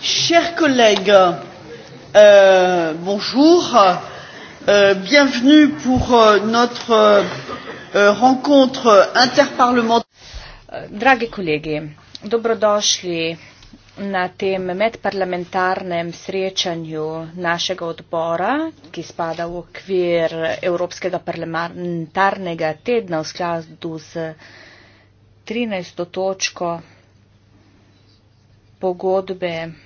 Chers collègues, euh, bonjour. Euh, bienvenue pour euh, notre euh, rencontre interparlementaire. Dragi kolegi, dobrodošli na tem medparlamentarnem srečanju našega odbora, ki spada v okvir Evropskega parlamentarnega tedna v skladu z 13. točko pogodbe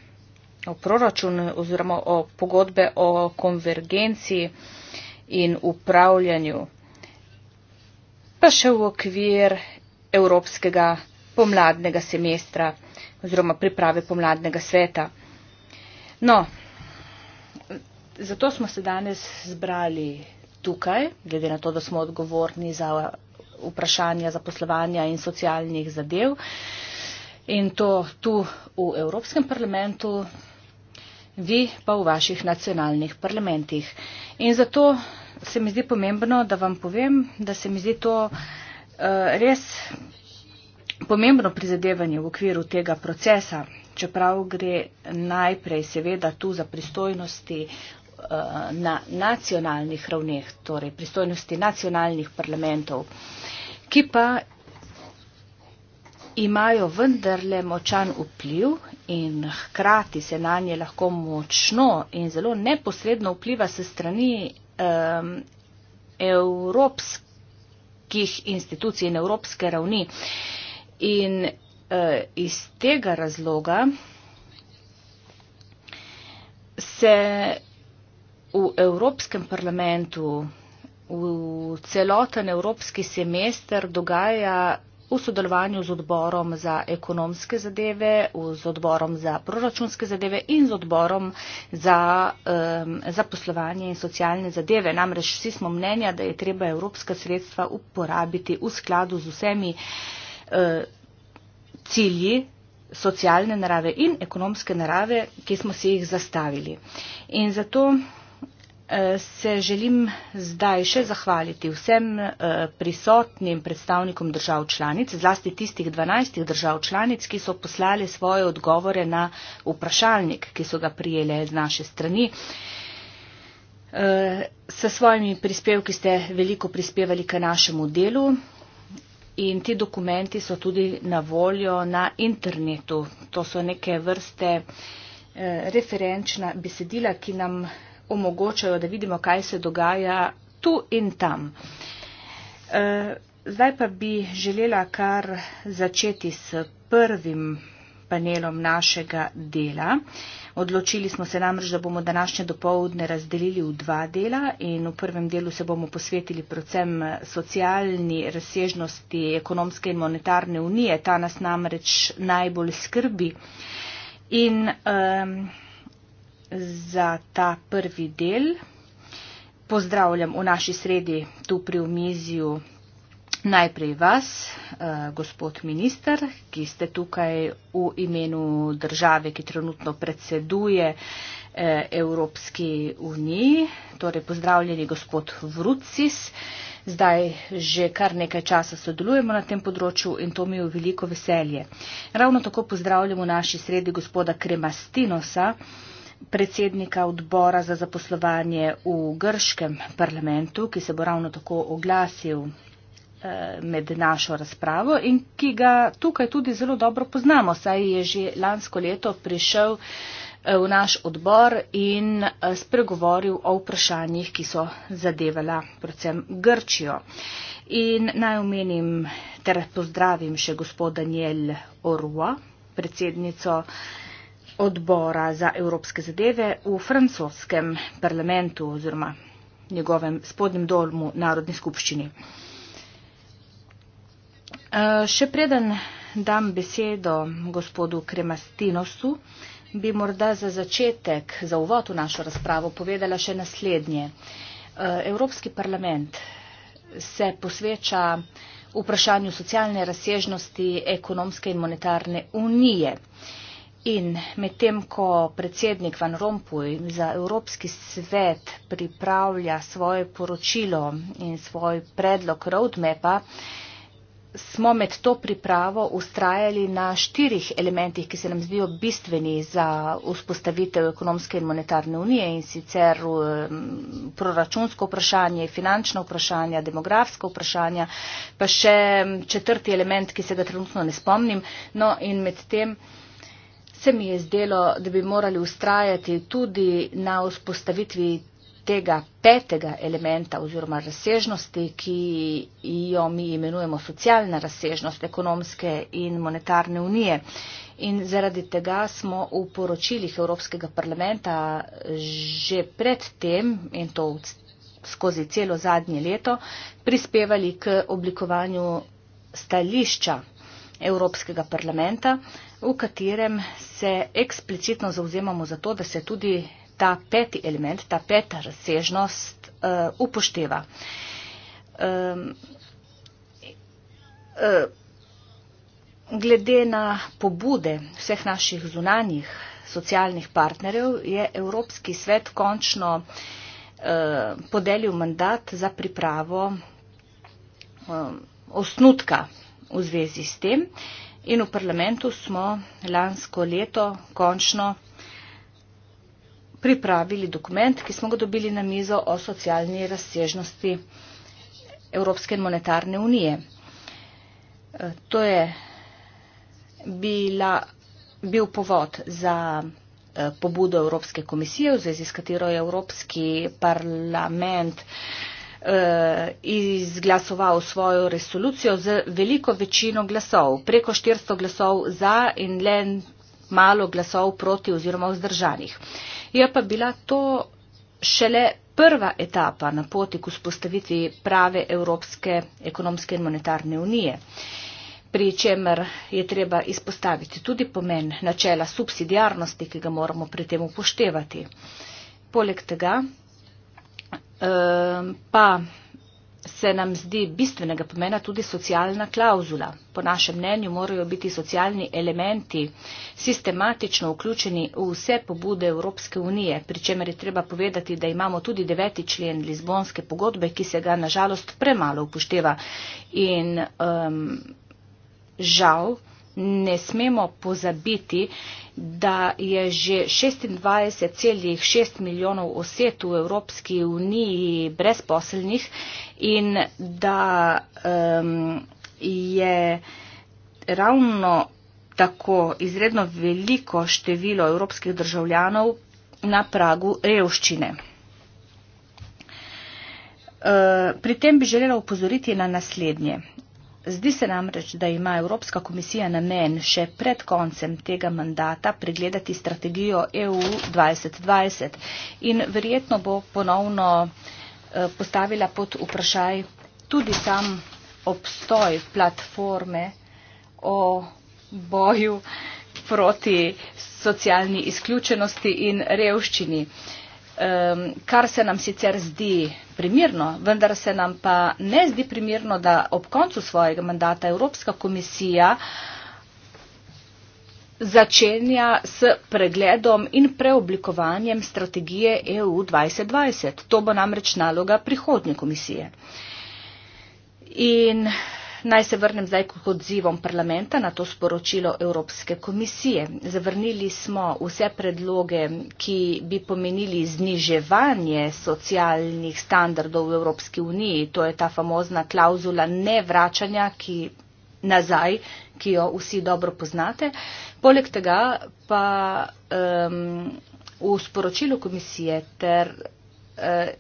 o proračun oziroma o pogodbe o konvergenciji in upravljanju, pa še v okvir evropskega pomladnega semestra oziroma priprave pomladnega sveta. No, zato smo se danes zbrali tukaj, glede na to, da smo odgovorni za vprašanja zaposlovanja in socialnih zadev. In to tu v Evropskem parlamentu, vi pa v vaših nacionalnih parlamentih. In zato se mi zdi pomembno, da vam povem, da se mi zdi to eh, res pomembno prizadevanje v okviru tega procesa, čeprav gre najprej seveda tu za pristojnosti eh, na nacionalnih ravneh, torej pristojnosti nacionalnih parlamentov, ki pa imajo vendarle močan vpliv in hkrati se na nje lahko močno in zelo neposredno vpliva se strani um, evropskih institucij in evropske ravni. In uh, iz tega razloga se v Evropskem parlamentu, v celoten evropski semester dogaja v sodelovanju z odborom za ekonomske zadeve, z odborom za proračunske zadeve in z odborom za um, zaposlovanje in socialne zadeve. Namreč vsi smo mnenja, da je treba evropska sredstva uporabiti v skladu z vsemi uh, cilji socialne narave in ekonomske narave, ki smo si jih zastavili. In zato se želim zdaj še zahvaliti vsem eh, prisotnim predstavnikom držav članic, zlasti tistih 12 držav članic, ki so poslali svoje odgovore na vprašalnik, ki so ga prijele z naše strani. Eh, s svojimi prispevki ste veliko prispevali k našemu delu in ti dokumenti so tudi na voljo na internetu. To so neke vrste eh, referenčna besedila, ki nam omogočajo, da vidimo, kaj se dogaja tu in tam. E, zdaj pa bi želela kar začeti s prvim panelom našega dela. Odločili smo se namreč, da bomo današnje dopoledne razdelili v dva dela in v prvem delu se bomo posvetili predvsem socialni razsežnosti ekonomske in monetarne unije. Ta nas namreč najbolj skrbi. In, um, za ta prvi del. Pozdravljam v naši sredi tu pri omizju najprej vas, eh, gospod minister, ki ste tukaj v imenu države, ki trenutno predseduje eh, Evropski uniji. Torej, pozdravljeni gospod Vrucis. Zdaj že kar nekaj časa sodelujemo na tem področju in to mi je v veliko veselje. Ravno tako pozdravljamo naši sredi gospoda Kremastinosa, predsednika odbora za zaposlovanje v grškem parlamentu, ki se bo ravno tako oglasil eh, med našo razpravo in ki ga tukaj tudi zelo dobro poznamo, saj je že lansko leto prišel eh, v naš odbor in eh, spregovoril o vprašanjih, ki so zadevala predvsem Grčijo. In naj omenim ter pozdravim še gospod Daniel Orua, predsednico odbora za evropske zadeve v francoskem parlamentu oziroma njegovem spodnjem dolmu Narodni skupščini. E, še preden dam besedo gospodu Kremastinosu, bi morda za začetek, za uvod v našo razpravo povedala še naslednje. E, Evropski parlament se posveča vprašanju socialne razsežnosti ekonomske in monetarne unije. In medtem, ko predsednik Van Rompuy za Evropski svet pripravlja svoje poročilo in svoj predlog roadmapa, smo med to pripravo ustrajali na štirih elementih, ki se nam zdijo bistveni za vzpostavitev ekonomske in monetarne unije in sicer um, proračunsko vprašanje, finančno vprašanje, demografsko vprašanje, pa še um, četrti element, ki se ga trenutno ne spomnim. No, in med tem se mi je zdelo, da bi morali ustrajati tudi na vzpostavitvi tega petega elementa oziroma razsežnosti, ki jo mi imenujemo socialna razsežnost ekonomske in monetarne unije. In zaradi tega smo v poročilih Evropskega parlamenta že predtem in to skozi celo zadnje leto prispevali k oblikovanju stališča Evropskega parlamenta, v katerem se eksplicitno zauzemamo za to, da se tudi ta peti element, ta peta razsežnost uh, upošteva. Um, uh, glede na pobude vseh naših zunanjih socialnih partnerjev je Evropski svet končno uh, podelil mandat za pripravo um, osnutka v zvezi s tem. Uh, in v parlamentu smo lansko leto končno pripravili dokument, ki smo ga dobili na mizo o socialni razsežnosti Evropske in monetarne unije. E, to je bila, bil povod za e, pobudo Evropske komisije, v zvezi s katero je Evropski parlament Eh, izglasoval svojo resolucijo z veliko večino glasov, preko 400 glasov za in le malo glasov proti oziroma vzdržanih. Je pa bila to šele prva etapa na poti k vzpostavitvi prave Evropske ekonomske in monetarne unije, pri čemer je treba izpostaviti tudi pomen načela subsidijarnosti, ki ga moramo pri tem upoštevati. Poleg tega Ehm, pa se nam zdi bistvenega pomena tudi socialna klauzula. Po našem mnenju morajo biti socialni elementi sistematično vključeni v vse pobude Evropske unije, pri čemer je treba povedati, da imamo tudi deveti člen Lizbonske pogodbe, ki se ga nažalost premalo upošteva in um, žal ne smemo pozabiti, da je že 26,6 milijonov oseb v Evropski uniji brezposelnih in da um, je ravno tako izredno veliko število evropskih državljanov na pragu revščine. Eh, pri tem bi želela upozoriti na naslednje. Zdi se namreč, da ima Evropska komisija namen še pred koncem tega mandata pregledati strategijo EU 2020 in verjetno bo ponovno eh, postavila pod vprašaj tudi sam obstoj platforme o boju proti socialni izključenosti in revščini um, kar se nam sicer zdi primirno, vendar se nam pa ne zdi primirno, da ob koncu svojega mandata Evropska komisija začenja s pregledom in preoblikovanjem strategije EU 2020. To bo namreč naloga prihodnje komisije. In Naj se vrnem zdaj k odzivom parlamenta na to sporočilo Evropske komisije. Zavrnili smo vse predloge, ki bi pomenili zniževanje socialnih standardov v Evropski uniji. To je ta famozna klauzula nevračanja, ki nazaj, ki jo vsi dobro poznate. Poleg tega pa um, v sporočilu komisije ter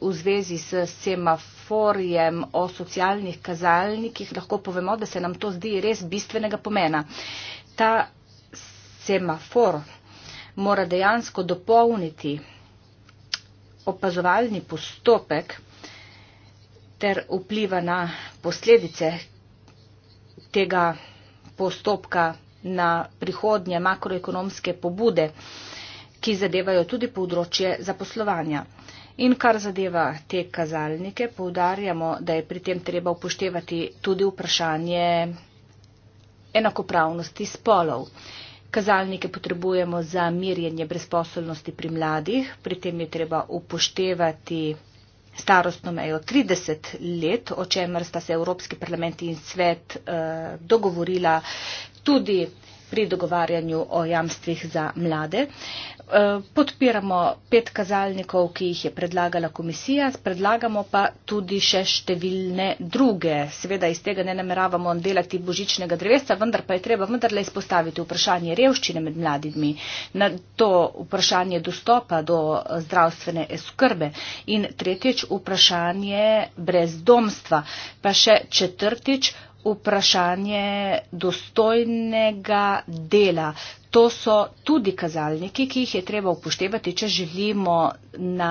v zvezi s semaforjem o socialnih kazalnikih, lahko povemo, da se nam to zdi res bistvenega pomena. Ta semafor mora dejansko dopolniti opazovalni postopek ter vpliva na posledice tega postopka na prihodnje makroekonomske pobude, ki zadevajo tudi področje zaposlovanja. In kar zadeva te kazalnike, poudarjamo, da je pri tem treba upoštevati tudi vprašanje enakopravnosti spolov. Kazalnike potrebujemo za mirjenje brezposobnosti pri mladih, pri tem je treba upoštevati starostno mejo 30 let, o čemer sta se Evropski parlament in svet eh, dogovorila tudi pri dogovarjanju o jamstvih za mlade. Eh, podpiramo pet kazalnikov, ki jih je predlagala komisija, predlagamo pa tudi še številne druge. Seveda iz tega ne nameravamo delati božičnega drevesa, vendar pa je treba vendarle izpostaviti vprašanje revščine med mladimi, na to vprašanje dostopa do zdravstvene skrbe in tretjič vprašanje brezdomstva, pa še četrtič vprašanje dostojnega dela. To so tudi kazalniki, ki jih je treba upoštevati, če želimo na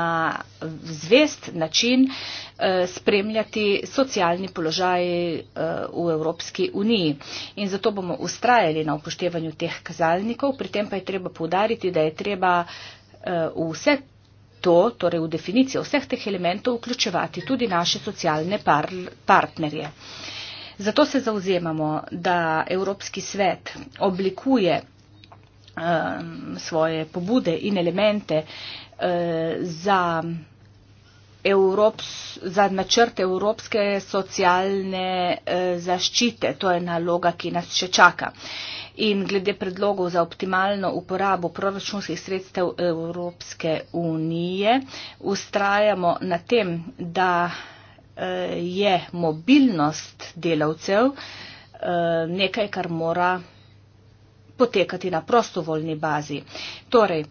zvest način eh, spremljati socialni položaj eh, v Evropski uniji. In zato bomo ustrajali na upoštevanju teh kazalnikov, pri tem pa je treba povdariti, da je treba eh, vse to, torej v definicijo vseh teh elementov, vključevati tudi naše socialne par partnerje. Zato se zauzemamo, da Evropski svet oblikuje Um, svoje pobude in elemente uh, za, Evrops, za načrte evropske socialne uh, zaščite. To je naloga, ki nas še čaka. In glede predlogov za optimalno uporabo proračunskih sredstev Evropske unije, ustrajamo na tem, da uh, je mobilnost delavcev nekaj, kar mora potekati na prostovoljni bazi. Torej,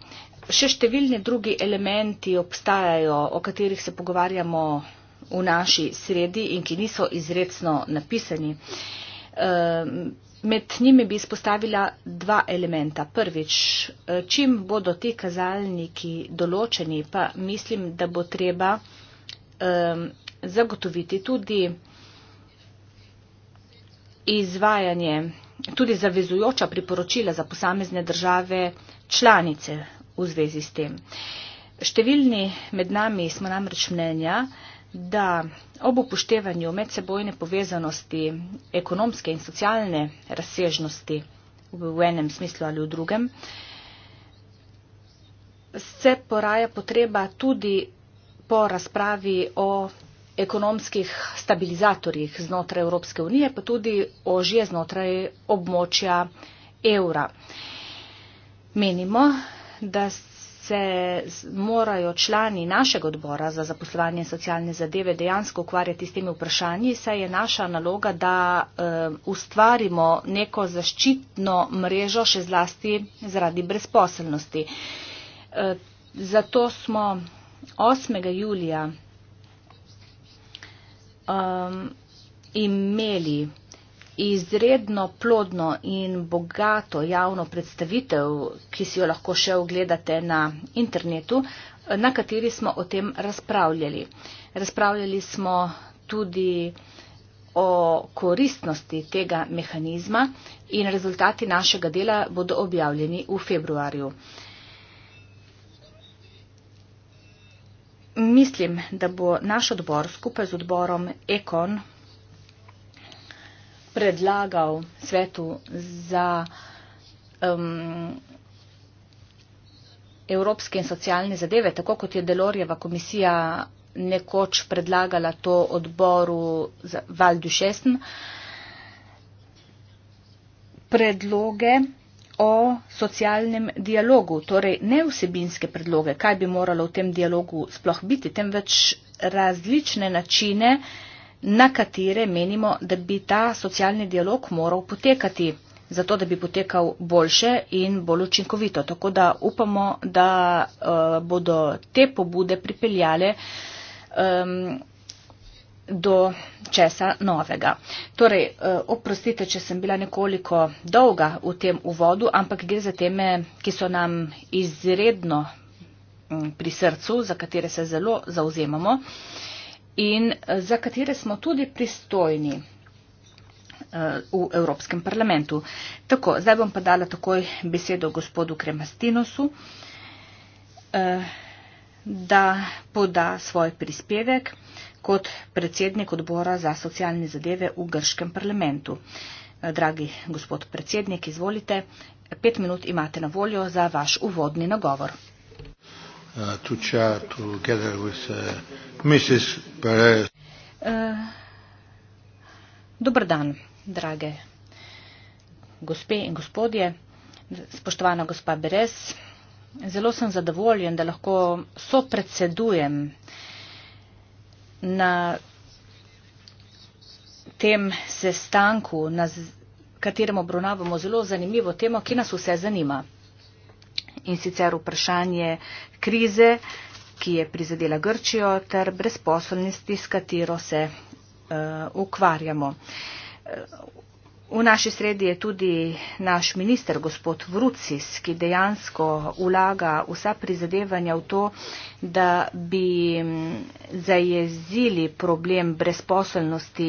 še številni drugi elementi obstajajo, o katerih se pogovarjamo v naši sredi in ki niso izredno napisani. Ehm, med njimi bi izpostavila dva elementa. Prvič, e, čim bodo ti kazalniki določeni, pa mislim, da bo treba ehm, zagotoviti tudi izvajanje tudi zavezujoča priporočila za posamezne države članice v zvezi s tem. Številni med nami smo namreč mnenja, da ob upoštevanju medsebojne povezanosti, ekonomske in socialne razsežnosti v enem smislu ali v drugem, se poraja potreba tudi po razpravi o ekonomskih stabilizatorjih znotraj Evropske unije, pa tudi ožje znotraj območja evra. Menimo, da se morajo člani našega odbora za zaposlovanje in socialne zadeve dejansko ukvarjati s temi vprašanji, saj je naša naloga, da uh, ustvarimo neko zaščitno mrežo še zlasti zaradi brezposelnosti. Uh, zato smo 8. julija um, imeli izredno plodno in bogato javno predstavitev, ki si jo lahko še ogledate na internetu, na kateri smo o tem razpravljali. Razpravljali smo tudi o koristnosti tega mehanizma in rezultati našega dela bodo objavljeni v februarju. Uh, mislim, da bo naš odbor skupaj z odborom Ekon predlagal svetu za um, evropske in socialne zadeve, tako kot je Delorjeva komisija nekoč predlagala to odboru Valdušesn, predloge o socialnem dialogu, torej ne vsebinske predloge, kaj bi moralo v tem dialogu sploh biti, temveč različne načine, na katere menimo, da bi ta socialni dialog moral potekati, zato da bi potekal boljše in bolj učinkovito. Tako da upamo, da uh, bodo te pobude pripeljale um, do česa novega. Torej, eh, oprostite, če sem bila nekoliko dolga v tem uvodu, ampak gre za teme, ki so nam izredno mm, pri srcu, za katere se zelo zauzemamo in eh, za katere smo tudi pristojni eh, v Evropskem parlamentu. Tako, zdaj bom pa dala takoj besedo gospodu Kremastinosu, da poda svoj prispevek kot predsednik odbora za socialne zadeve v grškem parlamentu. Eh, dragi gospod predsednik, izvolite, pet minut imate na voljo za vaš uvodni nagovor. Uh, to with, uh, Mrs. Uh, dobar dan, drage gospe in gospodje, spoštovana gospa Beres. Zelo sem zadovoljen, da lahko sopredsedujem uh, na tem sestanku, na katerem obravnavamo zelo zanimivo temo, ki nas vse zanima. In sicer vprašanje krize, ki je prizadela Grčijo, ter brezposobnosti, s katero se uh, ukvarjamo. V naši sredi je tudi naš minister, gospod Vrucis, ki dejansko vlaga vsa prizadevanja v to, da bi zajezili problem brezposelnosti,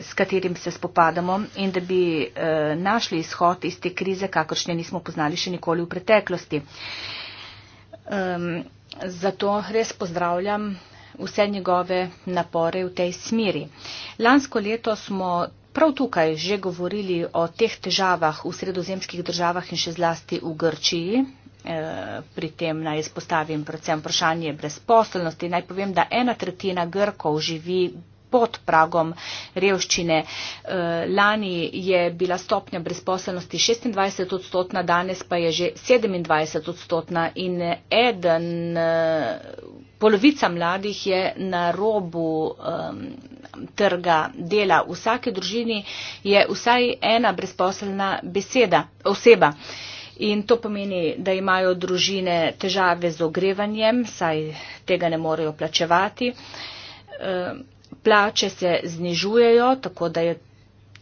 s katerim se spopadamo in da bi eh, našli izhod iz te krize, kakršne nismo poznali še nikoli v preteklosti. Ehm, zato res pozdravljam vse njegove napore v tej smeri. Lansko leto smo prav tukaj že govorili o teh težavah v sredozemskih državah in še zlasti v Grčiji. Eh, pri tem naj izpostavim predvsem vprašanje brezposelnosti. Naj povem, da ena tretjina Grkov živi pod pragom revščine. Eh, lani je bila stopnja brezposelnosti 26 odstotna, danes pa je že 27 odstotna in eden, eh, polovica mladih je na robu eh, trga dela. V vsaki družini je vsaj ena brezposelna beseda, oseba. In to pomeni, da imajo družine težave z ogrevanjem, saj tega ne morejo plačevati plače se znižujejo, tako da je,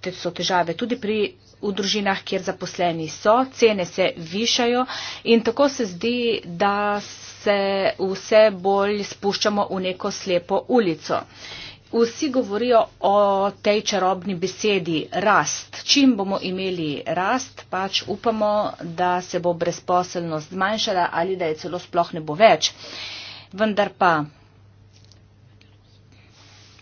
te so težave tudi pri v družinah, kjer zaposleni so, cene se višajo in tako se zdi, da se vse bolj spuščamo v neko slepo ulico. Vsi govorijo o tej čarobni besedi rast. Čim bomo imeli rast, pač upamo, da se bo brezposelnost zmanjšala ali da je celo sploh ne bo več. Vendar pa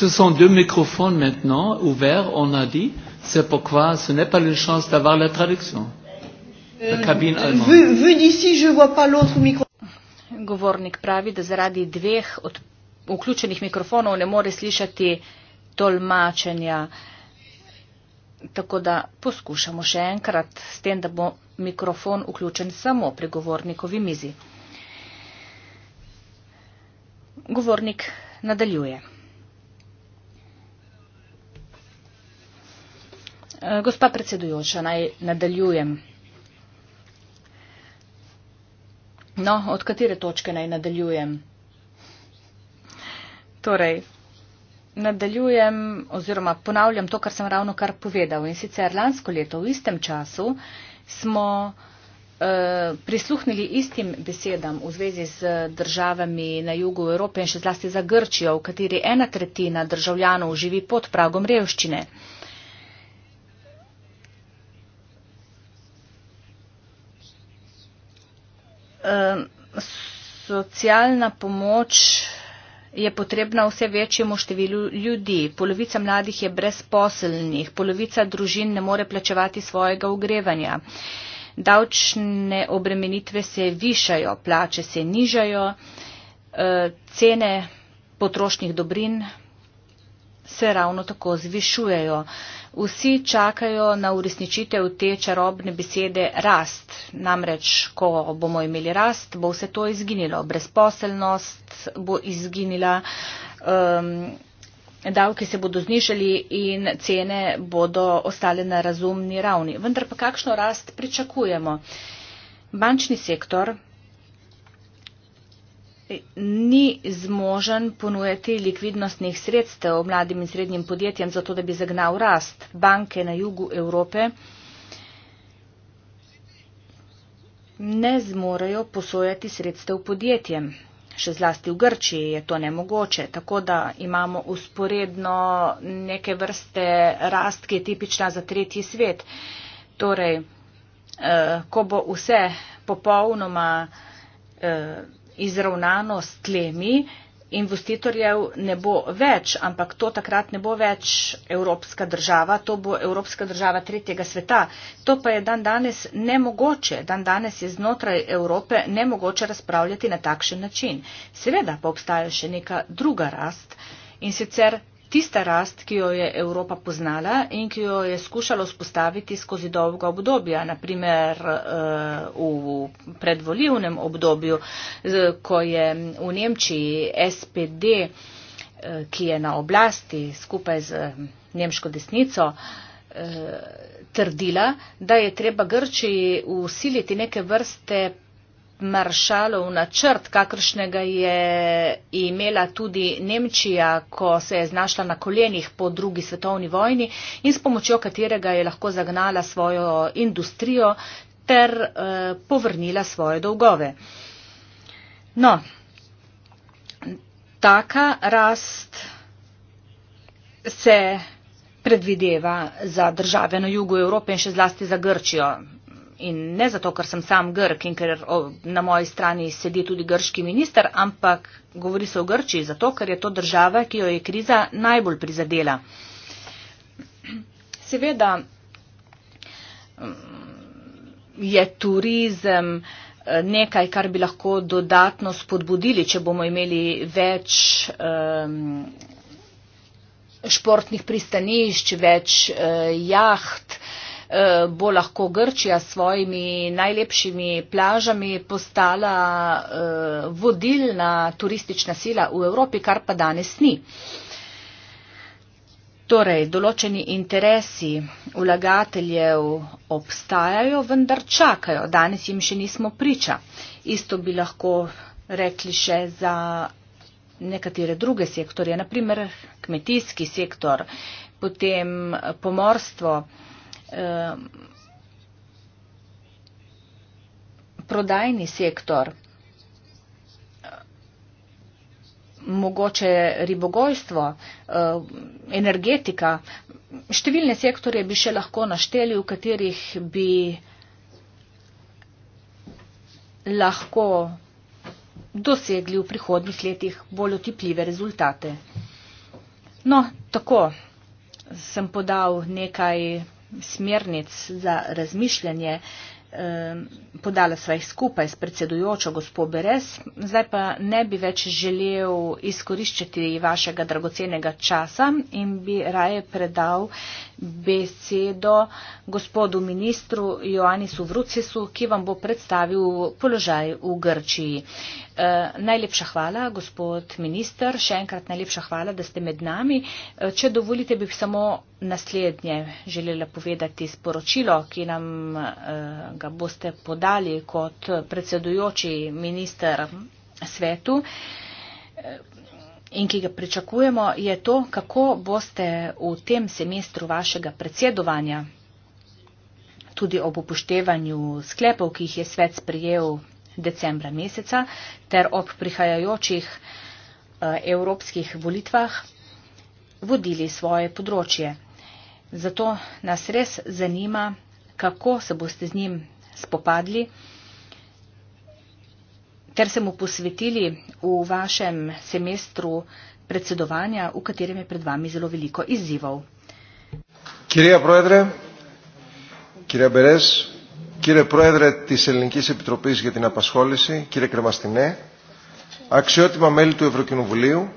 Ce sont deux microphones maintenant ouverts, on a dit. C'est pourquoi ce n'est pas une chance d'avoir la traduction. La euh, cabine allemande. Vu, vu d'ici, je ne vois pas l'autre micro. Govornik pravi, da zaradi dveh od vključenih mikrofonov ne more slišati tolmačenja. Tako da poskušamo še enkrat s tem, da bo mikrofon vključen samo pri govornikovi mizi. Govornik nadaljuje. Eh, gospa predsedujoča, naj nadaljujem. No, od katere točke naj nadaljujem? Torej, nadaljujem oziroma ponavljam to, kar sem ravno kar povedal. In sicer lansko leto v istem času smo uh, prisluhnili istim besedam v zvezi z državami na jugu Evrope in še zlasti za Grčijo, v kateri ena tretjina državljanov živi pod pragom revščine. Uh, socialna pomoč je potrebna vse večjemu številu ljudi. Polovica mladih je brezposelnih, polovica družin ne more plačevati svojega ogrevanja. Davčne obremenitve se višajo, plače se nižajo, e, cene potrošnih dobrin se ravno tako zvišujejo. Vsi čakajo na uresničitev te čarobne besede rast. Namreč, ko bomo imeli rast, bo vse to izginilo. Brezposelnost bo izginila, um, davke se bodo znižali in cene bodo ostale na razumni ravni. Vendar pa kakšno rast pričakujemo? Bančni sektor ni zmožen ponujati likvidnostnih sredstev mladim in srednjim podjetjem, zato da bi zagnal rast banke na jugu Evrope. Ne zmorejo posojati sredstev podjetjem. Še zlasti v Grčiji je to nemogoče, tako da imamo usporedno neke vrste rast, ki je tipična za tretji svet. Torej, eh, ko bo vse popolnoma eh, izravnano s tlemi, investitorjev ne bo več, ampak to takrat ne bo več evropska država, to bo evropska država tretjega sveta. To pa je dan danes nemogoče, dan danes je znotraj Evrope nemogoče razpravljati na takšen način. Seveda pa obstaja še neka druga rast in sicer tista rast, ki jo je Evropa poznala in ki jo je skušala vzpostaviti skozi dolga obdobja, naprimer eh, v predvoljivnem obdobju, ko je v Nemčiji SPD, eh, ki je na oblasti skupaj z nemško desnico, eh, trdila, da je treba Grčiji usiliti neke vrste Maršalov načrt, kakršnega je imela tudi Nemčija, ko se je znašla na kolenih po drugi svetovni vojni in s pomočjo katerega je lahko zagnala svojo industrijo ter eh, povrnila svoje dolgove. No, taka rast se predvideva za države na jugu Evrope in še zlasti za Grčijo in ne zato, ker sem sam Grk in ker o, na moji strani sedi tudi grški minister, ampak govori se o Grčiji, zato ker je to država, ki jo je kriza najbolj prizadela. Seveda mm, je turizem eh, nekaj, kar bi lahko dodatno spodbudili, če bomo imeli več. Um, športnih pristanišč, več eh, jaht, eh, Eh, bo lahko Grčija s svojimi najlepšimi plažami postala eh, vodilna turistična sila v Evropi, kar pa danes ni. Torej, določeni interesi vlagateljev obstajajo, vendar čakajo. Danes jim še nismo priča. Isto bi lahko rekli še za nekatere druge sektorje, naprimer kmetijski sektor, potem pomorstvo prodajni sektor, mogoče ribogojstvo, energetika, številne sektorje bi še lahko našteli, v katerih bi lahko dosegli v prihodnih letih bolj otipljive rezultate. No, tako sem podal nekaj smernic za razmišljanje eh, podala sva jih skupaj s predsedujočo gospod Beres. Zdaj pa ne bi več želel izkoriščati vašega dragocenega časa in bi raje predal besedo gospodu ministru Joannisu Vrucesu, ki vam bo predstavil položaj v Grčiji. Eh, najlepša hvala, gospod minister. Še enkrat najlepša hvala, da ste med nami. Eh, če dovolite, bi samo naslednje želela povedati sporočilo, ki nam eh, ga boste podali kot predsedujoči minister svetu in ki ga pričakujemo, je to, kako boste v tem semestru vašega predsedovanja tudi ob upoštevanju sklepov, ki jih je svet sprejel decembra meseca ter ob prihajajočih eh, evropskih volitvah vodili svoje področje. Zato nas res zanima, kako se boste z njim spopadli ter se mu posvetili v vašem semestru predsedovanja, v katerem je pred vami zelo veliko izzivov. Kirija Proedre, Kirija Beres, Κύριε Πρόεδρε της Ελληνικής Επιτροπής για την Απασχόληση, κύριε Κρεμαστινέ, αξιότιμα μέλη του Ευρωκοινοβουλίου,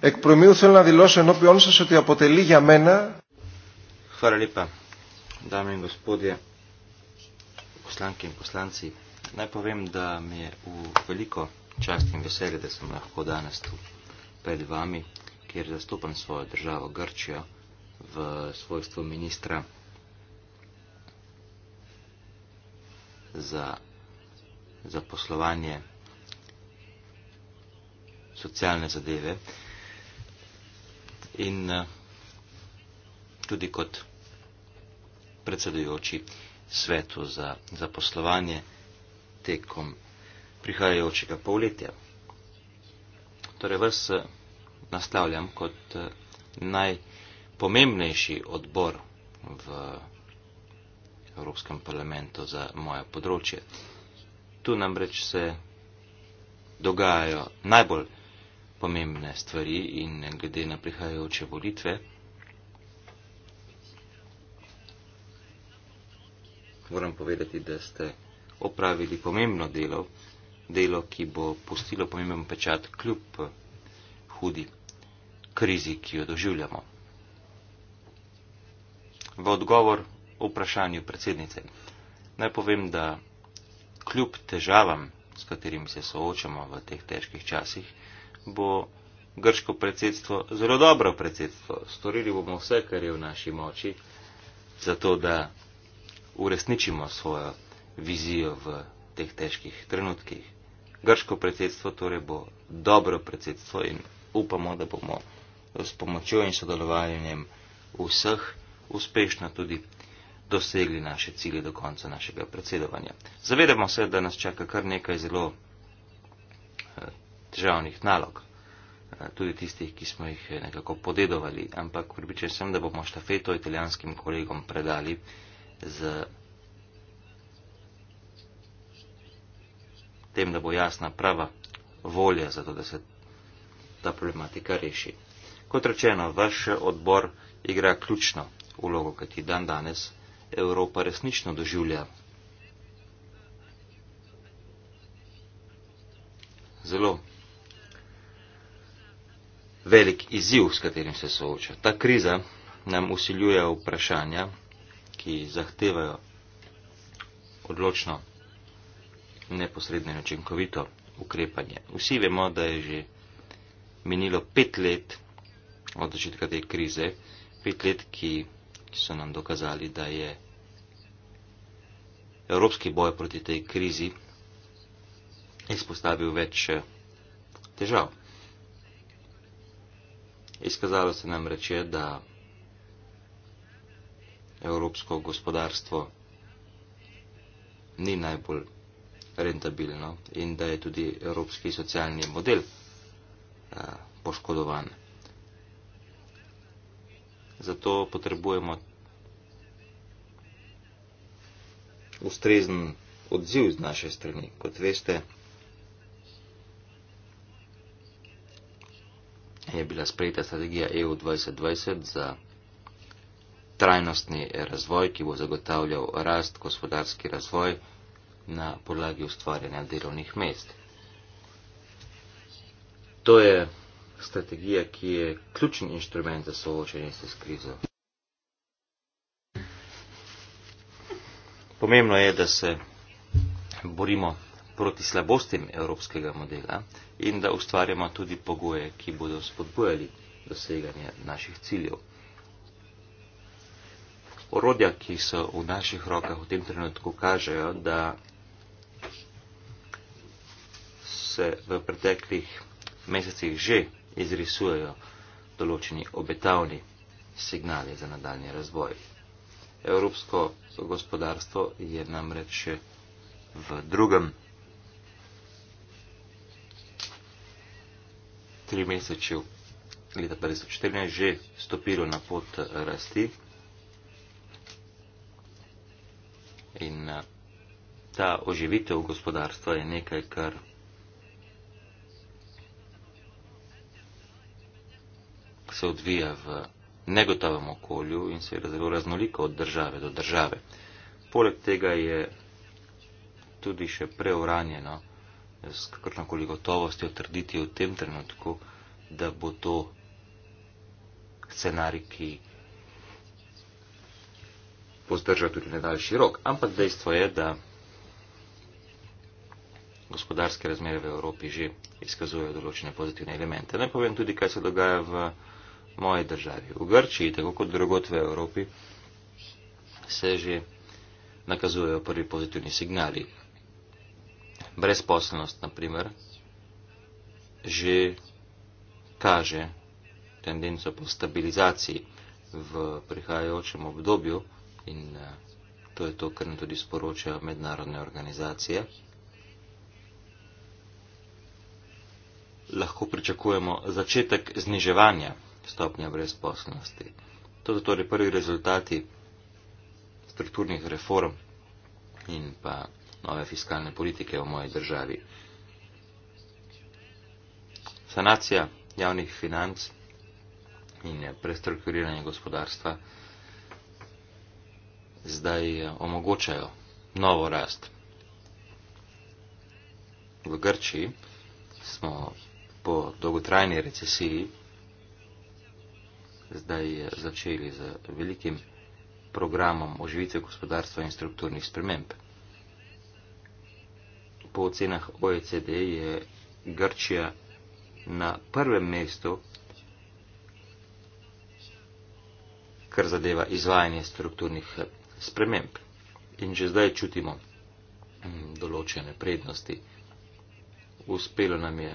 εκ προημίου θέλω να δηλώσω ενώπιόν σας ότι αποτελεί για μένα... Χαραλίπα, δάμε και κοσπούδια, κοσλάνκοι και κοσλάνцы, να υποβείμε ότι με ευελίκο τσάστην βεσέλητε σε μέχρι κοντά να στου πέντ βάμι και ρεζαστούπαν σφόρα τεράβο Γκάρτσια, в свойство министра Γκάρτσια, za, za poslovanje socialne zadeve in eh, tudi kot predsedujoči svetu za, za poslovanje tekom prihajajočega polletja. Torej vas eh, naslavljam kot eh, najpomembnejši odbor v Evropskem parlamentu za moje področje. Tu namreč se dogajajo najbolj pomembne stvari in glede na prihajajoče volitve. Moram povedati, da ste opravili pomembno delo, delo, ki bo pustilo pomemben pečat kljub hudi krizi, ki jo doživljamo. V odgovor vprašanju predsednice. Naj povem, da kljub težavam, s katerimi se soočamo v teh težkih časih, bo grško predsedstvo zelo dobro predsedstvo. Storili bomo vse, kar je v naši moči, zato da uresničimo svojo vizijo v teh težkih trenutkih. Grško predsedstvo torej bo dobro predsedstvo in upamo, da bomo s pomočjo in sodelovanjem vseh uspešno tudi dosegli naše cilje do konca našega predsedovanja. Zavedamo se, da nas čaka kar nekaj zelo eh, težavnih nalog, eh, tudi tistih, ki smo jih eh, nekako podedovali, ampak pripričan sem, da bomo štafeto italijanskim kolegom predali z tem, da bo jasna prava volja za to, da se ta problematika reši. Kot rečeno, vaš odbor igra ključno ulogo, kaj ti dan danes Evropa resnično doživlja. Zelo velik izziv, s katerim se sooča. Ta kriza nam usiljuje vprašanja, ki zahtevajo odločno, neposredno in očinkovito ukrepanje. Vsi vemo, da je že minilo pet let od začetka te krize, pet let, ki so nam dokazali, da je evropski boj proti tej krizi izpostavil več eh, težav. Izkazalo se nam reče, da evropsko gospodarstvo ni najbolj rentabilno in da je tudi evropski socialni model eh, poškodovan. Zato potrebujemo ustrezen odziv iz naše strani. Kot veste, je bila sprejeta strategija EU 2020 za trajnostni razvoj, ki bo zagotavljal rast, gospodarski razvoj na podlagi ustvarjanja delovnih mest. To je strategija, ki je ključni inštrument za soočanje se s krizo. Pomembno je, da se borimo proti slabostim evropskega modela in da ustvarjamo tudi pogoje, ki bodo spodbojali doseganje naših ciljev. Orodja, ki so v naših rokah v tem trenutku, kažejo, da se v preteklih mesecih že izrisujejo določeni obetavni signali za nadaljni razvoj. Evropsko gospodarstvo je namreč še v drugem tri mesečev leta 2014 že stopilo na pot rasti in eh, ta oživitev gospodarstva je nekaj, kar se odvija v negotovem okolju in seveda zelo raznoliko od države do države. Poleg tega je tudi še preuranjeno s kakršnokoli gotovostjo trditi v tem trenutku, da bo to scenarij, ki bo zdržal tudi nedaljši rok. Ampak dejstvo je, da gospodarske razmere v Evropi že izkazujejo določene pozitivne elemente. Naj povem tudi, kaj se dogaja v moji državi, v Grčiji, tako kot drugot v Evropi, se že nakazujejo prvi pozitivni signali. Brezposelnost, na primer, že kaže tendenco po stabilizaciji v prihajajočem obdobju in eh, to je to, kar nam tudi sporočajo mednarodne organizacije. Lahko pričakujemo začetek zniževanja stopnja brezposobnosti. To so torej prvi rezultati strukturnih reform in pa nove fiskalne politike v moji državi. Sanacija javnih financ in prestrukturiranje gospodarstva zdaj eh, omogočajo novo rast. V Grčiji smo po dolgotrajni recesiji zdaj začeli z velikim programom oživitve gospodarstva in strukturnih sprememb. Po ocenah OECD je Grčija na prvem mestu, kar zadeva izvajanje strukturnih sprememb. In že zdaj čutimo mm, določene prednosti. Uspelo nam je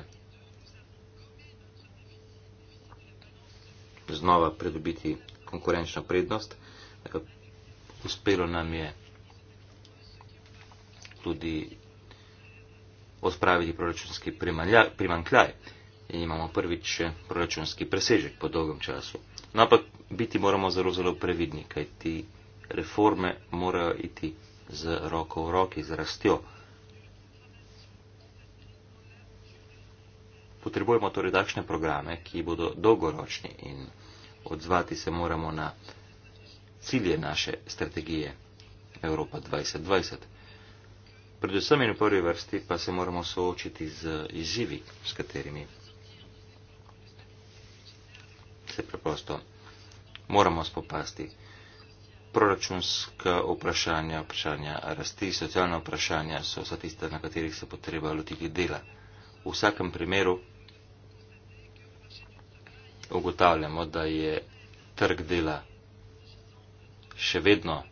znova pridobiti konkurenčno prednost. Uspelo nam je tudi odpraviti proračunski primankljaj in imamo prvič eh, proračunski presežek po dolgem času. No, ampak biti moramo zelo, zelo previdni, kaj ti reforme morajo iti z roko v roki, z rastjo. Potrebujemo torej takšne programe, ki bodo dolgoročni in odzvati se moramo na cilje naše strategije Evropa 2020. Predvsem in v prvi vrsti pa se moramo soočiti z izzivi, s katerimi se preprosto moramo spopasti. Proračunska vprašanja, vprašanja rasti, socialna vprašanja so za tiste, na katerih se potreba lotiti dela. V vsakem primeru ugotavljamo, da je trg dela še vedno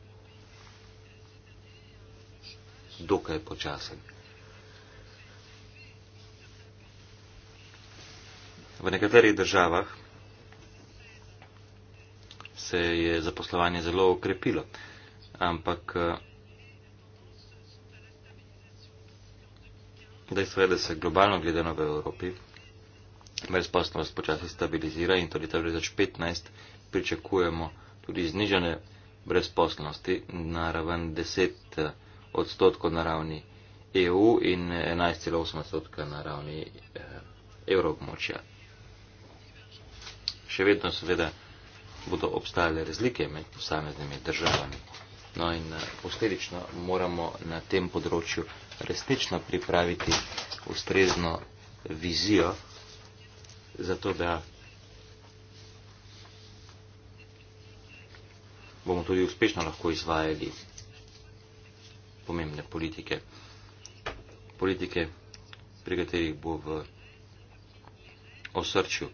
dokaj počasen. V nekaterih državah se je zaposlovanje zelo ukrepilo, ampak eh, dejstvo je, da se globalno gledano v Evropi brezposnost počasi stabilizira in to leta 2015 pričakujemo tudi znižanje brezposnosti na raven 10 eh, odstotkov na ravni EU in 11,8 eh, odstotka na ravni eh, evroobmočja. Še vedno seveda bodo obstajale razlike med posameznimi državami. No in eh, posledično moramo na tem področju resnično pripraviti ustrezno vizijo zato da bomo tudi uspešno lahko izvajali pomembne politike. Politike, pri katerih bo v osrčju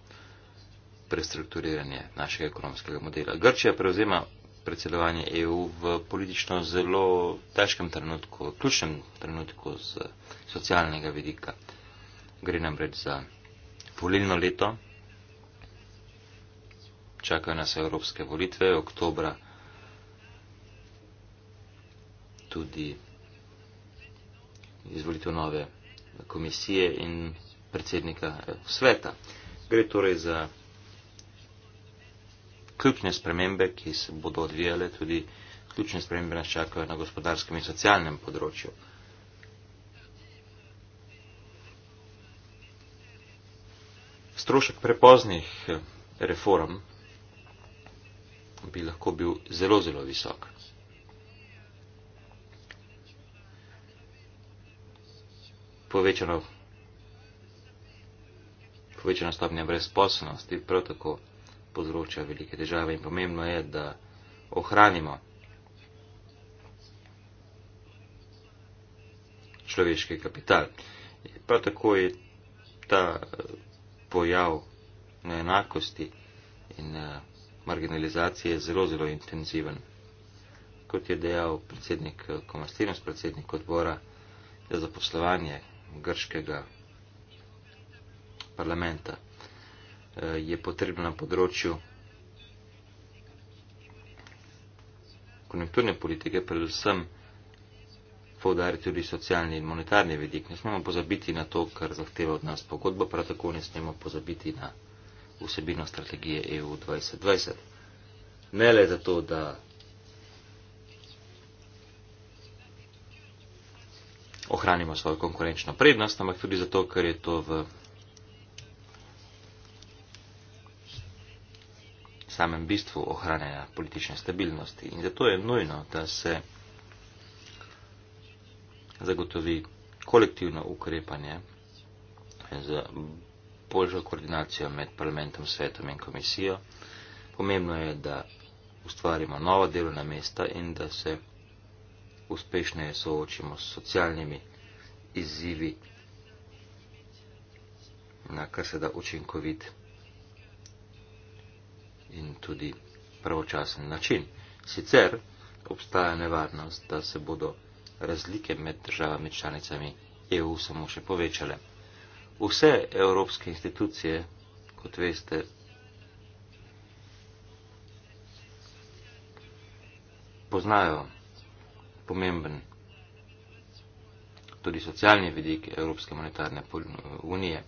prestrukturiranje našega ekonomskega modela. Grčija prevzema predsedovanje EU v politično zelo težkem trenutku, ključnem trenutku z socialnega vidika. Gre namreč za volilno leto. Čakajo nas evropske volitve, oktobra tudi izvolitev nove komisije in predsednika sveta. Gre torej za ključne spremembe, ki se bodo odvijale, tudi ključne spremembe nas čakajo na gospodarskem in socialnem področju. Strošek prepoznih eh, reform bi lahko bil zelo, zelo visok. Povečano, povečana stopnja brezposobnosti prav tako povzroča velike težave in pomembno je, da ohranimo človeški kapital. Prav tako je ta eh, pojav neenakosti in eh, marginalizacije je zelo, zelo intenziven. Kot je dejal predsednik eh, Komastinos, predsednik odbora za zaposlovanje grškega parlamenta, eh, je potrebno na področju konjunkturne politike predvsem poudariti tudi socialni in monetarni vidik. Ne smemo pozabiti na to, kar zahteva od nas pogodba, prav tako ne smemo pozabiti na vsebino strategije EU 2020. Ne le zato, da ohranimo svojo konkurenčno prednost, ampak tudi zato, ker je to v samem bistvu ohranjanja politične stabilnosti. In zato je nujno, da se zagotovi kolektivno ukrepanje z boljšo koordinacijo med parlamentom, svetom in komisijo. Pomembno je, da ustvarimo nova delovna mesta in da se uspešneje soočimo s socialnimi izzivi na kar se da učinkovit in tudi pravočasen način. Sicer obstaja nevarnost, da se bodo razlike med državami članicami EU samo še povečale. Vse evropske institucije, kot veste, poznajo pomemben tudi socialni vidik Evropske monetarne unije.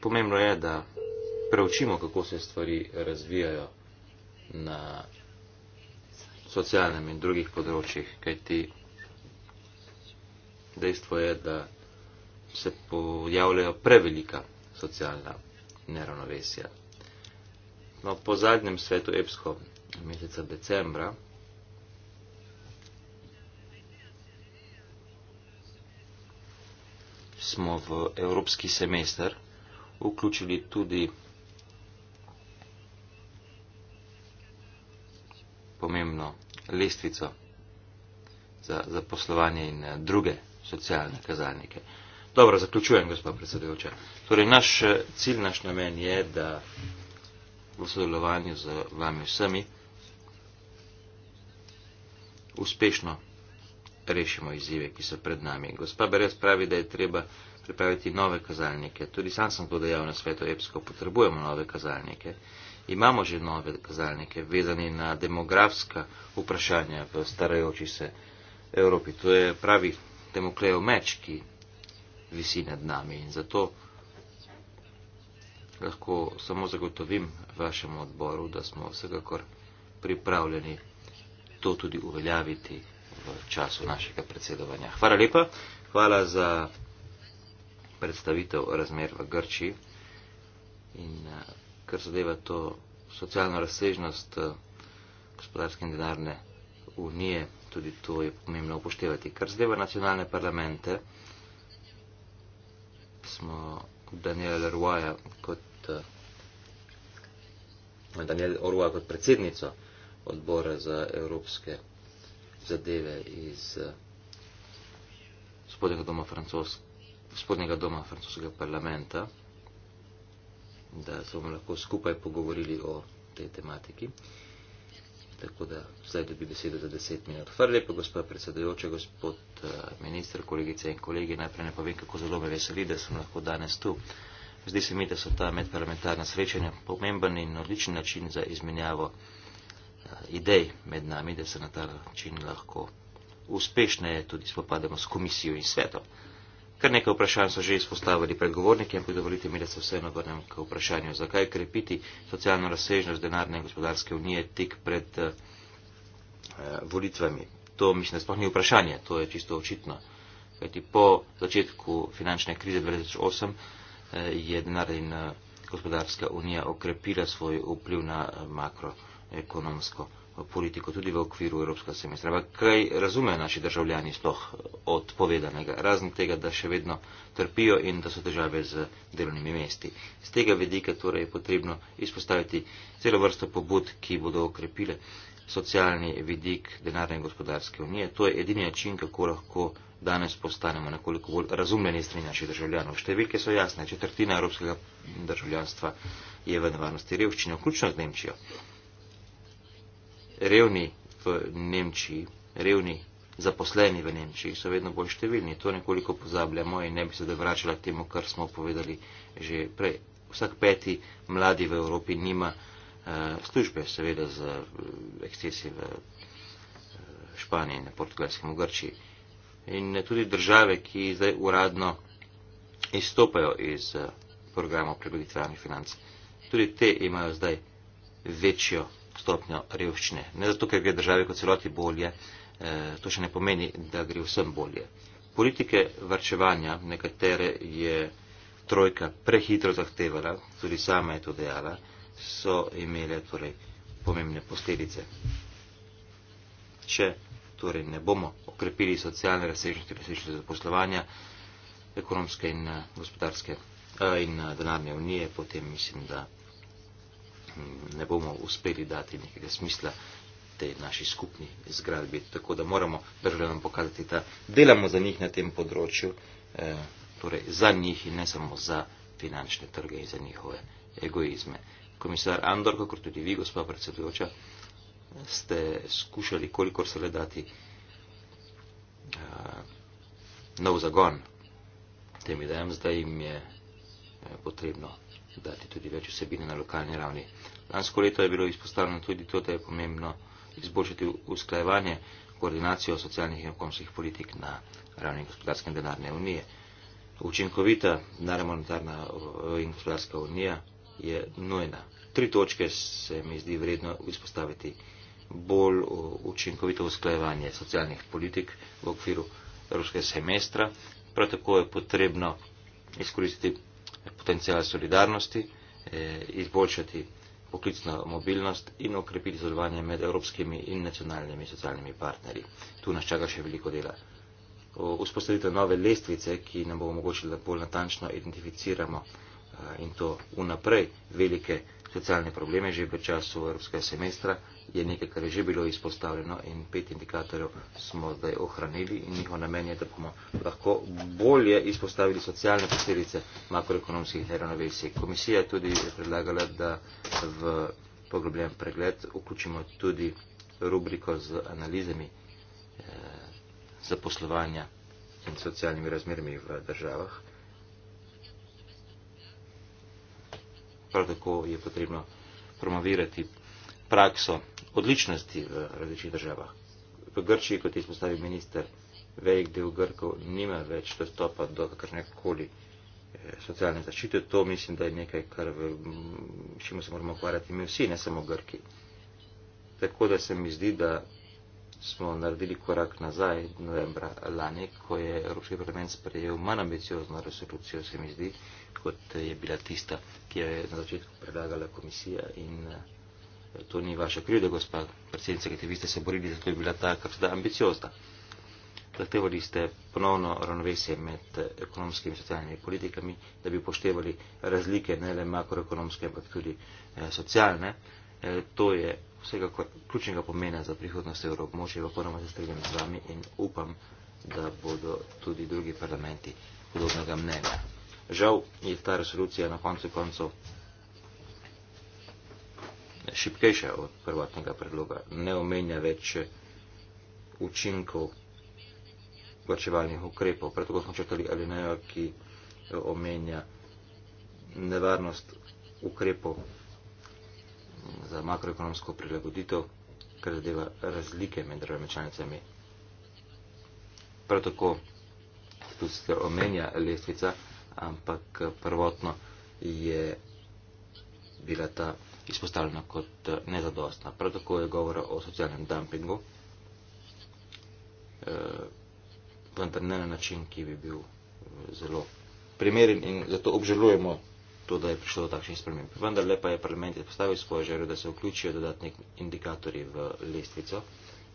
Pomembno je, da preučimo, kako se stvari razvijajo na socialnem in drugih področjih, kajti dejstvo je, da se pojavljajo prevelika socialna neravnovesja. No, po zadnjem svetu EPSCO meseca decembra smo v evropski semester vključili tudi pomembno lestvico za, za poslovanje in eh, druge socialne kazalnike. Dobro, zaključujem, gospod predsedujoča. Torej, naš eh, cilj, naš namen je, da v sodelovanju z vami vsemi uspešno rešimo izzive, ki so pred nami. Gospa Berez pravi, da je treba pripraviti nove kazalnike. Tudi sam sem to dejal na svetu EPSKO, potrebujemo nove kazalnike imamo že nove kazalnike, vezani na demografska vprašanja v starajoči se Evropi. To je pravi demoklejo meč, ki visi nad nami in zato lahko samo zagotovim vašemu odboru, da smo vsekakor pripravljeni to tudi uveljaviti v času našega predsedovanja. Hvala lepa, hvala za predstavitev razmer v Grči in uh, kar zadeva to socialno razsežnost eh, gospodarske in denarne unije, tudi to je pomembno upoštevati. Kar zadeva nacionalne parlamente, smo Daniela Leroyja kot eh, Daniel Orua kot predsednico odbora za evropske zadeve iz eh, spodnjega doma, francos, spodnjega doma francoskega parlamenta da se bomo lahko skupaj pogovorili o tej tematiki. Tako da zdaj dobi besedo za 10 minut. Hvala lepa, gospod predsedujoče, eh, gospod minister, kolegice in kolegi. Najprej ne povem, kako zelo me veseli, da sem lahko danes tu. Zdi se mi, da so ta medparlamentarna srečanja pomemben in odličen način za izmenjavo eh, idej med nami, da se na ta način lahko uspešneje tudi spopademo s komisijo in svetom. Kar nekaj vprašanj so že izpostavili predgovorniki, ampak dovolite mi, da se vseeno vrnem k vprašanju, zakaj krepiti socialno razsežnost denarne in gospodarske unije tik pred uh, volitvami. To mislim, da sploh ni vprašanje, to je čisto očitno. Kajti po začetku finančne krize 2008 uh, eh, je denarna in uh, gospodarska unija okrepila svoj vpliv na uh, makroekonomsko. Uh, politiko, tudi v okviru Evropskega semestra. Ampak kaj razumejo naši državljani sploh od povedanega, razen tega, da še vedno trpijo in da so težave z delovnimi mesti. Z tega vedika torej je potrebno izpostaviti celo vrsto pobud, ki bodo okrepile socialni vidik denarne in gospodarske unije. To je edini način, kako lahko danes postanemo nekoliko bolj razumljeni strani naših državljanov. Številke so jasne, četrtina evropskega državljanstva je v nevarnosti revščine, vključno z Nemčijo revni v Nemčiji, revni zaposleni v Nemčiji so vedno bolj številni. To nekoliko pozabljamo in ne bi se da vračala temu, kar smo povedali že prej. Vsak peti mladi v Evropi nima uh, službe, seveda z uh, ekscesi v uh, Španiji, na portugalskem, v Grčiji. In tudi države, ki zdaj uradno izstopajo iz uh, programa prilagoditve javnih financ, tudi te imajo zdaj večjo stopnjo revščine. Ne zato, ker gre države kot celoti bolje, eh, to še ne pomeni, da gre vsem bolje. Politike varčevanja nekatere je trojka prehitro zahtevala, tudi sama je to dejala, so imele torej pomembne posledice. Če torej ne bomo okrepili socialne razsežnosti, razsežnosti zaposlovanja, ekonomske in eh, gospodarske eh, in denarne unije, potem mislim, da ne bomo uspeli dati nekega smisla tej naši skupni zgradbi. Tako da moramo državljanom pokazati, da delamo za njih na tem področju, eh, torej za njih in ne samo za finančne trge in za njihove egoizme. Komisar Andor, kako tudi vi, gospod predsedujoča, ste skušali, kolikor se le dati, eh, nov zagon tem idejam, zdaj jim je eh, potrebno dodati tudi več vsebine na lokalni ravni. Lansko leto je bilo izpostavljeno tudi to, da je pomembno izboljšati usklajevanje, koordinacijo socialnih in okomskih politik na ravni gospodarske in denarne unije. Učinkovita naramonitarna in gospodarska unija je nujna. Tri točke se mi zdi vredno izpostaviti. Bolj učinkovito usklajevanje socialnih politik v okviru evropskega semestra, prav tako je potrebno izkoristiti potencijala solidarnosti, eh, izboljšati poklicno mobilnost in okrepiti sodelovanje med evropskimi in nacionalnimi socialnimi partnerji. Tu nas čaka še veliko dela. Vzpostavitev nove lestvice, ki nam bo omogočila, da bolj natančno identificiramo eh, in to vnaprej velike socialne probleme že v času evropskega semestra, je nekaj, kar je že bilo izpostavljeno in pet indikatorjev smo zdaj ohranili in njihov namen je, da bomo lahko bolje izpostavili socialne posledice makroekonomskih neravnovesij. Komisija tudi je tudi predlagala, da v poglobljen pregled vključimo tudi rubriko z analizami eh, zaposlovanja in socialnimi razmerami v državah. prav tako je potrebno promovirati prakso odličnosti v različnih državah. V Grčiji, kot je izpostavil minister, velik del Grkov nima več dostopa do kakršnekoli eh, socialne zaščite. To mislim, da je nekaj, kar v čemu se moramo ukvarjati mi vsi, ne samo Grki. Tako da se mi zdi, da smo naredili korak nazaj novembra lani, ko je Evropski parlament sprejel manj ambiciozno resolucijo, se mi zdi, kot je bila tista, ki jo je na začetku predlagala komisija in eh, to ni vaša krivda, gospa predsednica, ki ste se borili, zato je bila ta kar sedaj ambiciozna. Zahtevali ste ponovno ravnovesje med eh, ekonomskimi in socialnimi politikami, da bi upoštevali razlike, ne le makroekonomske, ampak tudi eh, socialne. Eh, to je vsekakor ključnega pomena za prihodnost Evropmoče, vopornoma se strgam z vami in upam, da bodo tudi drugi parlamenti podobnega mnenja. Žal je ta resolucija na koncu koncu šipkejša od prvotnega predloga. Ne omenja več učinkov vrčevalnih ukrepov. Pretoko smo črtali alinejo, ki omenja nevarnost ukrepov za makroekonomsko prilagoditev, kar zadeva razlike med državami članicami. Prav tako tu se omenja lestvica, ampak prvotno je bila ta izpostavljena kot nezadostna. Prav tako je govora o socialnem dumpingu, eh, vendar ne na način, ki bi bil eh, zelo primeren in zato obžalujemo to, da je prišlo do takšnih sprememb. Vendar lepa je parlament izpostavil svojo željo, da se vključijo dodatni indikatorji v lestvico.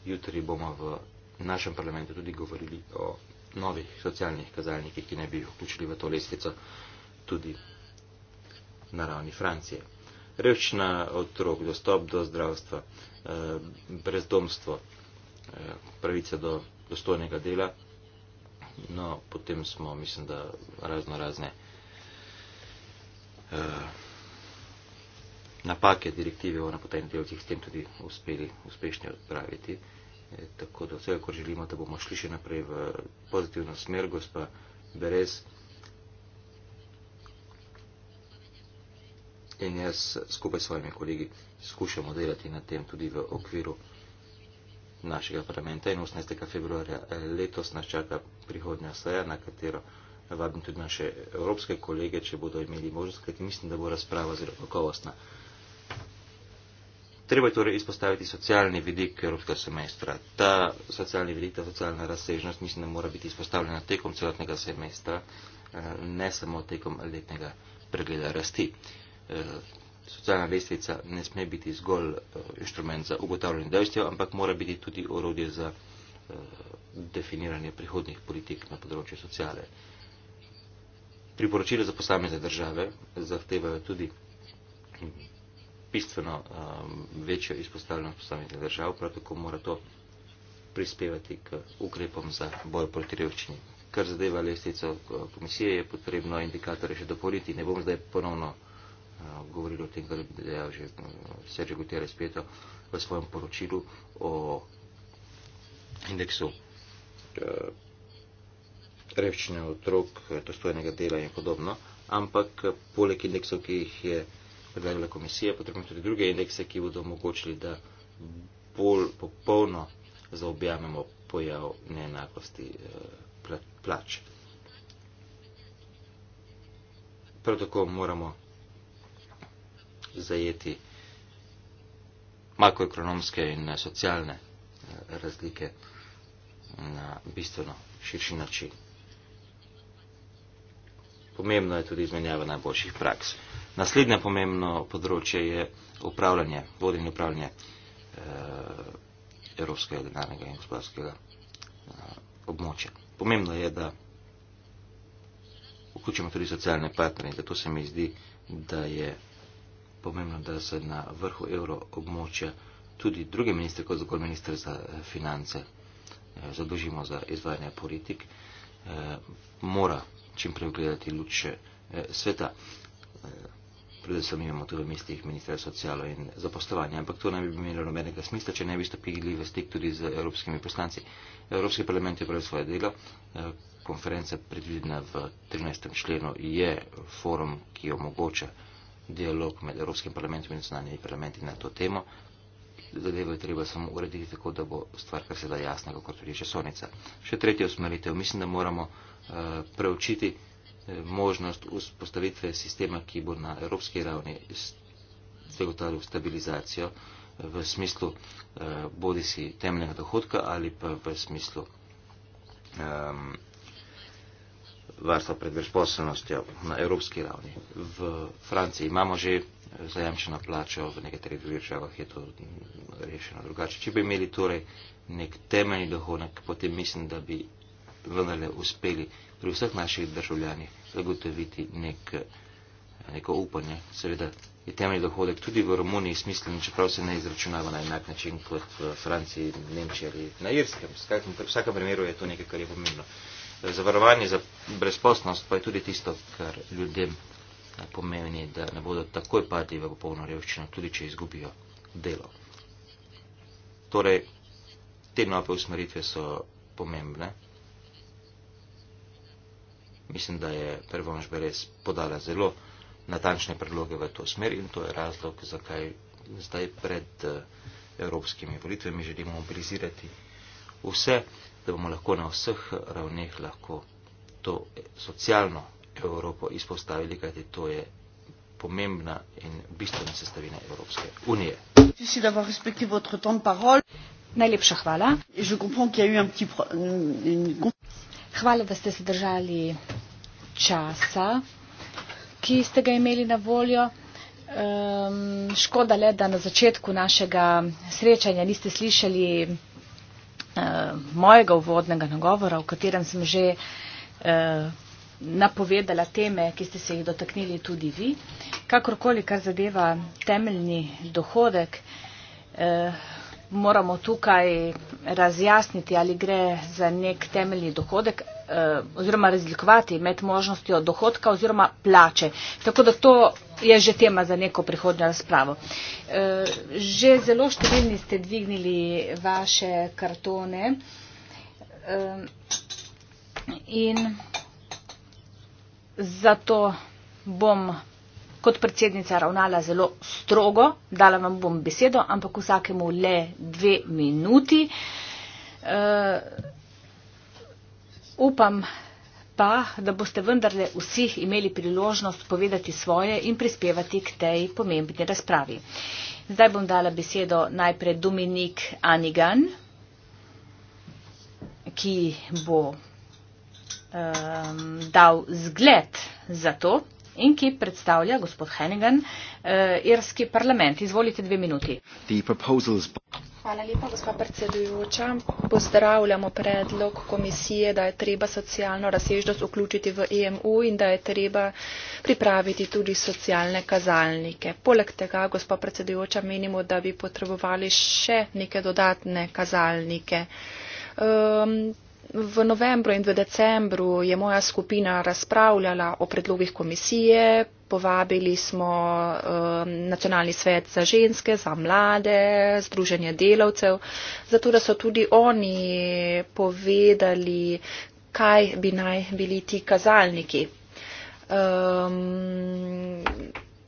Jutri bomo v našem parlamentu tudi govorili o novih socialnih kazalnikih, ki naj bi jih vključili v to lestvico tudi na ravni Francije. Revčna otrok, dostop do zdravstva, eh, brezdomstvo, eh, pravica do dostojnega dela, no potem smo, mislim, da razno razne. Eh, napake direktive o napotenih delovcih s tem tudi uspeli uspešno odpraviti. E, tako da vsega, kar želimo, da bomo šli še naprej v pozitivno smer, gospa Berez. In jaz skupaj s svojimi kolegi skušamo delati na tem tudi v okviru našega parlamenta. In 18. februarja letos nas čaka prihodnja seja, na katero vabim tudi naše evropske kolege, če bodo imeli možnost, kajti mislim, da bo razprava zelo kakovostna. Treba je torej izpostaviti socialni vidik evropskega semestra. Ta socialni vidik, ta socialna razsežnost, mislim, da mora biti izpostavljena tekom celotnega semestra, eh, ne samo tekom letnega pregleda rasti. Eh, socialna lestvica ne sme biti zgolj eh, inštrument za ugotavljanje dejstev, ampak mora biti tudi orodje za definiranje prihodnih politik na področju socialne priporočila za posamezne države zahtevajo tudi bistveno um, večjo izpostavljenost posameznih držav, prav tako mora to prispevati k ukrepom za boj proti revščini. Kar zadeva lestico uh, komisije, je potrebno indikatorje še dopoliti. Ne bom zdaj ponovno uh, govoril o tem, kar je dejal že uh, Sergio Guterres Pieto v svojem poročilu o indeksu uh, revščine otrok, eh, dostojnega dela in podobno. Ampak eh, poleg indeksov, ki jih je predlagala komisija, potrebujemo tudi druge indekse, ki bodo omogočili, da bolj popolno zaobjamemo pojav neenakosti eh, plač. Prav tako moramo zajeti makroekonomske in socialne razlike na bistveno širši način pomembno je tudi izmenjava najboljših praks. Naslednje pomembno področje je upravljanje, vodenje upravljanje eh, evropskega denarnega in gospodarskega eh, območja. Pomembno je, da vključimo tudi socialne partnerje in zato se mi zdi, da je pomembno, da se na vrhu evro območja tudi druge ministre, kot zgolj ministr za eh, finance, eh, zadužimo za izvajanje politik, eh, mora čim prej ugledati luč e, sveta. E, eh, predvsem imamo tudi v mislih ministra socialo in zaposlovanja, ampak to ne bi imelo nobenega smisla, če ne bi stopili v stik tudi z evropskimi poslanci. Evropski parlament je pravil svoje delo, e, konferenca predvidena v 13. členu je forum, ki omogoča dialog med Evropskim parlamentom in nacionalnimi parlamenti na to temo. Zadevo je treba samo urediti tako, da bo stvar kar se da jasna, kot tudi časovnica. Še tretja usmeritev. Mislim, da moramo Eh, preučiti eh, možnost vzpostavitve sistema, ki bo na evropski ravni zagotavljal stabilizacijo eh, v smislu bodi si temeljnega dohodka ali pa v smislu um, varstva pred brezposobnostjo na evropski ravni. V Franciji imamo že zajamčeno plačo, v nekaterih državah je to rešeno drugače. Če bi imeli torej nek temeljni dohodek, potem mislim, da bi vendarle uspeli pri vseh naših državljanih zagotoviti nek, neko upanje. Seveda je temeljni dohodek tudi v Romuniji smislen, čeprav se ne izračunava na enak način kot v Franciji, Nemčiji ali na Irskem. V vsakem primeru je to nekaj, kar je pomembno. Zavarovanje za brezposnost pa je tudi tisto, kar ljudem pomeni, da ne bodo takoj padli v popolno revščino, tudi če izgubijo delo. Torej, te nove usmeritve so pomembne. Mislim, da je Prvonž Beres podala zelo natančne predloge v to smer in to je razlog, zakaj zdaj pred eh, evropskimi volitvami želimo mobilizirati vse, da bomo lahko na vseh ravneh lahko to socialno Evropo izpostavili, kajti to je pomembna in bistvena sestavina Evropske unije. Najlepša hvala. Hvala, da ste se držali časa, ki ste ga imeli na voljo. Um, škoda le, da na začetku našega srečanja niste slišali uh, mojega uvodnega nagovora, v katerem sem že uh, napovedala teme, ki ste se jih dotaknili tudi vi. Kakorkoli, kar zadeva temeljni dohodek, uh, moramo tukaj razjasniti, ali gre za nek temeljni dohodek eh, oziroma razlikovati med možnostjo dohodka oziroma plače. Tako da to je že tema za neko prihodnjo razpravo. Eh, že zelo številni ste dvignili vaše kartone eh, in zato bom kot predsednica ravnala zelo strogo, dala vam bom besedo, ampak vsakemu le dve minuti. Uh, upam pa, da boste vendarle vsi imeli priložnost povedati svoje in prispevati k tej pomembni razpravi. Zdaj bom dala besedo najprej Dominik Anigan, ki bo um, dal zgled za to, in ki predstavlja gospod Hennigan, uh, irski parlament. Izvolite dve minuti. Hvala lepa, gospa predsedujoča. Pozdravljamo predlog komisije, da je treba socialno razsežnost vključiti v EMU in da je treba pripraviti tudi socialne kazalnike. Poleg tega, gospa predsedujoča, menimo, da bi potrebovali še neke dodatne kazalnike. Um, v novembru in v decembru je moja skupina razpravljala o predlogih komisije, povabili smo um, Nacionalni svet za ženske, za mlade, Združenje delavcev, zato da so tudi oni povedali, kaj bi naj bili ti kazalniki. Um,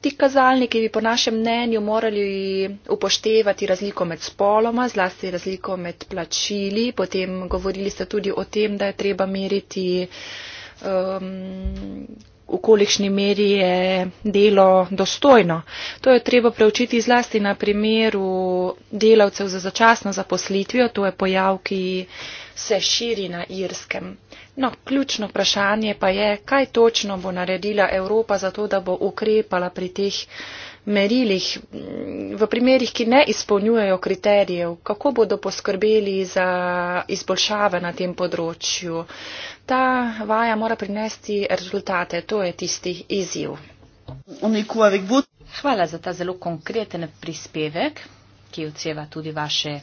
ti kazalniki bi po našem mnenju morali upoštevati razliko med spoloma, zlasti razliko med plačili. Potem govorili ste tudi o tem, da je treba meriti, um, v kolikšni meri je delo dostojno. To je treba preučiti zlasti na primeru delavcev za začasno zaposlitvijo. To je pojav, ki se širi na irskem. No, ključno vprašanje pa je, kaj točno bo naredila Evropa za to, da bo ukrepala pri teh merilih v primerih, ki ne izpolnjujejo kriterijev, kako bodo poskrbeli za izboljšave na tem področju. Ta vaja mora prinesti rezultate, to je tisti izziv. Hvala za ta zelo konkreten prispevek, ki odseva tudi vaše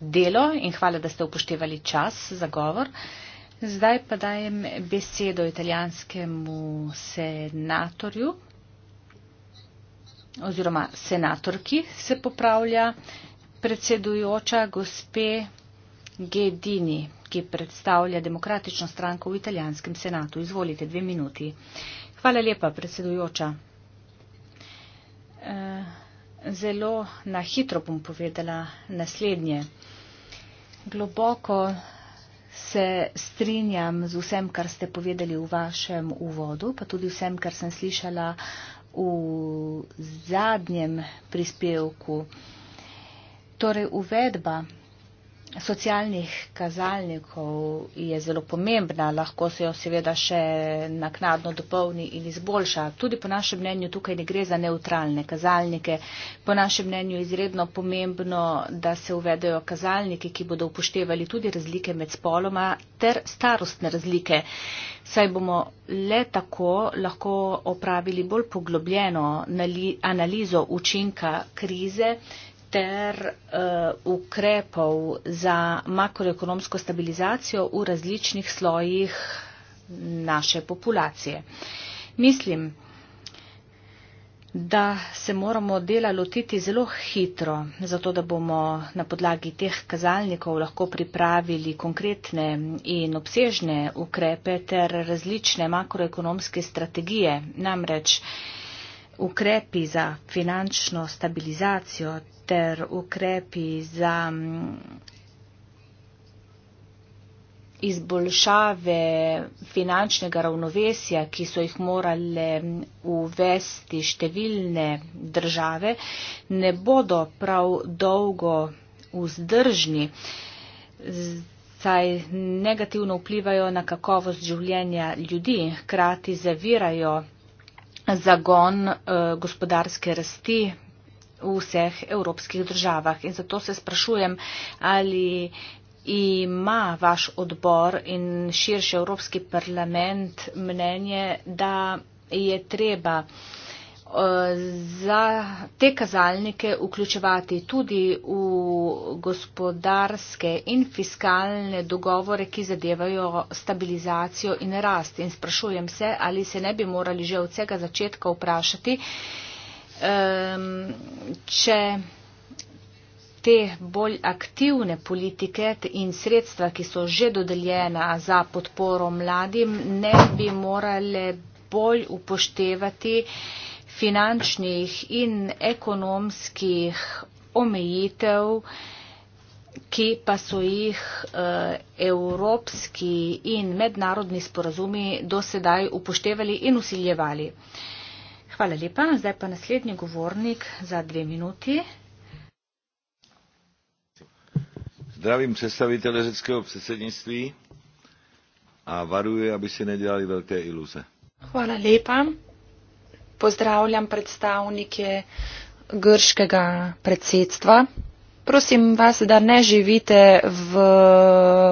delo in hvala, da ste upoštevali čas za govor. Zdaj pa dajem besedo italijanskemu senatorju oziroma senatorki se popravlja predsedujoča gospe Gedini, ki predstavlja demokratično stranko v italijanskem senatu. Izvolite dve minuti. Hvala lepa, predsedujoča. Eh, zelo na hitro bom povedala naslednje. Globoko se strinjam z vsem, kar ste povedali v vašem uvodu, pa tudi vsem, kar sem slišala v zadnjem prispevku. Torej, uvedba socialnih kazalnikov je zelo pomembna, lahko se jo seveda še naknadno dopolni in izboljša. Tudi po našem mnenju tukaj ne gre za neutralne kazalnike. Po našem mnenju je izredno pomembno, da se uvedejo kazalniki, ki bodo upoštevali tudi razlike med spoloma ter starostne razlike. Saj bomo le tako lahko opravili bolj poglobljeno analizo učinka krize ter uh, ukrepov za makroekonomsko stabilizacijo v različnih slojih naše populacije. Mislim, da se moramo dela lotiti zelo hitro, zato da bomo na podlagi teh kazalnikov lahko pripravili konkretne in obsežne ukrepe ter različne makroekonomske strategije. Namreč ukrepi za finančno stabilizacijo ter ukrepi za mm, izboljšave finančnega ravnovesja, ki so jih morale mm, uvesti številne države, ne bodo prav dolgo vzdržni, saj negativno vplivajo na kakovost življenja ljudi, hkrati zavirajo zagon eh, gospodarske rasti v vseh evropskih državah. In zato se sprašujem, ali ima vaš odbor in širši Evropski parlament mnenje, da je treba eh, za te kazalnike vključevati tudi v gospodarske in fiskalne dogovore, ki zadevajo stabilizacijo in rast. In sprašujem se, ali se ne bi morali že od vsega začetka vprašati, um, če te bolj aktivne politike in sredstva, ki so že dodeljena za podporo mladim, ne bi morale bolj upoštevati finančnih in ekonomskih omejitev, ki pa so jih eh, evropski in mednarodni sporazumi dosedaj upoštevali in usiljevali. Hvala lepa. Zdaj pa naslednji govornik za dve minuti. Zdravím představitele řeckého předsednictví a varuji, aby si nedělali velké iluze. Hvala lepa. Pozdravljam predstavnike grškega predsedstva. Prosim vas, da ne živite v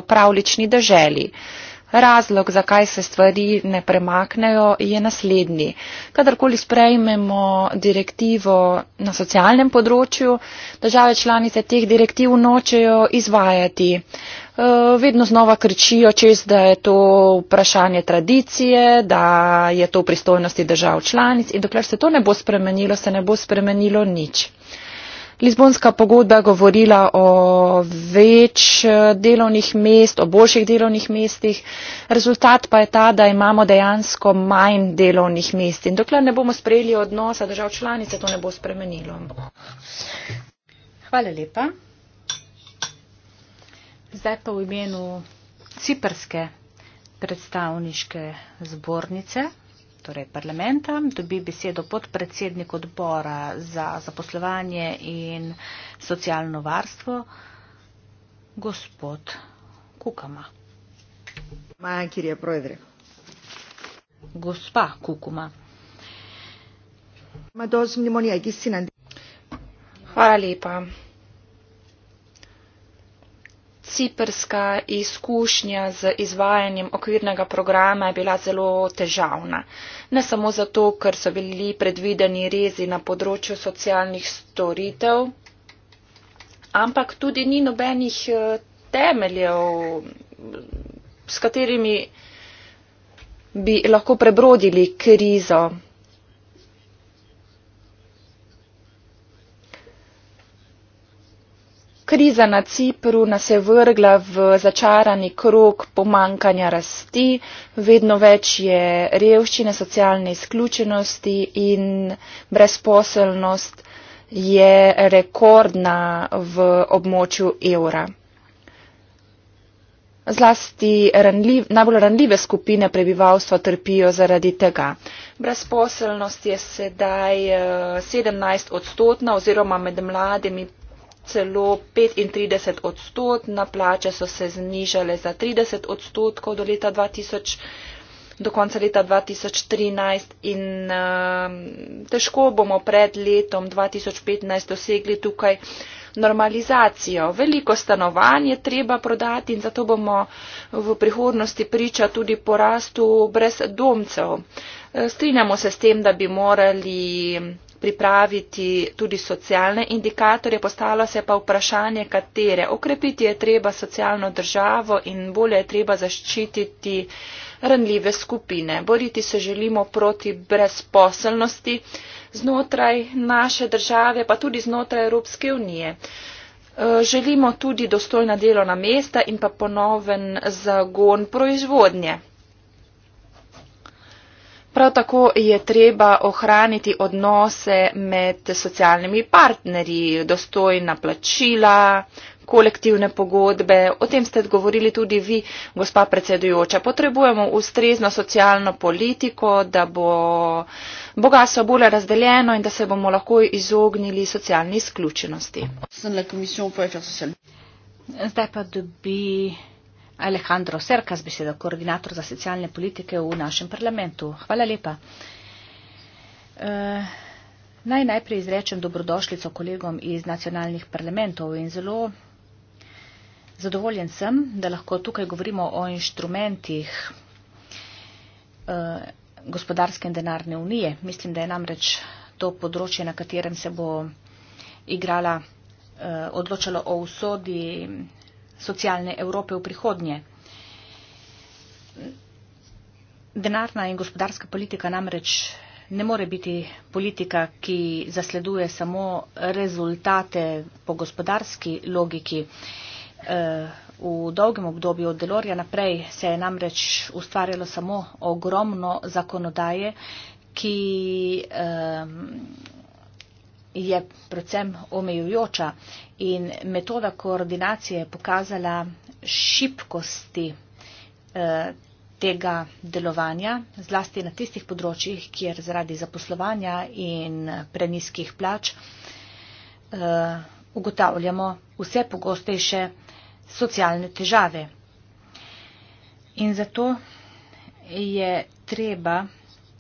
pravlični državi. Uh, Razlog, zakaj se stvari ne premaknejo, je naslednji. Kadarkoli sprejmemo direktivo na socialnem področju, države članice teh direktiv nočejo izvajati. Eh, vedno znova kričijo, čez, da je to vprašanje tradicije, da je to v pristojnosti držav članic in dokler se to ne bo spremenilo, se ne bo spremenilo nič. Lizbonska pogodba govorila o več eh, delovnih mest, o boljših delovnih mestih, rezultat pa je ta, da imamo dejansko manj delovnih mest. In dokler ne bomo sprejeli odnosa držav članice, to ne bo spremenilo. Hvala lepa. Zdaj pa v imenu ciprske predstavniške zbornice torej parlamenta, dobi besedo podpredsednik odbora za zaposlovanje in socialno varstvo, gospod Kukama. Maja, kjer je projedre. Gospa Kukuma. Hvala lepa ciperska izkušnja z izvajanjem okvirnega programa je bila zelo težavna. Ne samo zato, ker so bili predvideni rezi na področju socialnih storitev, ampak tudi ni nobenih eh, temeljev, s katerimi bi lahko prebrodili krizo. kriza na Cipru nas je vrgla v začarani krok pomankanja rasti, vedno več je revščine, socialne izključenosti in brezposelnost je rekordna v območju evra. Zlasti ranljiv, najbolj ranljive skupine prebivalstva trpijo zaradi tega. Brezposelnost je sedaj 17 eh, odstotna oziroma med mladimi celo 35 odstotkov, na plače so se znižale za 30 odstotkov do, leta 2000, do konca leta 2013 in um, težko bomo pred letom 2015 dosegli tukaj normalizacijo. Veliko stanovanj je treba prodati in zato bomo v prihodnosti priča tudi porastu brezdomcev. E, strinjamo se s tem, da bi morali pripraviti tudi socialne indikatorje. Postalo se pa vprašanje, katere. Okrepiti je treba socialno državo in bolje je treba zaščititi ranljive skupine. Boriti se želimo proti brezposelnosti znotraj naše države, pa tudi znotraj Evropske unije. E, želimo tudi dostojna delovna mesta in pa ponoven zagon proizvodnje. Prav tako je treba ohraniti odnose med socialnimi partnerji, dostojna plačila, kolektivne pogodbe. O tem ste govorili tudi vi, gospa predsedujoča. Potrebujemo ustrezno socialno politiko, da bo bogatstvo bolje razdeljeno in da se bomo lahko izognili socialni izključenosti. Zdaj pa dobi. Be... Alejandro Serka z besedo, koordinator za socialne politike v našem parlamentu. Hvala lepa. E, naj najprej izrečem dobrodošljico kolegom iz nacionalnih parlamentov in zelo zadovoljen sem, da lahko tukaj govorimo o inštrumentih e, gospodarske in denarne unije. Mislim, da je namreč to področje, na katerem se bo igrala, e, odločalo o usodi socialne Evrope v prihodnje. Denarna in gospodarska politika namreč ne more biti politika, ki zasleduje samo rezultate po gospodarski logiki. Eh, v dolgem obdobju od Delorja naprej se je namreč ustvarjalo samo ogromno zakonodaje, ki eh, je predvsem omejujoča in metoda koordinacije je pokazala šibkosti eh, tega delovanja, zlasti na tistih področjih, kjer zaradi zaposlovanja in preniskih plač eh, ugotavljamo vse pogostejše socialne težave. In zato je treba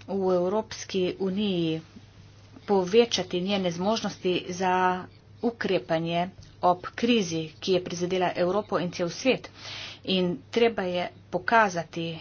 v Evropski uniji povečati njene zmožnosti za ukrepanje ob krizi, ki je prizadela Evropo in cel svet. In treba je pokazati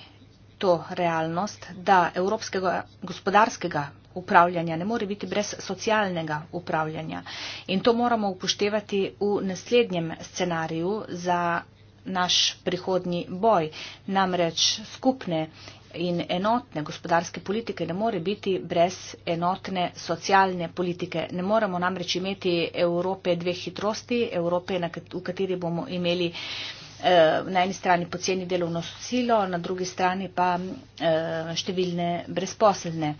to realnost, da evropskega gospodarskega upravljanja ne more biti brez socialnega upravljanja. In to moramo upoštevati v naslednjem scenariju za naš prihodnji boj. Namreč skupne in enotne gospodarske politike ne more biti brez enotne socialne politike. Ne moremo namreč imeti Evrope dveh hitrosti, Evrope, v kateri bomo imeli eh, na eni strani poceni delovno silo, na drugi strani pa eh, številne brezposelne.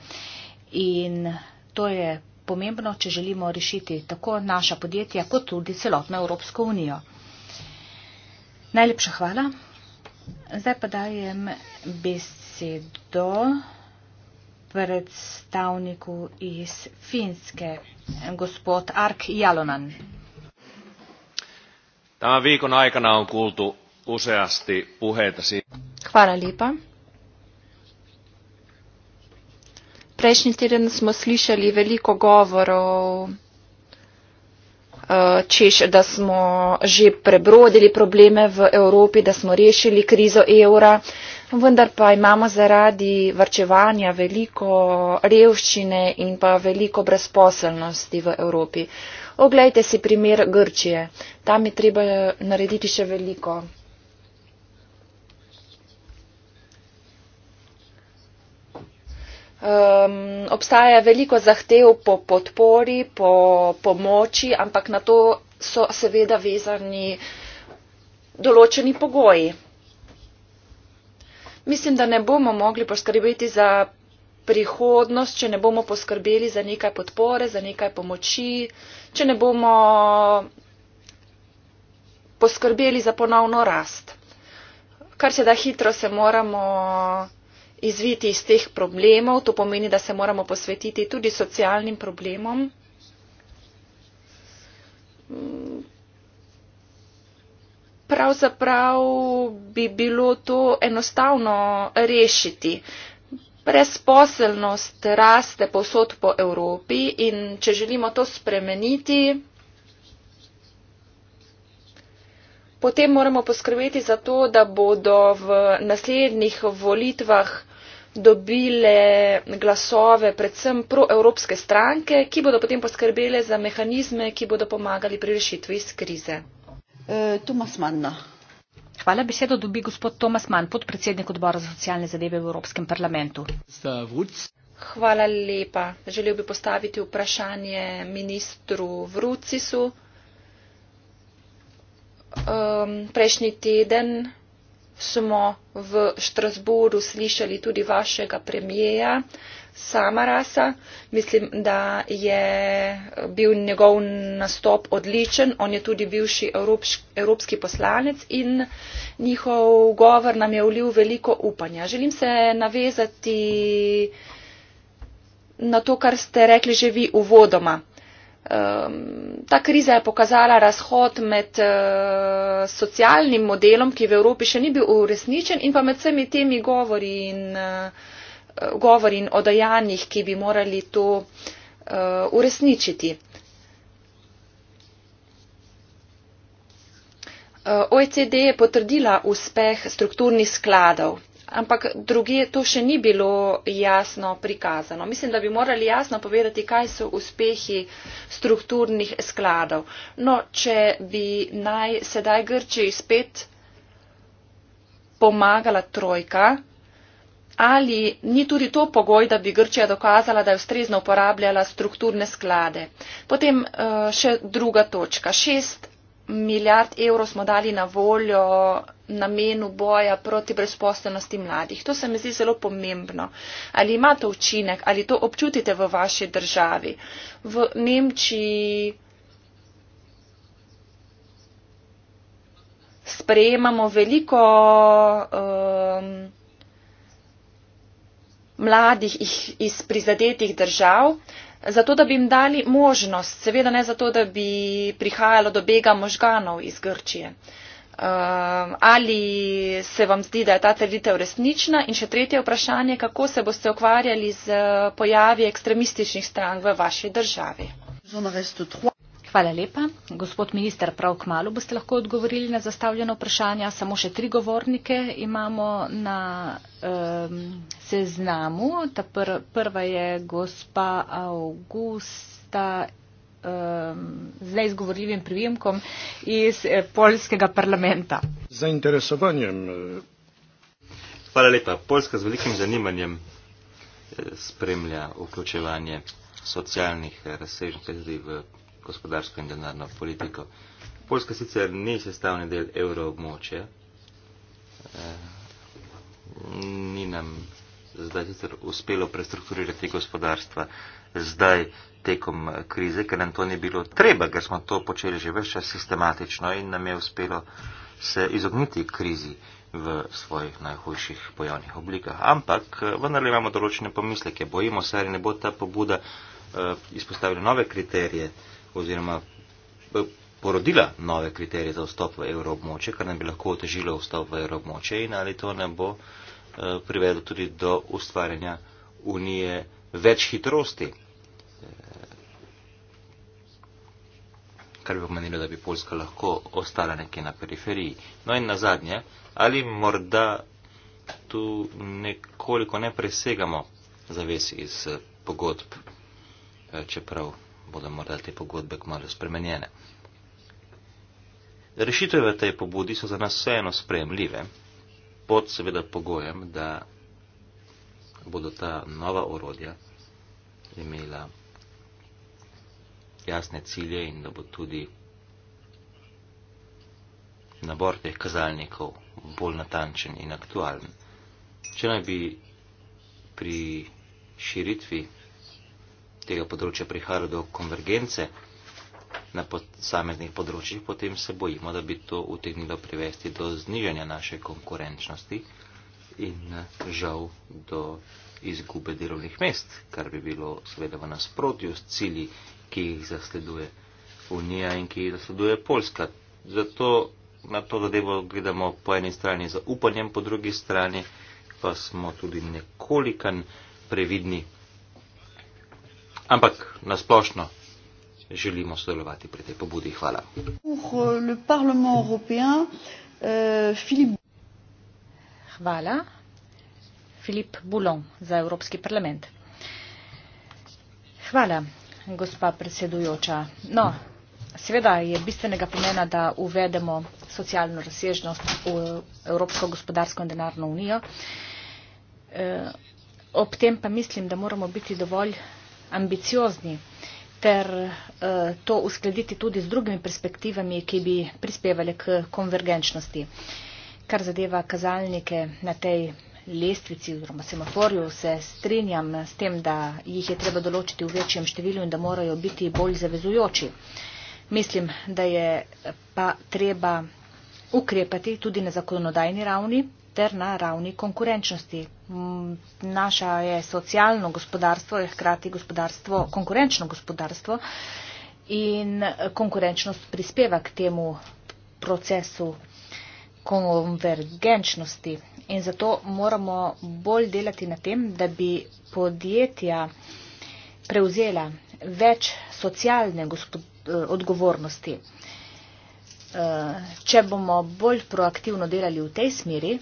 In to je pomembno, če želimo rešiti tako naša podjetja, kot tudi celotno Evropsko unijo. Najlepša hvala. Zdaj pa dajem besedo predstavniku iz Finske, gospod Ark Jalonan. Tämän viikon aikana on kuultu useasti puheita siitä. Hvala lepa. Prejšnji teden smo slišali veliko govorov Eh, češ, da smo že prebrodili probleme v Evropi, da smo rešili krizo evra, vendar pa imamo zaradi vrčevanja veliko revščine in pa veliko brezposelnosti v Evropi. Oglejte si primer Grčije. Tam je treba narediti še veliko. Um, obstaja veliko zahtev po podpori, po pomoči, ampak na to so seveda vezani določeni pogoji. Mislim, da ne bomo mogli poskrbeti za prihodnost, če ne bomo poskrbeli za nekaj podpore, za nekaj pomoči, če ne bomo poskrbeli za ponovno rast. Kar se da hitro se moramo izviti iz teh problemov. To pomeni, da se moramo posvetiti tudi socialnim problemom. Pravzaprav bi bilo to enostavno rešiti. Presposelnost raste povsod po Evropi in če želimo to spremeniti, potem moramo poskrbeti za to, da bodo v naslednjih volitvah dobile glasove predvsem proevropske stranke, ki bodo potem poskrbele za mehanizme, ki bodo pomagali pri rešitvi iz krize. E, Tomas Manna. Hvala besedo dobi gospod Tomas Mann, podpredsednik odbora za socialne zadeve v Evropskem parlamentu. Stavuc. Hvala lepa. Želel bi postaviti vprašanje ministru Vrucisu. Um, prejšnji teden smo v Štrasburu slišali tudi vašega premijeja Samarasa. Mislim, da je bil njegov nastop odličen. On je tudi bivši evropski poslanec in njihov govor nam je vlil veliko upanja. Želim se navezati na to, kar ste rekli že vi uvodoma um, ta kriza je pokazala razhod med uh, socialnim modelom, ki v Evropi še ni bil uresničen, in pa med vsemi temi govori in, uh, govori in odajanjih, ki bi morali to uh, uresničiti. OECD je potrdila uspeh strukturnih skladov ampak drugi to še ni bilo jasno prikazano. Mislim, da bi morali jasno povedati, kaj so uspehi strukturnih skladov. No, če bi naj sedaj Grčiji spet pomagala trojka, ali ni tudi to pogoj, da bi Grčija dokazala, da je ustrezno uporabljala strukturne sklade. Potem eh, še druga točka. 6 milijard evrov smo dali na voljo namenu boja proti brezposelnosti mladih. To se mi zdi zelo pomembno. Ali ima to učinek, ali to občutite v vaši državi? V Nemčiji sprejemamo veliko um, mladih iz prizadetih držav. Zato, da bi jim dali možnost, seveda ne zato, da bi prihajalo do bega možganov iz Grčije. Uh, Ehm, ali se vam zdi, da je ta trditev resnična? In še tretje vprašanje, kako se boste ukvarjali z eh, pojavi ekstremističnih strank v vaši državi? Hvala lepa. Gospod minister, prav k malu boste lahko odgovorili na zastavljeno vprašanje. Samo še tri govornike imamo na um, seznamu. Ta pr prva je gospa Augusta um, zle izgovorljivim prijemkom iz eh, poljskega parlamenta. Zainteresovanjem. Eh, Hvala lepa. Poljska z velikim zanimanjem eh, spremlja vključevanje socialnih eh, razsežnosti v gospodarsko in denarno politiko. Poljska sicer ni sestavni del euroobmočja, ni nam zdaj sicer uspelo prestrukturirati gospodarstva zdaj tekom krize, ker nam to ni bilo treba, ker smo to počeli že več čas sistematično in nam je uspelo se izogniti krizi v svojih najhujših pojavnih oblikah. Ampak eh, vendar imamo določene pomisleke, bojimo se, ali ne bo ta pobuda eh, izpostavila nove kriterije oziroma eh, porodila nove kriterije za vstop v evroobmoče, kar nam bi lahko otežilo vstop v evroobmoče in ali to ne bo eh, privedlo tudi do ustvarjanja unije več hitrosti. kar bi pomenilo, da bi Poljska lahko ostala nekje na periferiji. No in na zadnje, ali morda tu nekoliko ne presegamo zaves iz eh, pogodb, eh, čeprav bodo morda te pogodbe kmalo spremenjene. Rešitve v tej pobudi so za nas vseeno sprejemljive, pod seveda pogojem, da bodo ta nova orodja imela jasne cilje in da bo tudi nabor teh kazalnikov bolj natančen in aktualen. Če naj bi pri širitvi tega področja prihajalo do konvergence na posameznih področjih, potem se bojimo, da bi to utegnilo privesti do znižanja naše konkurenčnosti in žal do izgube delovnih mest, kar bi bilo seveda v nasprotju s cili ki jih zasleduje Unija in ki jih zasleduje Poljska. Zato na to zadevo gledamo po eni strani z upanjem, po drugi strani pa smo tudi nekolikan previdni. Ampak nasplošno želimo sodelovati pri tej pobudi. Hvala. Euh, euh, Hvala. Filip Boulon za Evropski parlament. Hvala gospa predsedujoča. No, seveda je bistvenega pomena, da uvedemo socialno razsežnost v Evropsko gospodarsko in denarno unijo. E, ob tem pa mislim, da moramo biti dovolj ambiciozni ter e, to uskladiti tudi z drugimi perspektivami, ki bi prispevali k konvergenčnosti, kar zadeva kazalnike na tej lestvici oziroma semaforju se strinjam s tem, da jih je treba določiti v večjem številu in da morajo biti bolj zavezujoči. Mislim, da je pa treba ukrepati tudi na zakonodajni ravni ter na ravni konkurenčnosti. Mm, naša je socialno gospodarstvo, je hkrati gospodarstvo, konkurenčno gospodarstvo in konkurenčnost prispeva k temu procesu konvergenčnosti in zato moramo bolj delati na tem, da bi podjetja prevzela več socialne eh, odgovornosti. Eh, če bomo bolj proaktivno delali v tej smeri,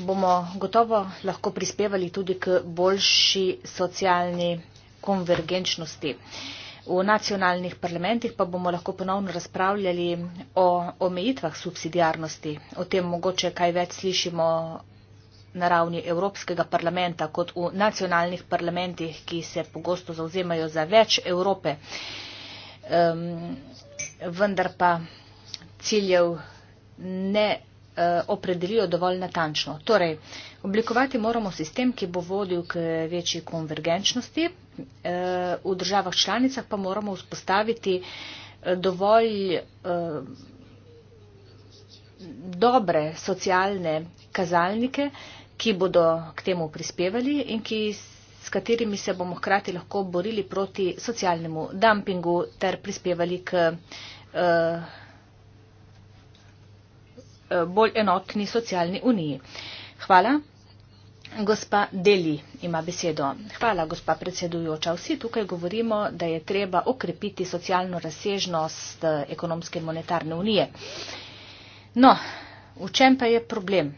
bomo gotovo lahko prispevali tudi k boljši socialni konvergenčnosti v nacionalnih parlamentih pa bomo lahko ponovno razpravljali o omejitvah subsidijarnosti, o tem mogoče kaj več slišimo na ravni Evropskega parlamenta kot v nacionalnih parlamentih, ki se pogosto zauzemajo za več Evrope, um, vendar pa ciljev ne uh, opredelijo dovolj natančno. Torej, uh, Oblikovati moramo sistem, ki bo vodil k večji konvergenčnosti. Eh, v državah članicah pa moramo vzpostaviti eh, dovolj eh, dobre socialne kazalnike, ki bodo k temu prispevali in ki, s katerimi se bomo hkrati lahko borili proti socialnemu dumpingu ter prispevali k bolj enotni socialni uniji. Hvala. Gospa Deli ima besedo. Hvala, gospa predsedujoča. Vsi tukaj govorimo, da je treba okrepiti socialno razsežnost eh, ekonomske in monetarne unije. No, v čem pa je problem?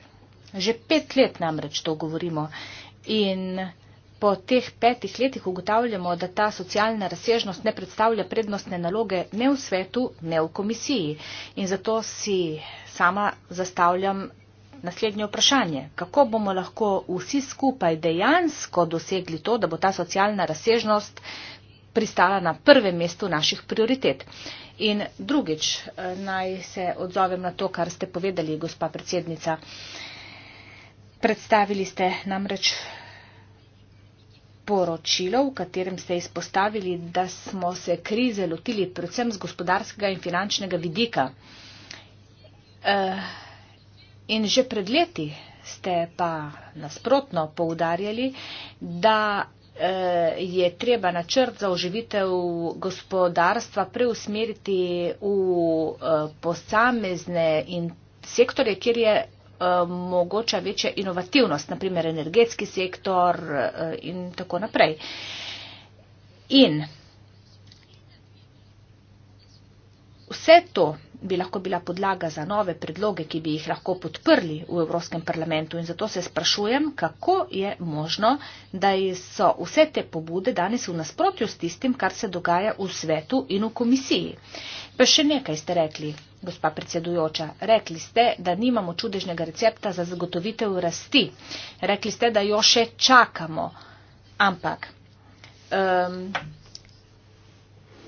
Že pet let namreč to govorimo in po teh petih letih ugotavljamo, da ta socialna razsežnost ne predstavlja prednostne naloge ne v svetu, ne v komisiji. In zato si sama zastavljam naslednje vprašanje. Kako bomo lahko vsi skupaj dejansko dosegli to, da bo ta socialna razsežnost pristala na prvem mestu naših prioritet. In drugič, eh, naj se odzovem na to, kar ste povedali, gospa predsednica. Predstavili ste namreč poročilo, v katerem ste izpostavili, da smo se krize lotili predvsem z gospodarskega in finančnega vidika. Uh, In že pred leti ste pa nasprotno poudarjali, da eh, je treba načrt za oživitev gospodarstva preusmeriti v eh, posamezne in sektore, kjer je eh, mogoča večja inovativnost, naprimer energetski sektor in tako naprej. In vse to bi lahko bila podlaga za nove predloge, ki bi jih lahko podprli v Evropskem parlamentu. In zato se sprašujem, kako je možno, da so vse te pobude danes v nasprotju s tistim, kar se dogaja v svetu in v komisiji. Pa še nekaj ste rekli, gospa predsedujoča. Rekli ste, da nimamo čudežnega recepta za zagotovitev rasti. Rekli ste, da jo še čakamo. Ampak. Um, ehm,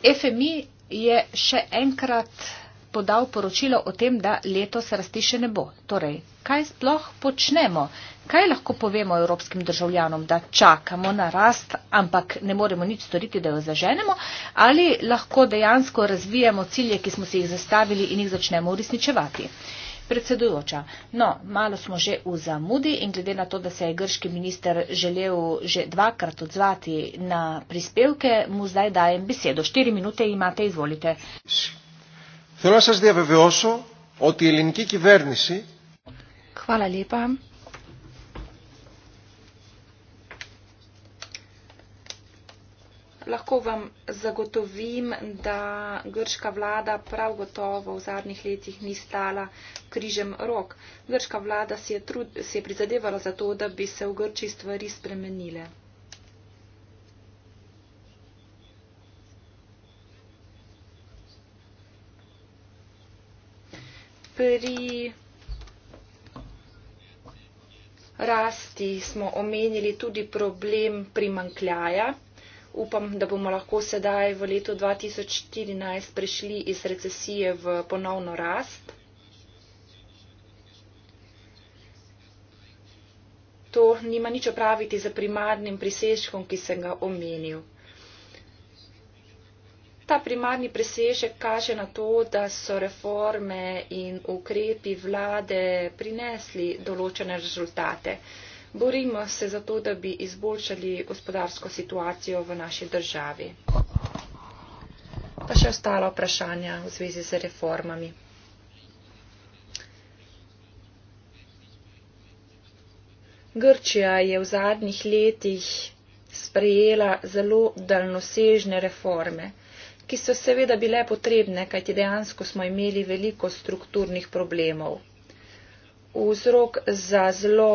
FMI je še enkrat podal poročilo o tem, da letos rasti še ne bo. Torej, kaj sploh počnemo? Kaj lahko povemo evropskim državljanom, da čakamo na rast, ampak ne moremo nič storiti, da jo zaženemo? Ali lahko dejansko razvijamo cilje, ki smo si jih zastavili in jih začnemo uresničevati? Predsedujoča, no, malo smo že v zamudi in glede na to, da se je grški minister želel že dvakrat odzvati na prispevke, mu zdaj dajem besedo. Štiri minute imate, izvolite. Θέλω να σας διαβεβαιώσω ότι η ελληνική κυβέρνηση Χαλά λίπα. Lahko vam zagotovim, da grška vlada prav gotovo v zadnjih letih ni stala križem rok. Grška vlada si je, trud, si je prizadevala za to, da bi se v Grči stvari spremenile. pri rasti smo omenili tudi problem primankljaja. Upam, da bomo lahko sedaj v letu 2014 prišli iz recesije v ponovno rast. To nima nič opraviti z primarnim priseškom, ki sem ga omenil. Ta primarni presežek kaže na to, da so reforme in ukrepi vlade prinesli določene rezultate. Borimo se za to, da bi izboljšali gospodarsko situacijo v naši državi. Pa še ostala vprašanja v zvezi z reformami. Grčija je v zadnjih letih sprejela zelo daljnosežne reforme ki so seveda bile potrebne, kajti dejansko smo imeli veliko strukturnih problemov. Vzrok za zlo,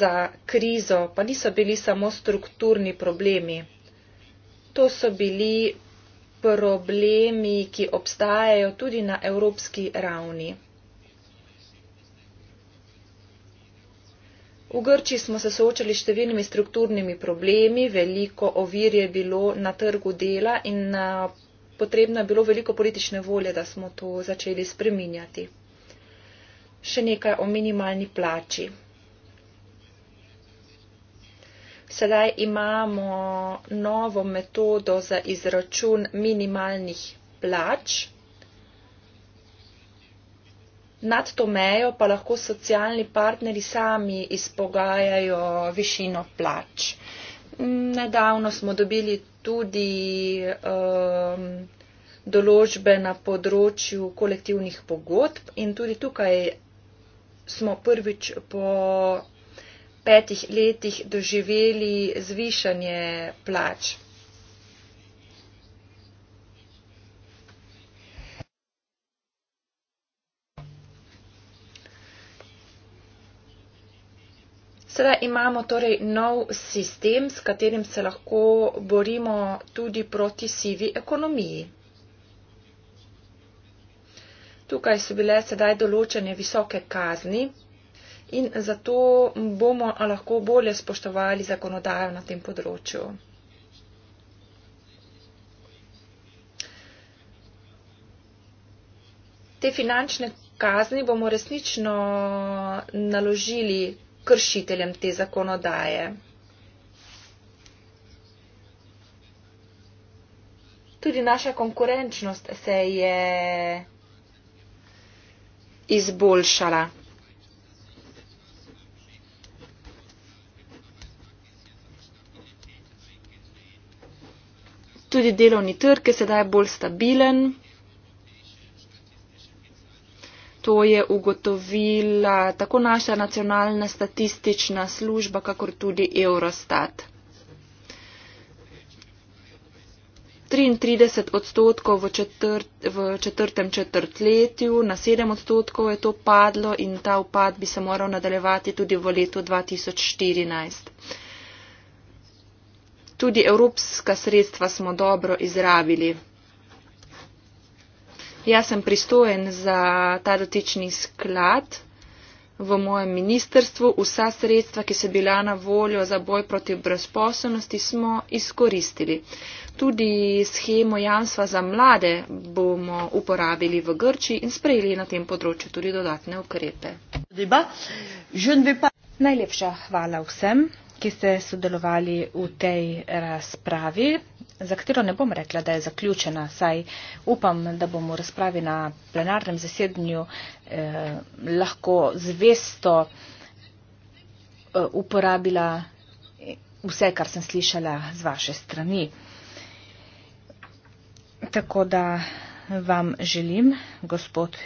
za krizo pa niso bili samo strukturni problemi. To so bili problemi, ki obstajajo tudi na evropski ravni. V Grčiji smo se soočali s številnimi strukturnimi problemi, veliko ovir je bilo na trgu dela in potrebno je bilo veliko politične volje, da smo to začeli spreminjati. Še nekaj o minimalni plači. Sedaj imamo novo metodo za izračun minimalnih plač, Nad to mejo pa lahko socialni partneri sami izpogajajo višino plač. Nedavno smo dobili tudi um, določbe na področju kolektivnih pogodb in tudi tukaj smo prvič po petih letih doživeli zvišanje plač. Sedaj imamo torej nov sistem, s katerim se lahko borimo tudi proti sivi ekonomiji. Tukaj so bile sedaj določene visoke kazni in zato bomo lahko bolje spoštovali zakonodajo na tem področju. Te finančne kazni bomo resnično naložili kršiteljem te zakonodaje. Tudi naša konkurenčnost se je izboljšala. Tudi delovni trg je sedaj bolj stabilen. To je ugotovila tako naša nacionalna statistična služba, kakor tudi Eurostat. 33 odstotkov v, četrt, v četrtem četrtletju, na 7 odstotkov je to padlo in ta upad bi se moral nadaljevati tudi v letu 2014. Tudi evropska sredstva smo dobro izrabili. Jaz sem pristojen za ta dotični sklad v mojem ministerstvu. Vsa sredstva, ki so bila na voljo za boj proti brezposobnosti, smo izkoristili. Tudi schemo jamstva za mlade bomo uporabili v Grči in sprejeli na tem področju tudi dodatne ukrepe. Najlepša hvala vsem, ki ste sodelovali v tej razpravi za katero ne bom rekla, da je zaključena, saj upam, da bomo v razpravi na plenarnem zasednju eh, lahko zvesto eh, uporabila vse, kar sem slišala z vaše strani. Tako da vam želim, gospod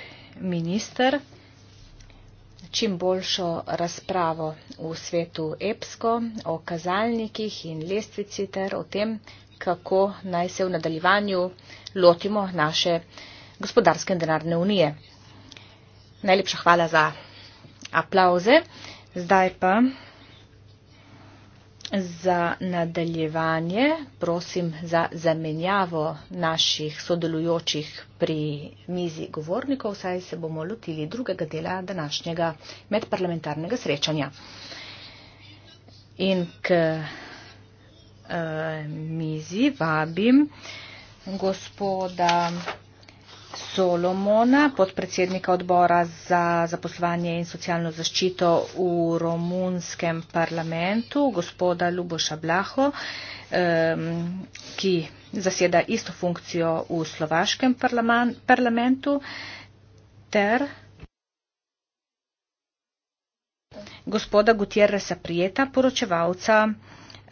minister, čim boljšo razpravo v svetu EPSKO o kazalnikih in lestvici ter o tem, kako naj se v nadaljevanju lotimo naše gospodarske in denarne unije. Najlepša hvala za aplauze. Zdaj pa za nadaljevanje prosim za zamenjavo naših sodelujočih pri mizi govornikov, saj se bomo lotili drugega dela današnjega medparlamentarnega srečanja. In k mizi vabim gospoda Solomona, podpredsednika odbora za zaposlovanje in socialno zaščito v romunskem parlamentu, gospoda Luboša Blaho, ki zaseda isto funkcijo v slovaškem parlamentu, ter gospoda Gutierreza Prijeta, poročevalca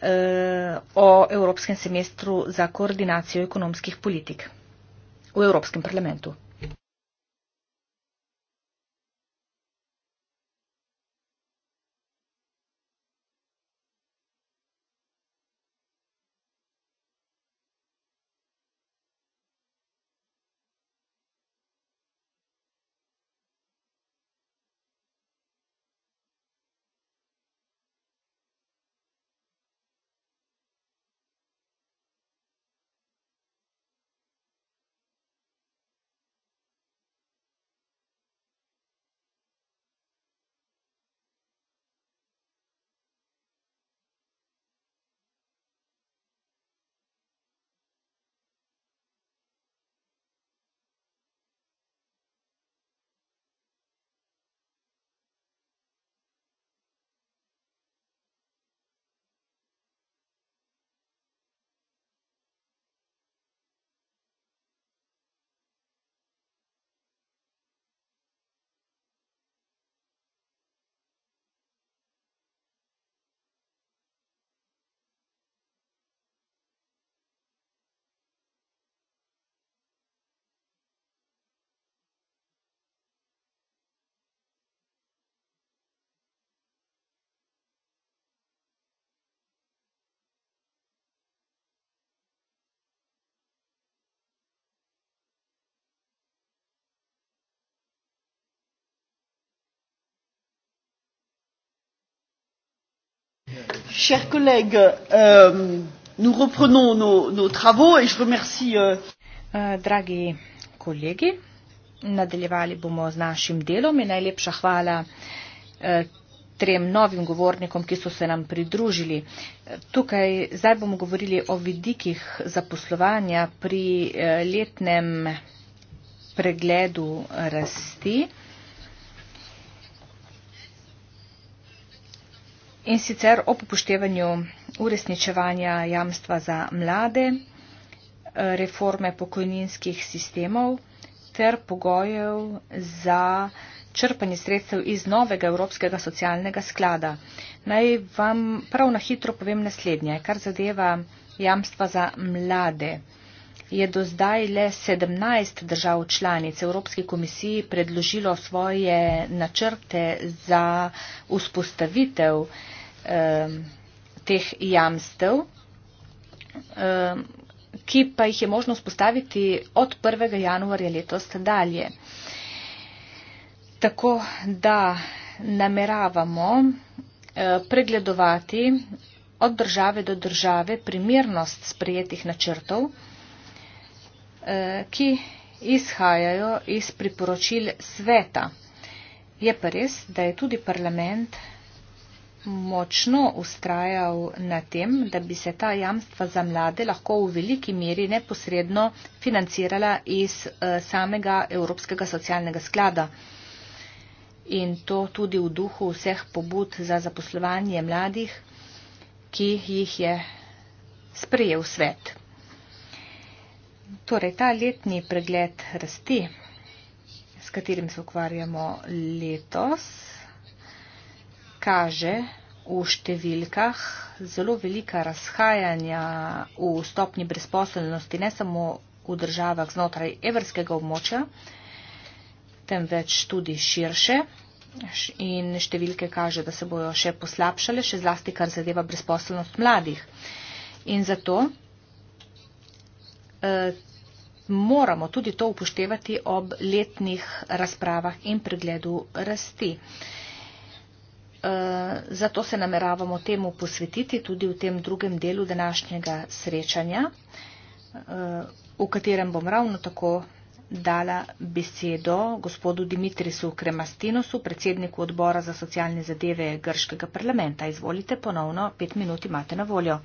Eh, o Evropskem semestru za koordinacijo ekonomskih politik v Evropskem parlamentu. chers collègues euh, nous reprenons nos, nos travaux et je remercie euh... euh dragi kolegi nadaljevali bomo z našim delom in najlepša hvala eh, trem novim govornikom, ki so se nam pridružili. Tukaj zdaj bomo govorili o vidikih zaposlovanja pri eh, letnem pregledu rasti. in sicer ob upoštevanju uresničevanja jamstva za mlade, eh, reforme pokojninskih sistemov ter pogojev za črpanje sredstev iz novega Evropskega socialnega sklada. Naj vam prav na hitro povem naslednje, kar zadeva jamstva za mlade. Je do zdaj le 17 držav članic Evropske komisije predložilo svoje načrte za vzpostavitev Um, teh jamstev, um, ki pa jih je možno spostaviti od 1. januarja letos dalje. Tako da nameravamo uh, pregledovati od države do države primernost sprejetih načrtov, uh, ki izhajajo iz priporočil sveta. Je pa res, da je tudi parlament močno ustrajal na tem, da bi se ta jamstva za mlade lahko v veliki meri neposredno financirala iz eh, samega Evropskega socialnega sklada. In to tudi v duhu vseh pobud za zaposlovanje mladih, ki jih je sprejel svet. Torej, ta letni pregled rasti, s katerim se ukvarjamo letos, kaže v številkah zelo velika razhajanja v stopni brezposelnosti, ne samo v državah znotraj evrskega območja, temveč tudi širše. In številke kaže, da se bojo še poslabšale, še zlasti, kar zadeva brezposelnost mladih. In zato eh, moramo tudi to upoštevati ob letnih razpravah in pregledu rasti. Eh, Eh, zato se nameravamo temu posvetiti tudi v tem drugem delu današnjega srečanja, eh, v katerem bom ravno tako dala besedo gospodu Dimitrisu Kremastinosu, predsedniku odbora za socialne zadeve Grškega parlamenta. Izvolite ponovno, pet minut imate na voljo.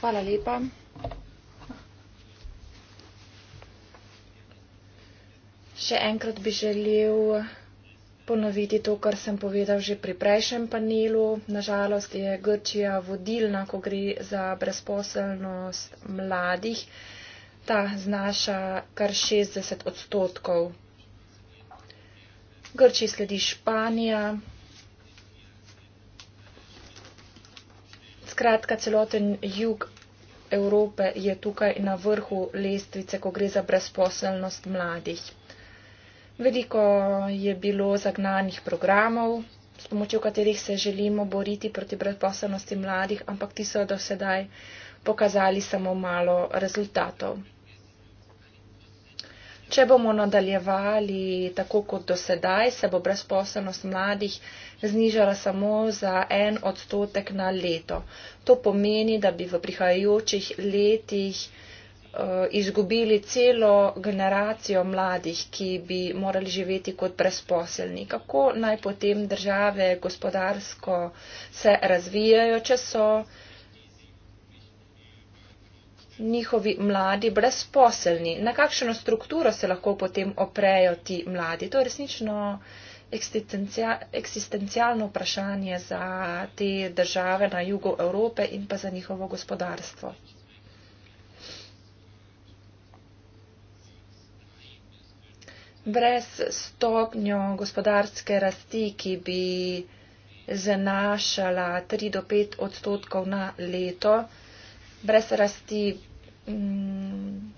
Hvala lepa. Še enkrat bi želel ponoviti to, kar sem povedal že pri prejšnjem panelu. Nažalost je Grčija vodilna, ko gre za brezposelnost mladih. Ta znaša kar 60 odstotkov. Grčiji sledi Španija. Skratka, celoten jug Evrope je tukaj na vrhu lestvice, ko gre za brezposelnost mladih. Veliko je bilo zagnanih programov, s pomočjo katerih se želimo boriti proti brezposobnosti mladih, ampak ti so do sedaj pokazali samo malo rezultatov. Če bomo nadaljevali tako kot do sedaj, se bo brezposobnost mladih znižala samo za en odstotek na leto. To pomeni, da bi v prihajajočih letih Eh, izgubili celo generacijo mladih, ki bi morali živeti kot brezposelni. Kako naj potem države gospodarsko se razvijajo, če so njihovi mladi brezposelni? Na kakšno strukturo se lahko potem oprejo ti mladi? To je resnično eksistencialno vprašanje za te države na jugu Evrope in pa za njihovo gospodarstvo. brez stopnjo gospodarske rasti, ki bi zanašala 3 do 5 odstotkov na leto, brez rasti mm,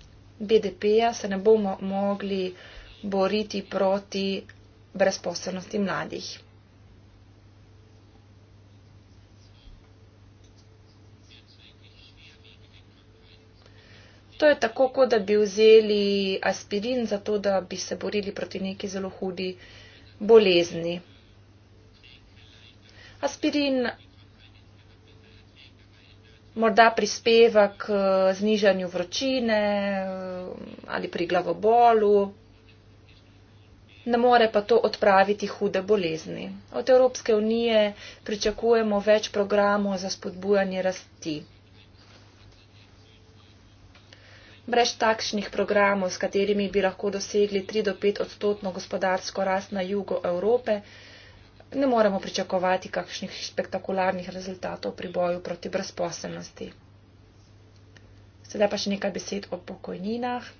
BDP-ja se ne bomo mogli boriti proti brezposobnosti mladih. To je tako, kot da bi vzeli aspirin za to, da bi se borili proti neki zelo hudi bolezni. Aspirin morda prispeva k eh, znižanju vročine eh, ali pri glavobolu, ne more pa to odpraviti hude bolezni. Od Evropske unije pričakujemo več programov za spodbujanje rasti. Brez takšnih programov, s katerimi bi lahko dosegli 3 do 5 odstotno gospodarsko rast na jugu Evrope, ne moremo pričakovati kakšnih spektakularnih rezultatov pri boju proti brezposelnosti. Sedaj pa še nekaj besed o pokojninah.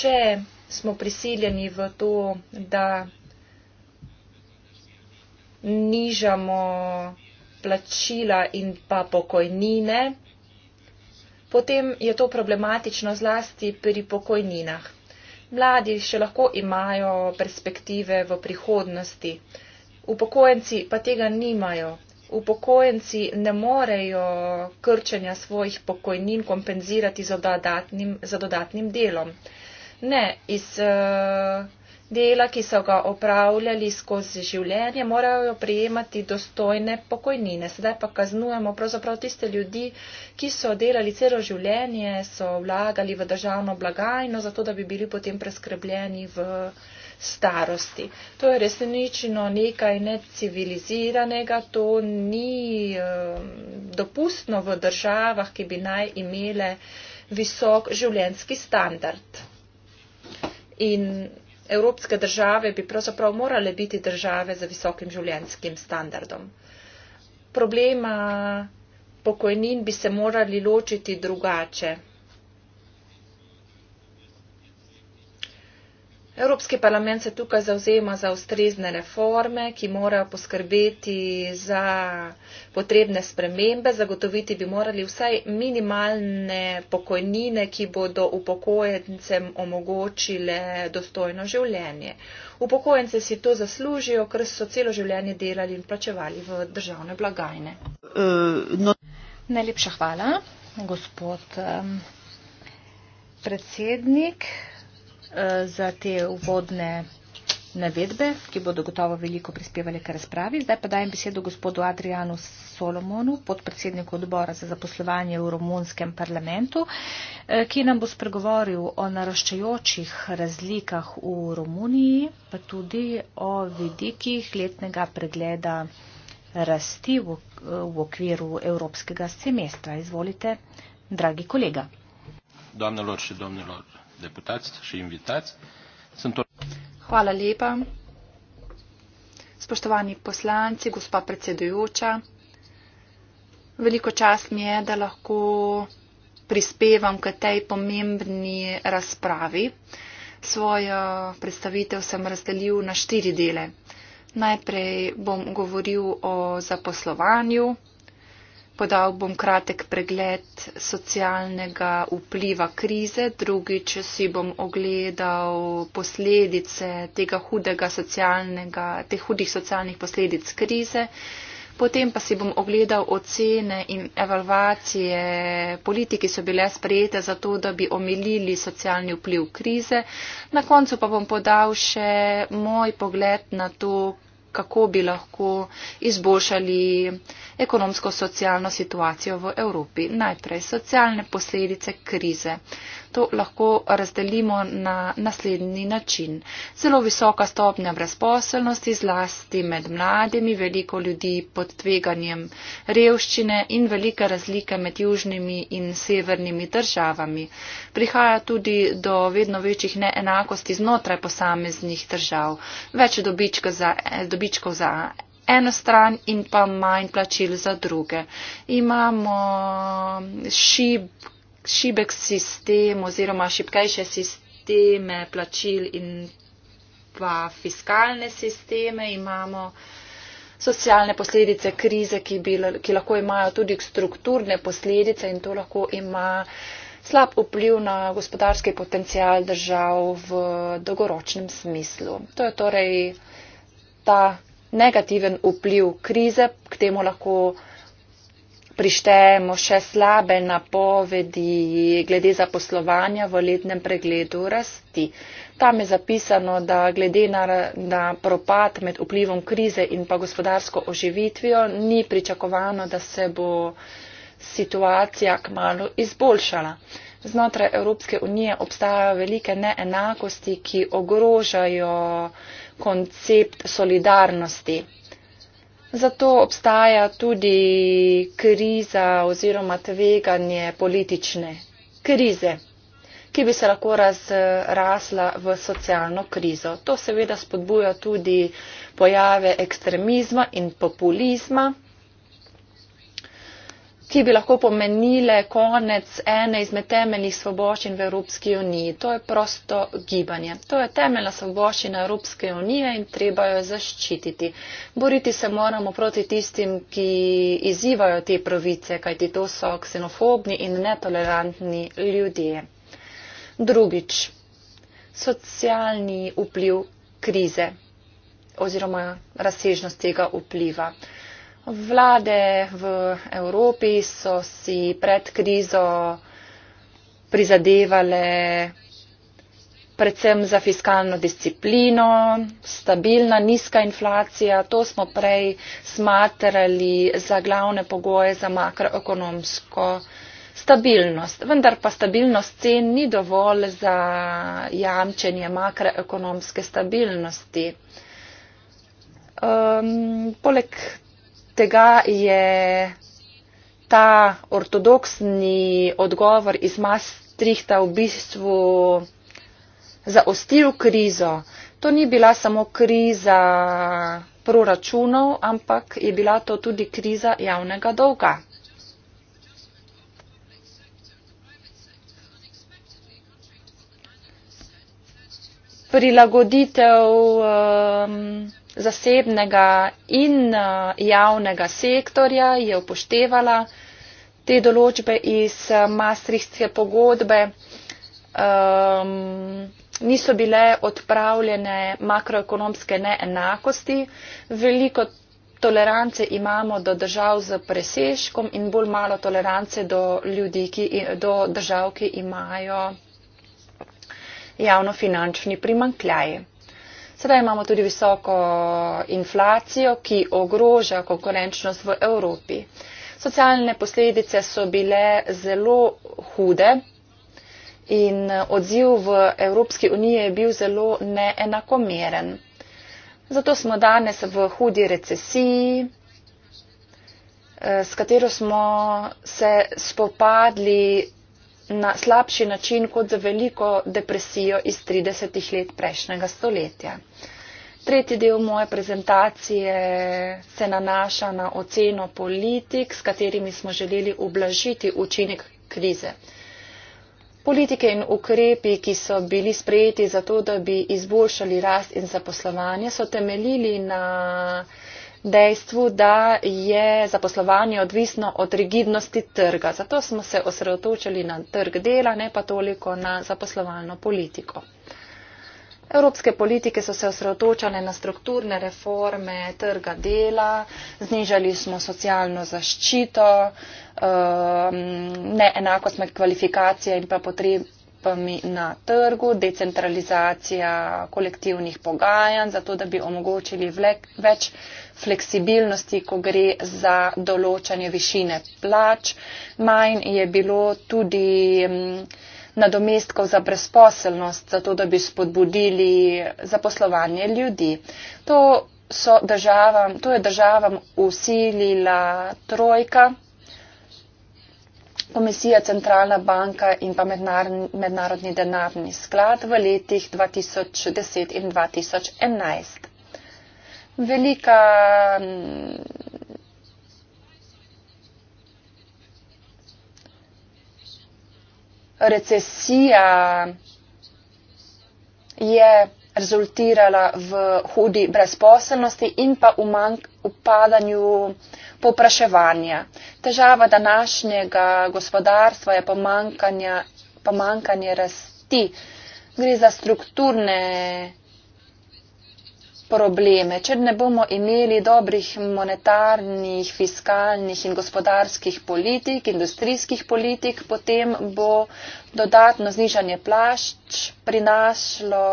še smo prisiljeni v to, da nižamo plačila in pa pokojnine, potem je to problematično zlasti pri pokojninah. Mladi še lahko imajo perspektive v prihodnosti, upokojenci pa tega nimajo. Upokojenci ne morejo krčenja svojih pokojnin kompenzirati za dodatnim, za dodatnim delom. Ne, iz uh, dela, ki so ga opravljali skozi življenje, morajo prijemati dostojne pokojnine. Sedaj pa kaznujemo pravzaprav tiste ljudi, ki so delali celo življenje, so vlagali v državno blagajno, zato da bi bili potem preskrbljeni v starosti. To je resnično nekaj neciviliziranega, to ni um, dopustno v državah, ki bi naj imele visok življenski standard in evropske države bi pravzaprav morale biti države z visokim življenjskim standardom. Problema pokojnin bi se morali ločiti drugače. Evropski parlament se tukaj zauzema za ustrezne reforme, ki morajo poskrbeti za potrebne spremembe. Zagotoviti bi morali vsaj minimalne pokojnine, ki bodo upokojencem omogočile dostojno življenje. Upokojence si to zaslužijo, ker so celo življenje delali in plačevali v državne blagajne. Uh, no. Najlepša hvala, gospod um, predsednik. Eh, za te uvodne navedbe, ki bodo gotovo veliko prispevali k razpravi. Zdaj pa dajem besedo gospodu Adrianu Solomonu, podpredsedniku odbora za zaposlovanje v romunskem parlamentu, eh, ki nam bo spregovoril o naraščajočih razlikah v Romuniji, pa tudi o vidikih letnega pregleda rasti v okviru evropskega semestra. Izvolite, dragi kolega. Domnilor, še domnilor deputați și invitați. Sunt o... Hvala lepa. Spoštovani poslanci, gospa predsedujoča, veliko čast mi je, da lahko prispevam k tej pomembni razpravi. Svojo predstavitev sem razdelil na štiri dele. Najprej bom govoril o zaposlovanju, Podal bom kratek pregled socialnega vpliva krize, drugič si bom ogledal posledice tega hudega socialnega, teh hudih socialnih posledic krize. Potem pa si bom ogledal ocene in evalvacije politiki, ki so bile sprejete za to, da bi omilili socialni vpliv krize. Na koncu pa bom podal še moj pogled na to, kako bi lahko izboljšali ekonomsko-socialno situacijo v Evropi. Najprej socialne posledice krize. To lahko razdelimo na naslednji način. Zelo visoka stopnja brezposelnosti, zlasti med mladimi, veliko ljudi pod tveganjem revščine in velike razlike med južnimi in severnimi državami. Prihaja tudi do vedno večjih neenakosti znotraj posameznih držav. Več dobičkov za, dobičko za eno stran in pa manj plačil za druge. Imamo šib, šibek sistem oziroma šibkejše sisteme plačil in pa fiskalne sisteme. Imamo socialne posledice krize, ki, bi, ki lahko imajo tudi strukturne posledice in to lahko ima slab vpliv na gospodarski potencial držav v dolgoročnem smislu. To je torej ta negativen vpliv krize, k temu lahko prištejemo še slabe napovedi glede zaposlovanja v letnem pregledu rasti. Tam je zapisano, da glede na, na propad med vplivom krize in pa gospodarsko oživitvijo ni pričakovano, da se bo situacija kmalo izboljšala. Znotraj Evropske unije obstajajo velike neenakosti, ki ogrožajo koncept solidarnosti. Zato obstaja tudi kriza oziroma tveganje politične krize, ki bi se lahko razrasla v socialno krizo. To seveda spodbuja tudi pojave ekstremizma in populizma ki bi lahko pomenile konec ene izmed temeljnih svoboščin v Evropski uniji. To je prosto gibanje. To je temeljna svoboščina Evropske unije in treba jo zaščititi. Boriti se moramo proti tistim, ki izzivajo te pravice, kajti to so ksenofobni in netolerantni ljudje. Drugič, socialni vpliv krize oziroma razsežnost tega vpliva. Vlade v Evropi so si pred krizo prizadevale predvsem za fiskalno disciplino, stabilna, nizka inflacija. To smo prej smatrali za glavne pogoje za makroekonomsko stabilnost. Vendar pa stabilnost cen ni dovolj za jamčenje makroekonomske stabilnosti. Um, poleg tega je ta ortodoksni odgovor iz Maastrichta v bistvu zaostil krizo. To ni bila samo kriza proračunov, ampak je bila to tudi kriza javnega dolga. Prilagoditev. Um, zasebnega in eh, javnega sektorja je upoštevala te določbe iz eh, Maastrichtske pogodbe. Um, niso bile odpravljene makroekonomske neenakosti. Veliko tolerance imamo do držav z presežkom in bolj malo tolerance do, ljudi, ki, do držav, ki imajo javnofinančni primankljaj. Sedaj imamo tudi visoko inflacijo, ki ogroža konkurenčnost v Evropi. Socialne posledice so bile zelo hude in odziv v Evropski uniji je bil zelo neenakomeren. Zato smo danes v hudi recesiji, eh, s katero smo se spopadli na slabši način kot za veliko depresijo iz 30 let prejšnjega stoletja. Tretji del moje prezentacije se nanaša na oceno politik, s katerimi smo želeli ublažiti učinek krize. Politike in ukrepi, ki so bili sprejeti za to, da bi izboljšali rast in zaposlovanje, so temeljili na dejstvu, da je zaposlovanje odvisno od rigidnosti trga. Zato smo se osredotočili na trg dela, ne pa toliko na zaposlovalno politiko. Evropske politike so se osredotočale na strukturne reforme trga dela, znižali smo socialno zaščito, ehm, neenakost med kvalifikacije in pa potrebami okrepitvami na trgu, decentralizacija kolektivnih pogajanj, zato da bi omogočili vlek, več fleksibilnosti, ko gre za določanje višine plač. Manj je bilo tudi mm, nadomestkov za brezposelnost, zato da bi spodbudili zaposlovanje ljudi. To, državam, to je državam usilila trojka komisija Centralna banka in pa Mednarodni denarni sklad v letih 2010 in 2011. Velika recesija je rezultirala v hudi brezposelnosti in pa v manjk upadanju popraševanja. Težava današnjega gospodarstva je pomankanje rasti. Gre za strukturne probleme. Če ne bomo imeli dobrih monetarnih, fiskalnih in gospodarskih politik, industrijskih politik, potem bo dodatno znižanje plašč prinašlo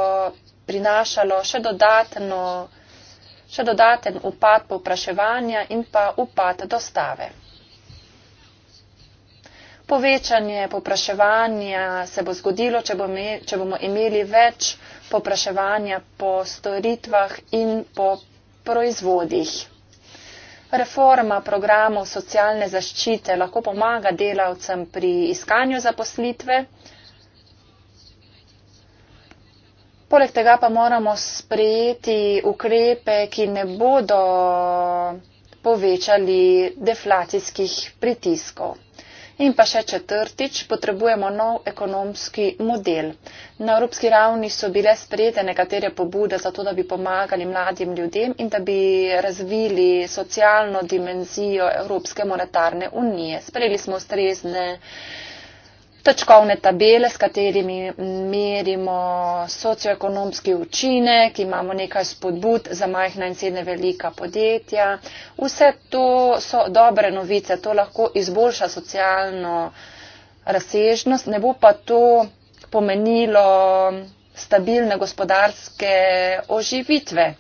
prinašalo še, dodatno, še dodaten upad popraševanja in pa upad dostave. Povečanje popraševanja se bo zgodilo, če bomo, imeli, če bomo imeli več popraševanja po storitvah in po proizvodih. Reforma programov socialne zaščite lahko pomaga delavcem pri iskanju zaposlitve. Poleg tega pa moramo sprejeti ukrepe, ki ne bodo povečali deflacijskih pritiskov. In pa še četrtič, potrebujemo nov ekonomski model. Na evropski ravni so bile sprejete nekatere pobude za to, da bi pomagali mladim ljudem in da bi razvili socialno dimenzijo Evropske monetarne unije. Sprejeli smo ustrezne točkovne tabele, s katerimi merimo socioekonomski učinek, imamo nekaj spodbud za majhna in srednje velika podjetja. Vse to so dobre novice, to lahko izboljša socialno razsežnost, ne bo pa to pomenilo stabilne gospodarske oživitve.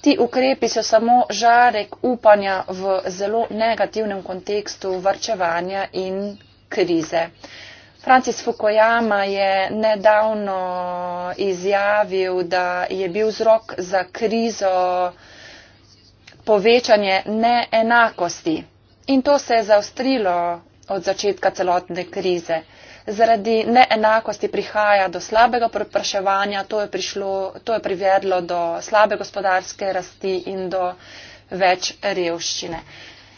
Ti ukrepi so samo žarek upanja v zelo negativnem kontekstu varčevanja in krize. Francis Fukuyama je nedavno izjavil, da je bil vzrok za krizo povečanje neenakosti. In to se je zaostrilo od začetka celotne krize. Zaradi neenakosti prihaja do slabega prepraševanja, to je, prišlo, to je privedlo do slabe gospodarske rasti in do več revščine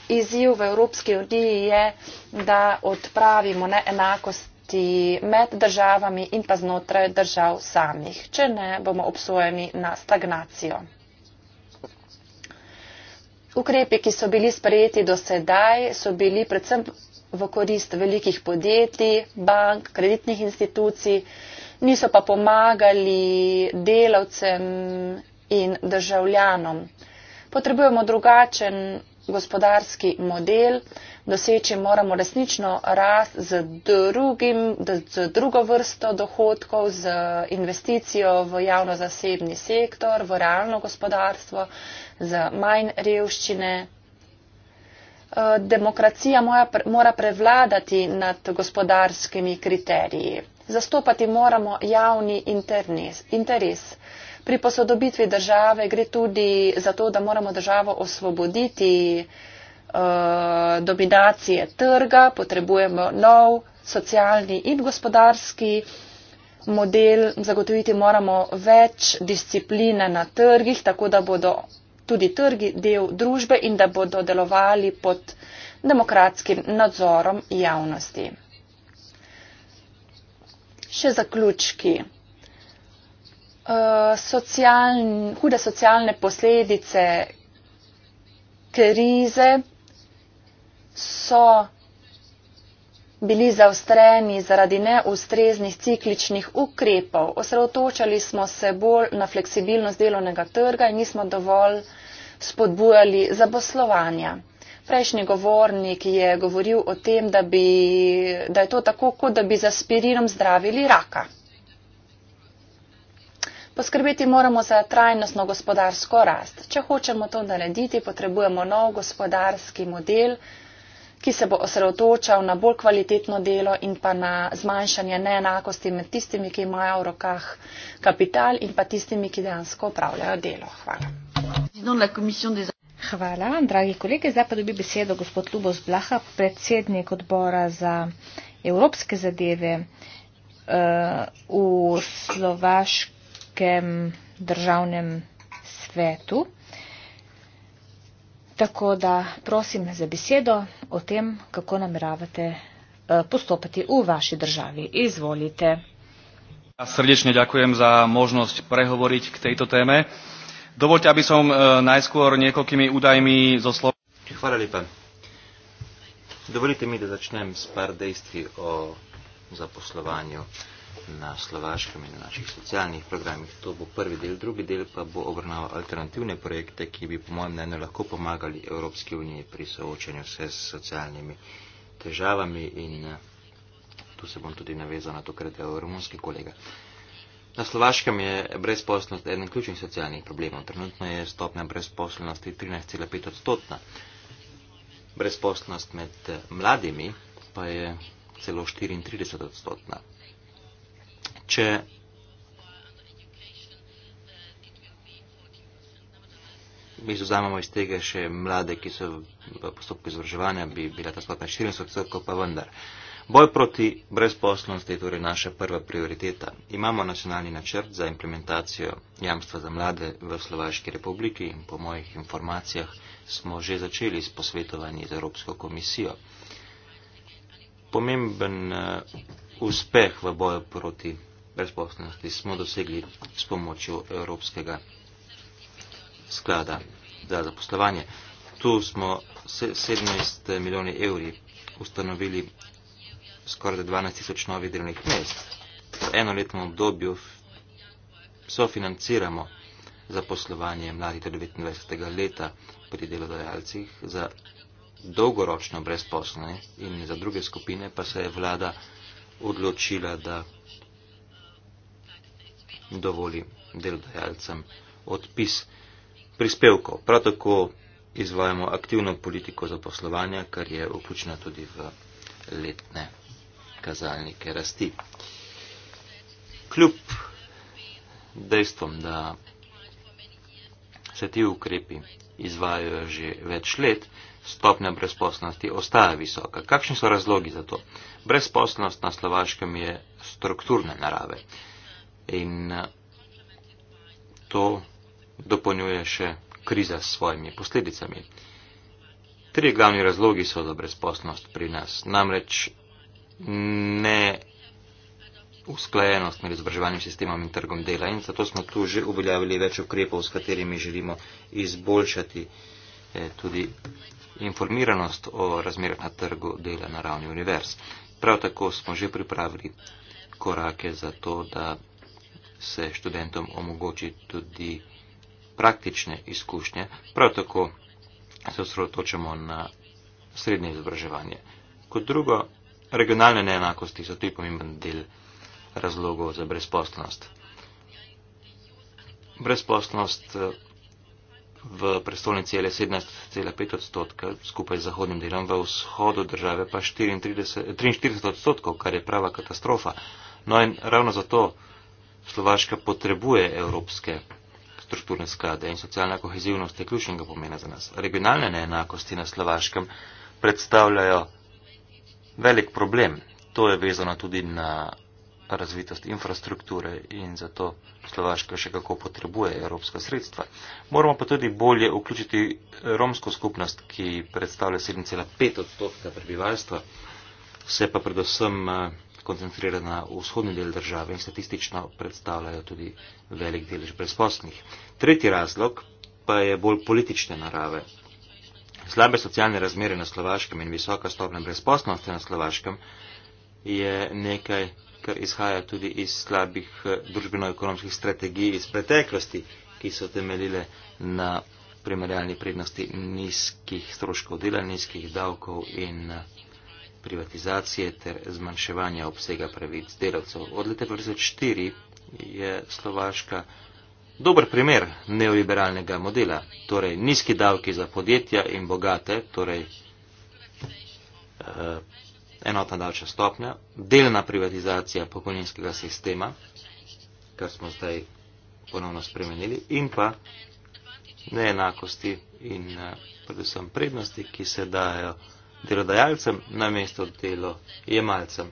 izziv v Evropski uniji je, da odpravimo neenakosti med državami in pa znotraj držav samih. Če ne, bomo obsojeni na stagnacijo. Ukrepi, ki so bili sprejeti do sedaj, so bili predvsem v korist velikih podjetij, bank, kreditnih institucij, niso pa pomagali delavcem in državljanom. Potrebujemo drugačen gospodarski model, doseči moramo resnično rast z, drugim, z drugo vrsto dohodkov, z investicijo v javno-zasebni sektor, v realno gospodarstvo, z manj revščine. Eh, demokracija mora prevladati nad gospodarskimi kriteriji. Zastopati moramo javni interes. interes. Pri posodobitvi države gre tudi za to, da moramo državo osvoboditi uh, dominacije trga, potrebujemo nov socialni in gospodarski model, zagotoviti moramo več discipline na trgih, tako da bodo tudi trgi del družbe in da bodo delovali pod demokratskim nadzorom javnosti. Še zaključki. Eh, socialn, hude socialne posledice krize so bili zaostreni zaradi neustreznih cikličnih ukrepov. Osredotočali smo se bolj na fleksibilnost delovnega trga in nismo dovolj spodbujali zaposlovanja. Prejšnji govornik je govoril o tem, da, bi, da je to tako, kot da bi z aspirinom zdravili raka. Poskrbeti moramo za trajnostno gospodarsko rast. Če hočemo to narediti, potrebujemo nov gospodarski model, ki se bo osredotočal na bolj kvalitetno delo in pa na zmanjšanje neenakosti med tistimi, ki imajo v rokah kapital in pa tistimi, ki dejansko upravljajo delo. Hvala. Hvala, dragi kolege. Zdaj pa dobi besedo gospod Lubos Blaha, predsednik odbora za evropske zadeve uh, v Slovaški slovenskem državnem svetu. Tako da prosim za besedo o tem, kako nameravate eh, postopati v vaši državi. Izvolite. Ja srdečne ďakujem za možnosť prehovoriť k tejto téme. Dovolte, aby som e, najskôr niekoľkými údajmi zo Slovenska. Chvála lepa. Dovolite mi, da začnem s pár dejství o zaposlovaniu. E, na Slovaškem in na naših socialnih programih. To bo prvi del, drugi del pa bo obravnaval alternativne projekte, ki bi po mojem mnenju lahko pomagali Evropski uniji pri soočanju se s socialnimi težavami in eh, tu se bom tudi navezal na to, kar je del romunski kolega. Na Slovaškem je brezposelnost eden ključnih socialnih problemov. Trenutno je stopnja brezposelnosti 13,5 odstotna. Brezposelnost med eh, mladimi pa je celo 34 odstotna če mi izuzamemo iz tega še mlade, ki so v postopku izvrževanja, bi bila ta stopnja 14 odstotkov, pa vendar. Boj proti brezposlenosti je torej naša prva prioriteta. Imamo nacionalni načrt za implementacijo jamstva za mlade v Slovaški republiki in po mojih informacijah smo že začeli s posvetovanji z Evropsko komisijo. Pomemben eh, uspeh v boju proti brezposlenosti smo dosegli s pomočjo Evropskega sklada za zaposlovanje. Tu smo 17 milijoni evri ustanovili skoraj 12 tisoč novih delovnih mest. V enoletnem obdobju sofinanciramo zaposlovanje mladih do 29. leta pri delodajalcih za dolgoročno brezposlene in za druge skupine pa se je vlada odločila, da dovoli delodajalcem odpis prispevkov. Prav tako izvajamo aktivno politiko zaposlovanja, kar je vključena tudi v letne kazalnike rasti. Kljub dejstvom, da se ti ukrepi izvajajo že več let, stopnja brezposlenosti ostaja visoka. Kakšni so razlogi za to? Brezposlenost na slovaškem je strukturne narave in eh, to dopolnjuje še kriza s svojimi posledicami. Tri glavni razlogi so za brezposnost pri nas. Namreč ne usklajenost med izobraževanjem sistemom in trgom dela. In zato smo tu že uveljavili več ukrepov, s katerimi želimo izboljšati eh, tudi informiranost o razmerah na trgu dela na ravni univerz. Prav tako smo že pripravili korake za to, da se študentom omogoči tudi praktične izkušnje, prav tako se osredotočamo na srednje izobraževanje. Kot drugo, regionalne neenakosti so tudi pomemben del razlogov za brezposlenost. Brezposlenost eh, v prestolnici je le 17,5 odstotka, skupaj z zahodnim delom, v vzhodu države pa 34, 43 odstotkov, kar je prava katastrofa. No in ravno zato Slovaška potrebuje evropske strukturne sklade in socialna kohezivnost je ključnega pomena za nas. Regionalne neenakosti na Slovaškem predstavljajo velik problem. To je vezano tudi na razvitost infrastrukture in zato Slovaška še kako potrebuje evropska sredstva. Moramo pa tudi bolje vključiti romsko skupnost, ki predstavlja 7,5 odstotka prebivalstva. Vse pa predvsem eh, koncentrirana na vzhodni del države in statistično predstavljajo tudi velik delež brezposlenih. Tretji razlog pa je bolj politične narave. Slabe socialne razmere na Slovaškem in visoka stopnja brezposlenosti na Slovaškem je nekaj, kar izhaja tudi iz slabih eh, družbeno-ekonomskih strategij iz preteklosti, ki so temeljile na primerjalni prednosti nizkih stroškov dela, nizkih davkov in eh, privatizacije ter zmanjševanja obsega pravic delavcev. Od leta 2004 je Slovaška dober primer neoliberalnega modela, torej nizki davki za podjetja in bogate, torej eh, enotna davčna stopnja, delna privatizacija pokojninskega sistema, kar smo zdaj ponovno spremenili, in pa neenakosti in eh, predvsem prednosti, ki se dajo delodajalcem na mesto delo jemalcem.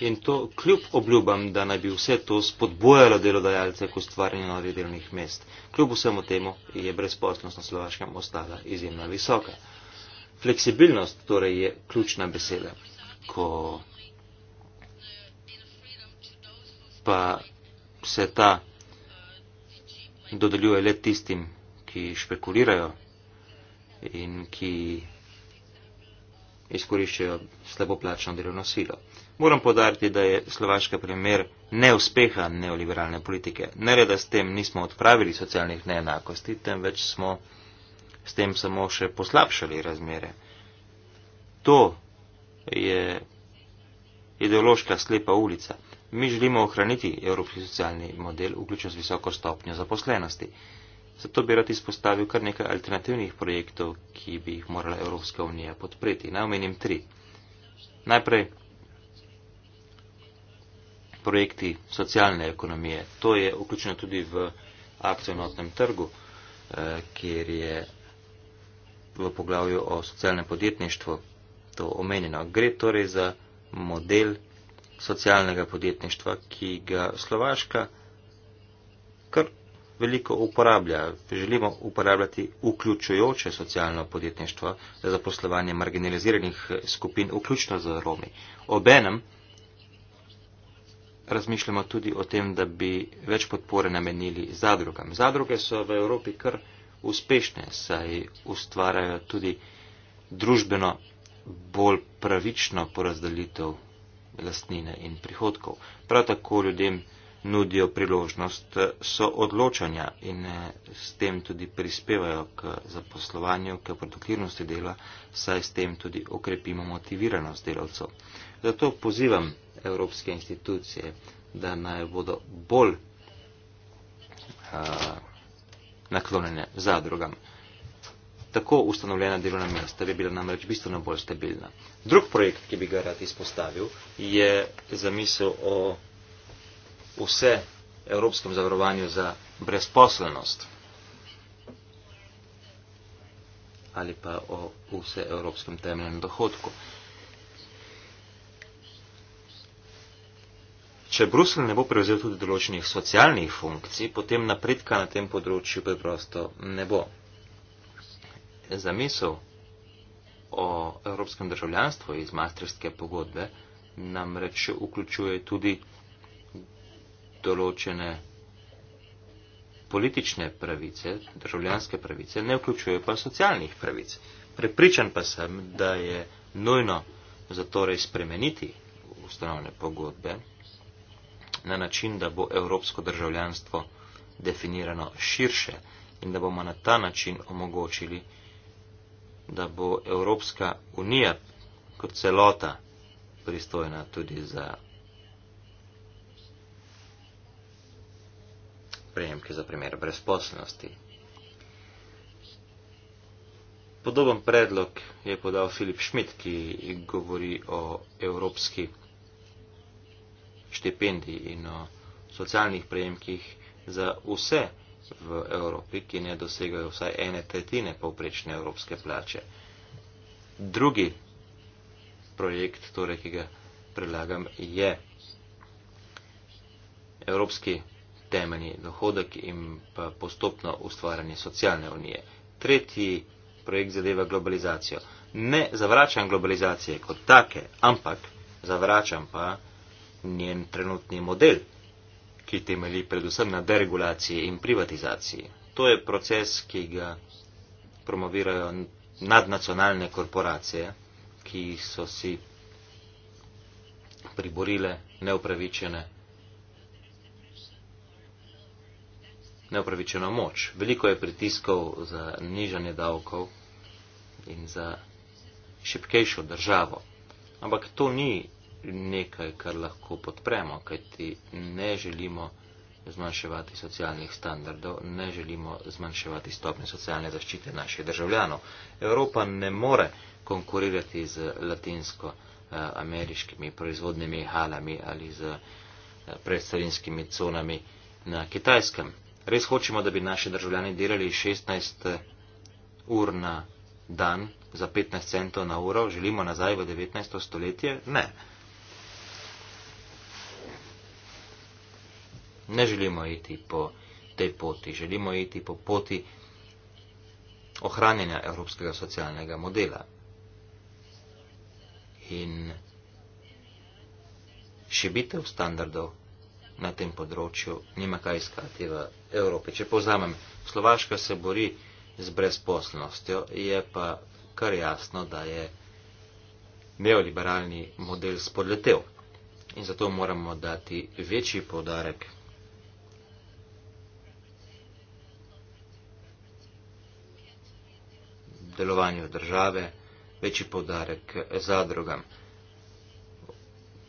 In to kljub obljubam, da naj bi vse to spodbojalo delodajalce k ustvarjanju novih delovnih mest. Kljub vsemu temu je brezposlnost na Slovaškem ostala izjemno visoka. Fleksibilnost torej je ključna beseda. Ko pa se ta dodeljuje le tistim, ki špekulirajo in ki izkoriščajo slaboplačno delovno silo. Moram podariti, da je Slovaška primer neuspeha neoliberalne politike. Ne le, da s tem nismo odpravili socialnih neenakosti, temveč smo s tem samo še poslabšali razmere. To je ideološka slepa ulica. Mi želimo ohraniti evropski socialni model, vključno z visoko stopnjo zaposlenosti. Zato bi rad izpostavil kar nekaj alternativnih projektov, ki bi jih morala Evropska unija podpreti. Naj omenim tri. Najprej projekti socialne ekonomije. To je vključeno tudi v akcijo na notnem trgu, eh, kjer je v poglavju o socialnem podjetništvu to omenjeno. Gre torej za model socialnega podjetništva, ki ga Slovaška kar veliko uporablja. Želimo uporabljati vključujoče socialno podjetništvo za zaposlovanje marginaliziranih skupin, vključno za Romi. Obenem razmišljamo tudi o tem, da bi več podpore namenili zadrugam. Zadruge so v Evropi kar uspešne, saj ustvarjajo tudi družbeno bolj pravično porazdelitev lastnine in prihodkov. Prav tako ljudem nudijo priložnost eh, soodločanja in eh, s tem tudi prispevajo k zaposlovanju, k produktivnosti dela, saj s tem tudi okrepimo motiviranost delavcev. Zato pozivam evropske institucije, da naj bodo bolj uh, naklonjene zadrugam. Tako ustanovljena delovna mesta bi bila namreč bistveno bolj stabilna. Drug projekt, ki bi ga rad izpostavil, je zamisel o vse evropskem zavarovanju za brezposelnost ali pa o vse evropskem temeljnem dohodku. Če Brusel ne bo prevzel tudi določenih socialnih funkcij, potem napredka na tem področju preprosto ne bo. Zamisel o evropskem državljanstvu iz mastrstke pogodbe namreč vključuje tudi določene politične pravice, državljanske pravice, ne vključujejo pa socialnih pravic. Prepričan pa sem, da je nujno zatorej spremeniti ustanovne pogodbe na način, da bo evropsko državljanstvo definirano širše in da bomo na ta način omogočili, da bo Evropska unija kot celota pristojna tudi za prejemke za primer brezposobnosti. Podoben predlog je podal Filip Šmit, ki govori o evropski štipendiji in o socialnih prejemkih za vse v Evropi, ki ne dosegajo vsaj ene tretjine povprečne evropske plače. Drugi projekt, torej, ki ga predlagam, je evropski temeljni dohodek in pa postopno ustvarjanje socialne unije. Tretji projekt zadeva globalizacijo. Ne zavračam globalizacije kot take, ampak zavračam pa njen trenutni model, ki temelji predvsem na deregulaciji in privatizaciji. To je proces, ki ga promovirajo nadnacionalne korporacije, ki so si priborile neupravičene neopravičeno moč. Veliko je pritiskov za nižanje davkov in za šepkejšo državo. Ampak to ni nekaj, kar lahko podpremo, kajti ne želimo zmanjševati socialnih standardov, ne želimo zmanjševati stopne socialne zaščite naših državljanov. Evropa ne more konkurirati z latinsko-ameriškimi eh, proizvodnimi halami ali z eh, predstarinskimi conami na kitajskem res hočemo, da bi naši državljani delali 16 eh, ur na dan za 15 centov na uro, želimo nazaj v 19. stoletje? Ne. Ne želimo iti po tej poti, želimo iti po poti ohranjanja evropskega socialnega modela. In šibitev standardov na tem področju, nima kaj iskati v Evropi. Če povzamem, Slovaška se bori z brezposlenostjo, je pa kar jasno, da je neoliberalni model spodletel. In zato moramo dati večji povdarek delovanju države, večji povdarek zadrugam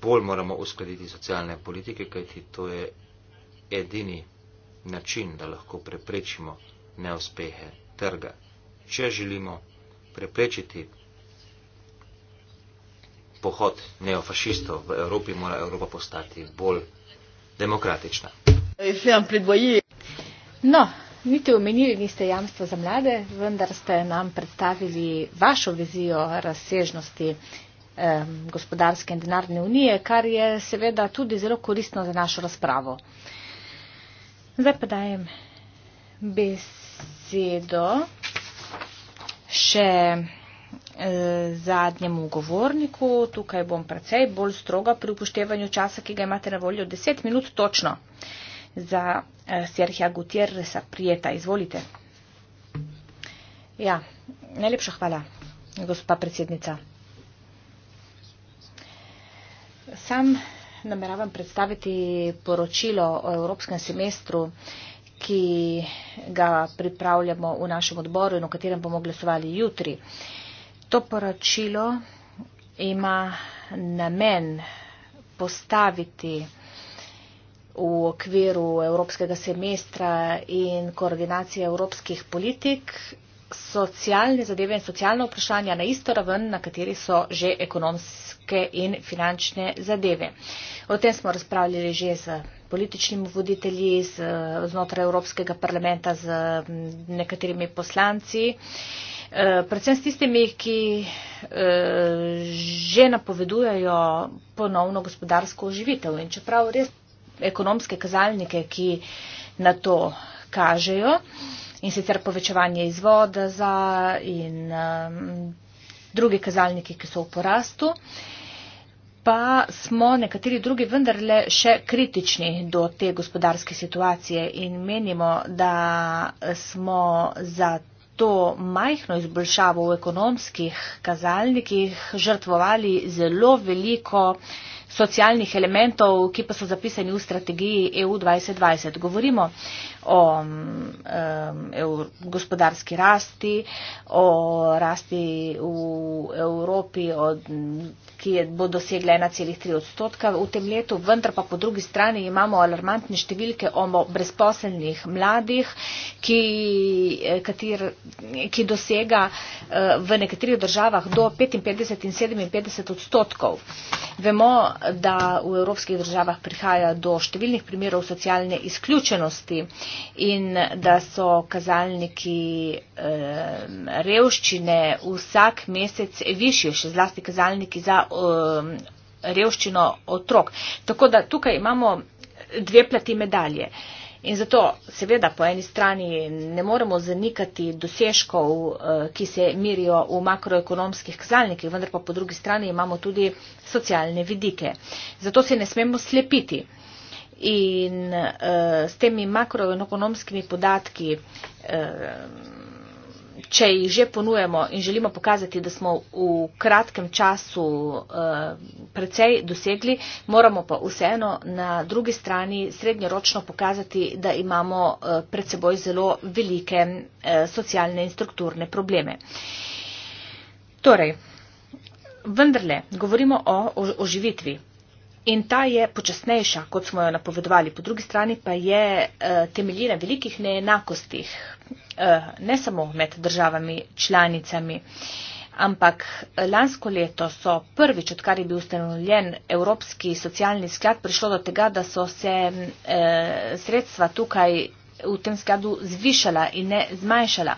bolj moramo uskladiti socialne politike, kajti to je edini način, da lahko preprečimo neuspehe trga. Če želimo preprečiti pohod neofašistov v Evropi, mora Evropa postati bolj demokratična. No, niti omenili niste jamstva za mlade, vendar ste nam predstavili vašo vizijo razsežnosti gospodarske in denarne unije, kar je seveda tudi zelo koristno za našo razpravo. Zdaj pa dajem besedo še e, zadnjemu govorniku. Tukaj bom precej bolj stroga pri upoštevanju časa, ki ga imate na voljo. 10 minut točno za e, Serhija Gutierreza Prijeta. Izvolite. Ja, najlepša hvala, gospa predsednica sam nameravam predstaviti poročilo o evropskem semestru, ki ga pripravljamo v našem odboru in o katerem bomo glasovali jutri. To poročilo ima namen postaviti v okviru evropskega semestra in koordinacije evropskih politik socialne zadeve in socialna vprašanja na isto raven, na kateri so že ekonomske in finančne zadeve. O tem smo razpravljali že z političnimi voditelji, z, znotraj Evropskega parlamenta, z nekaterimi poslanci, e, predvsem s tistimi, ki e, že napovedujejo ponovno gospodarsko oživitev. In čeprav res ekonomske kazalnike, ki na to kažejo, in sicer povečevanje izvoda za in um, druge kazalnike, ki so v porastu. Pa smo nekateri drugi vendarle še kritični do te gospodarske situacije in menimo, da smo za to majhno izboljšavo v ekonomskih kazalnikih žrtvovali zelo veliko socialnih elementov, ki pa so zapisani v strategiji EU 2020. Govorimo o um, euro, gospodarski rasti, o rasti v Evropi, od, ki je, bo dosegla 1,3 odstotka v tem letu, vendar pa po drugi strani imamo alarmantne številke o brezposelnih mladih, ki, e, katir, ki dosega e, v nekaterih državah do 55 in 57 odstotkov. Vemo, da v evropskih državah prihaja do številnih primerov socialne izključenosti in da so kazalniki um, revščine vsak mesec višji, še zlasti kazalniki za um, revščino otrok. Tako da tukaj imamo dve plati medalje. In zato seveda po eni strani ne moremo zanikati dosežkov, e, ki se mirijo v makroekonomskih kazalnikih, vendar pa po drugi strani imamo tudi socialne vidike. Zato se ne smemo slepiti in uh, s temi makroekonomskimi podatki, uh, če jih že ponujemo in želimo pokazati, da smo v kratkem času uh, precej dosegli, moramo pa vseeno na drugi strani srednjeročno pokazati, da imamo uh, pred seboj zelo velike uh, socialne in strukturne probleme. Torej, vendarle, govorimo o oživitvi in ta je počasnejša, kot smo jo napovedovali. Po drugi strani pa je eh, temeljina velikih neenakostih, eh, ne samo med državami članicami, ampak eh, lansko leto so prvič, odkar je bil ustanovljen Evropski socialni sklad, prišlo do tega, da so se sredstva tukaj v tem skladu zvišala in ne zmanjšala.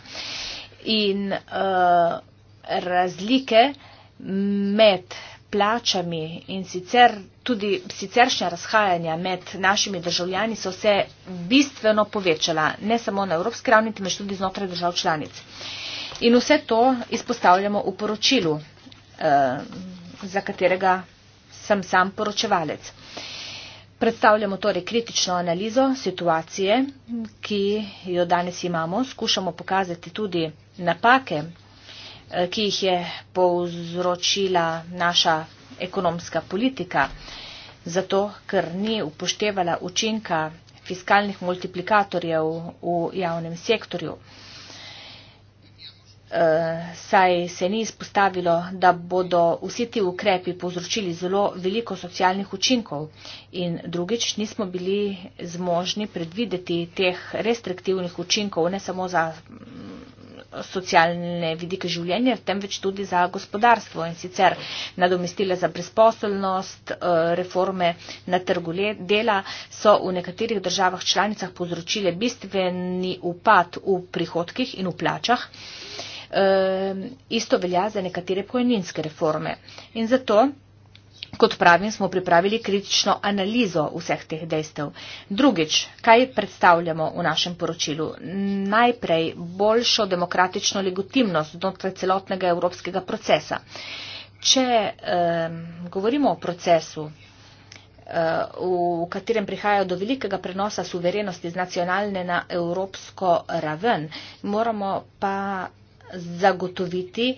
In uh, razlike med uh, plačami in sicer tudi siceršnja razhajanja med našimi državljani so se bistveno povečala, ne samo na evropski ravni, temveč tudi znotraj držav članic. In vse to izpostavljamo v poročilu, eh, za katerega sem sam poročevalec. Predstavljamo torej kritično analizo situacije, ki jo danes imamo, skušamo pokazati tudi napake, Eh, ki jih je povzročila naša ekonomska politika, zato ker ni upoštevala učinka fiskalnih multiplikatorjev v javnem sektorju. Eh, saj se ni izpostavilo, da bodo vsi ti ukrepi povzročili zelo veliko socialnih učinkov in drugič nismo bili zmožni predvideti teh restriktivnih učinkov ne samo za socialne vidike življenja, temveč tudi za gospodarstvo in sicer nadomestile za brezposobnost, eh, reforme na trgu dela so v nekaterih državah članicah povzročile bistveni upad v prihodkih in v plačah. Eh, isto velja za nekatere pojeninske reforme. In zato Kot pravim, smo pripravili kritično analizo vseh teh dejstev. Drugič, kaj predstavljamo v našem poročilu? Najprej boljšo demokratično legitimnost znotraj celotnega evropskega procesa. Če eh, govorimo o procesu, eh, v katerem prihaja do velikega prenosa suverenosti z nacionalne na evropsko raven, moramo pa zagotoviti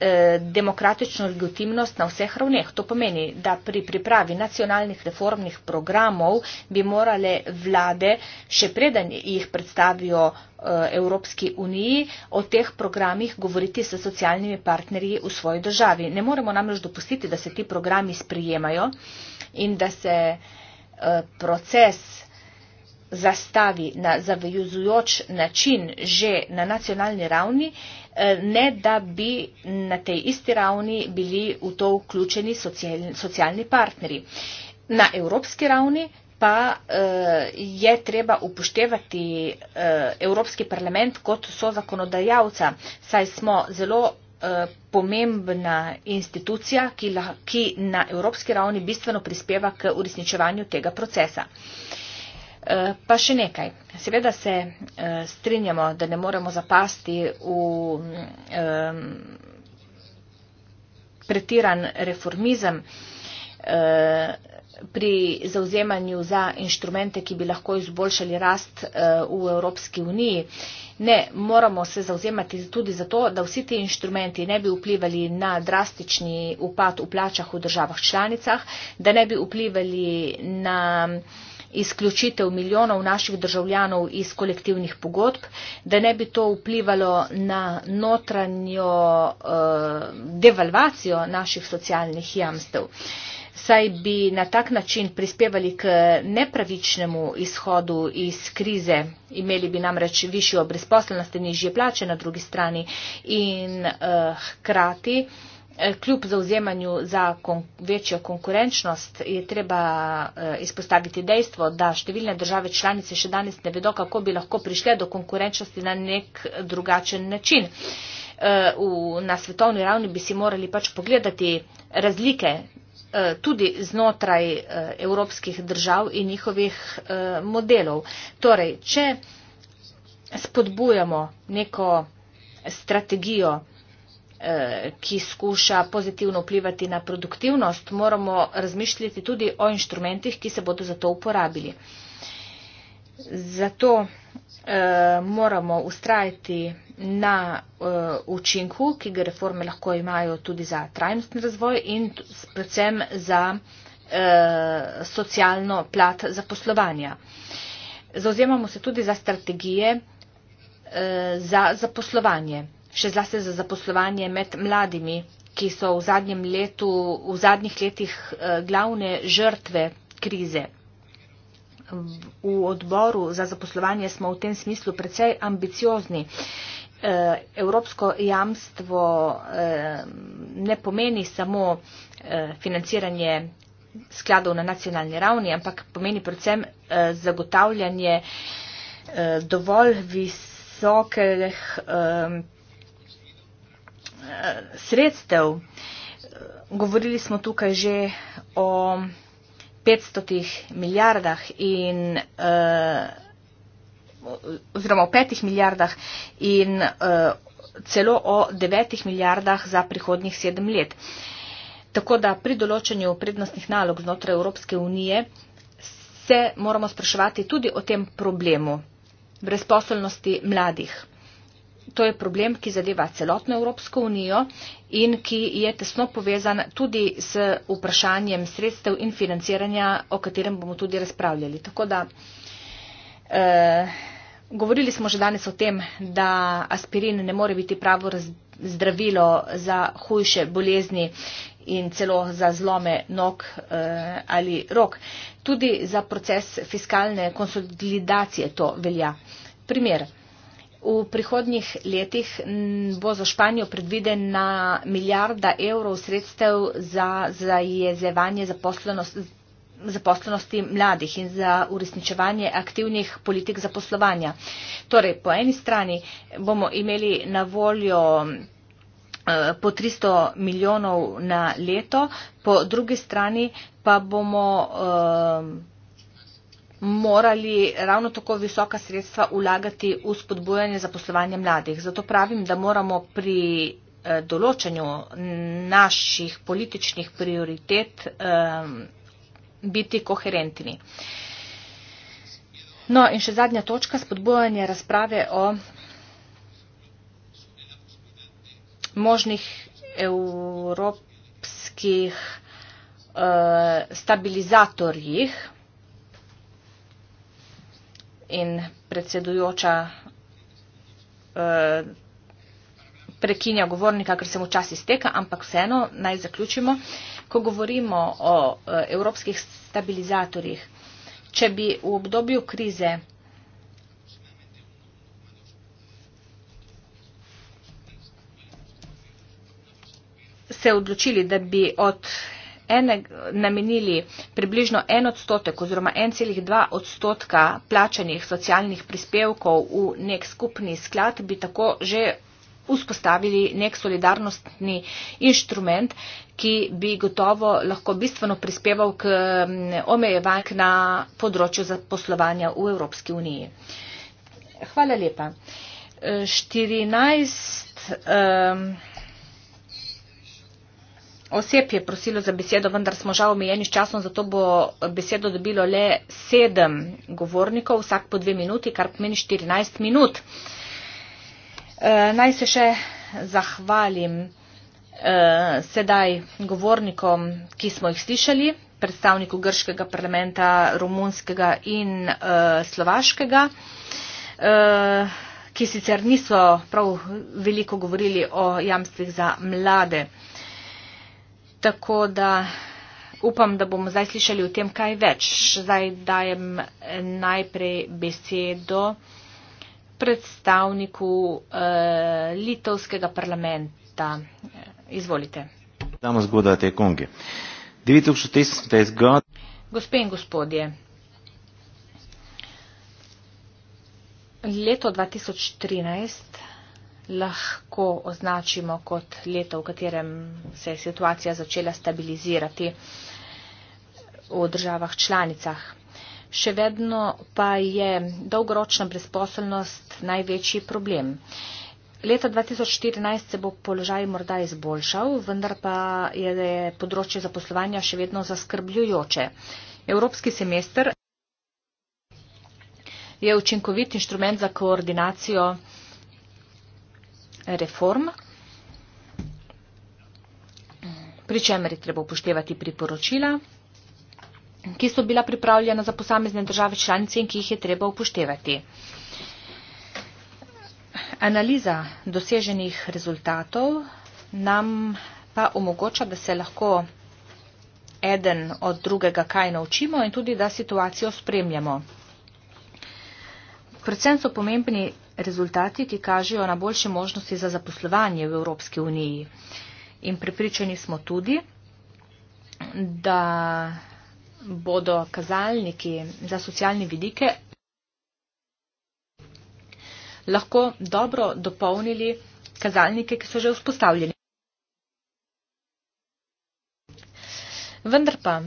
Eh, demokratično legitimnost na vseh ravneh. To pomeni, da pri pripravi nacionalnih reformnih programov bi morale vlade, še preden jih predstavijo eh, Evropski uniji, o teh programih govoriti s socialnimi partnerji v svoji državi. Ne moremo namreč dopustiti, da se ti programi sprijemajo in da se eh, proces zastavi na zavezujoč način že na nacionalni ravni, eh, ne da bi na tej isti ravni bili v to vključeni socialni partnerji. Na evropski ravni pa eh, je treba upoštevati eh, Evropski parlament kot so zakonodajalca, saj smo zelo pomembna institucija, ki na evropski ravni bistveno prispeva k uresničevanju tega procesa. Pa še nekaj. Seveda se eh, strinjamo, da ne moramo zapasti v pretiran reformizem eh, pri zauzemanju za inštrumente, ki bi lahko izboljšali rast eh, v Evropski uniji. Ne, moramo se zauzemati tudi za to, da vsi ti inštrumenti ne bi vplivali na drastični upad v plačah v državah članicah, da ne bi vplivali na izključitev milijonov naših državljanov iz kolektivnih pogodb, da ne bi to vplivalo na notranjo eh, devalvacijo naših socialnih jamstev saj bi na tak način prispevali k nepravičnemu izhodu iz krize. Imeli bi namreč višjo brezposelnost in nižje plače na drugi strani in eh, hkrati eh, Eh, kljub zauzemanju za kon večjo konkurenčnost je treba eh, izpostaviti dejstvo, da številne države članice še danes ne vedo, kako bi lahko prišle do konkurenčnosti na nek drugačen način. Eh, v, na svetovni ravni bi si morali pač pogledati razlike eh, tudi znotraj eh, evropskih držav in njihovih eh, modelov. Torej, če spodbujamo neko strategijo, Eh, ki skuša pozitivno vplivati na produktivnost, moramo razmišljati tudi o inštrumentih, ki se bodo za to uporabili. Zato eh, moramo ustrajati na eh, učinku, ki ga reforme lahko imajo tudi za trajnostni razvoj in predvsem za eh, socialno plat zaposlovanja. Zauzemamo se tudi za strategije eh, za zaposlovanje še zlasti za zaposlovanje med mladimi, ki so v, letu, v zadnjih letih eh, glavne žrtve krize. V odboru za zaposlovanje smo v tem smislu precej ambiciozni. Eh, evropsko jamstvo eh, ne pomeni samo financiranje skladov na nacionalni ravni, ampak pomeni predvsem zagotavljanje dovolj visokih Eh, sredstev. Govorili smo tukaj že o 500 milijardah in eh, oziroma o 5 milijardah in eh, celo o 9 milijardah za prihodnih 7 let. Tako da pri določanju prednostnih nalog znotraj Evropske unije se moramo spraševati tudi o tem problemu brezposobnosti mladih. To je problem, ki zadeva celotno Evropsko unijo in ki je tesno povezan tudi s vprašanjem sredstev in financiranja, o katerem bomo tudi razpravljali. Tako da eh, govorili smo že danes o tem, da aspirin ne more biti pravo zdravilo za hujše bolezni in celo za zlome nog eh, ali rok. Tudi za proces fiskalne konsolidacije to velja. Primer. V prihodnjih letih bo za Španijo predvidena milijarda evrov sredstev za zajezevanje zaposlenosti, zaposlenosti mladih in za uresničevanje aktivnih politik zaposlovanja. Torej, po eni strani bomo imeli na voljo eh, po 300 milijonov na leto, po drugi strani pa bomo. Uh, morali ravno tako visoka sredstva vlagati v spodbujanje zaposlovanja mladih. Zato pravim, da moramo pri eh, določanju naših političnih prioritet ehm, biti koherentni. No in še zadnja točka, spodbujanje razprave o možnih evropskih eh, stabilizatorjih in predsedujoča eh, prekinja govornika, ker se mu čas izteka, ampak vseeno naj zaključimo. Ko govorimo o eh, evropskih stabilizatorjih, če bi v obdobju krize se odločili, da bi od enek, namenili približno en odstotek oziroma 1,2 odstotka plačanih socialnih prispevkov v nek skupni sklad, bi tako že vzpostavili nek solidarnostni inštrument, ki bi gotovo lahko bistveno prispeval k omejevanju na področju zaposlovanja v Evropski uniji. Hvala lepa. 14. Um, oseb je prosilo za besedo, vendar smo žal omejeni s časom, zato bo besedo dobilo le sedem govornikov, vsak po dve minuti, kar pomeni 14 minut. E, naj se še zahvalim e, sedaj govornikom, ki smo jih slišali, predstavniku grškega parlamenta, romunskega in e, slovaškega. E, ki sicer niso prav veliko govorili o jamstvih za mlade tako da upam, da bomo zdaj slišali o tem kaj več. Zdaj dajem najprej besedo predstavniku uh, litovskega parlamenta. Izvolite. Gospe in gospodje, leto 2013 lahko označimo kot leto, v katerem se je situacija začela stabilizirati v državah članicah. Še vedno pa je dolgoročna brezposelnost največji problem. Leta 2014 se bo položaj morda izboljšal, vendar pa je področje zaposlovanja še vedno zaskrbljujoče. Evropski semester je učinkovit inštrument za koordinacijo reform, pri čemer je treba upoštevati priporočila, ki so bila pripravljena za posamezne države članice in ki jih je treba upoštevati. Analiza doseženih rezultatov nam pa omogoča, da se lahko eden od drugega kaj naučimo in tudi, da situacijo spremljamo. Predvsem so pomembni rezultati, ki kažejo na boljše možnosti za zaposlovanje v Evropski uniji. In pripričani smo tudi, da bodo kazalniki za socialne vidike lahko dobro dopolnili kazalnike, ki so že vzpostavljeni. Vendar pa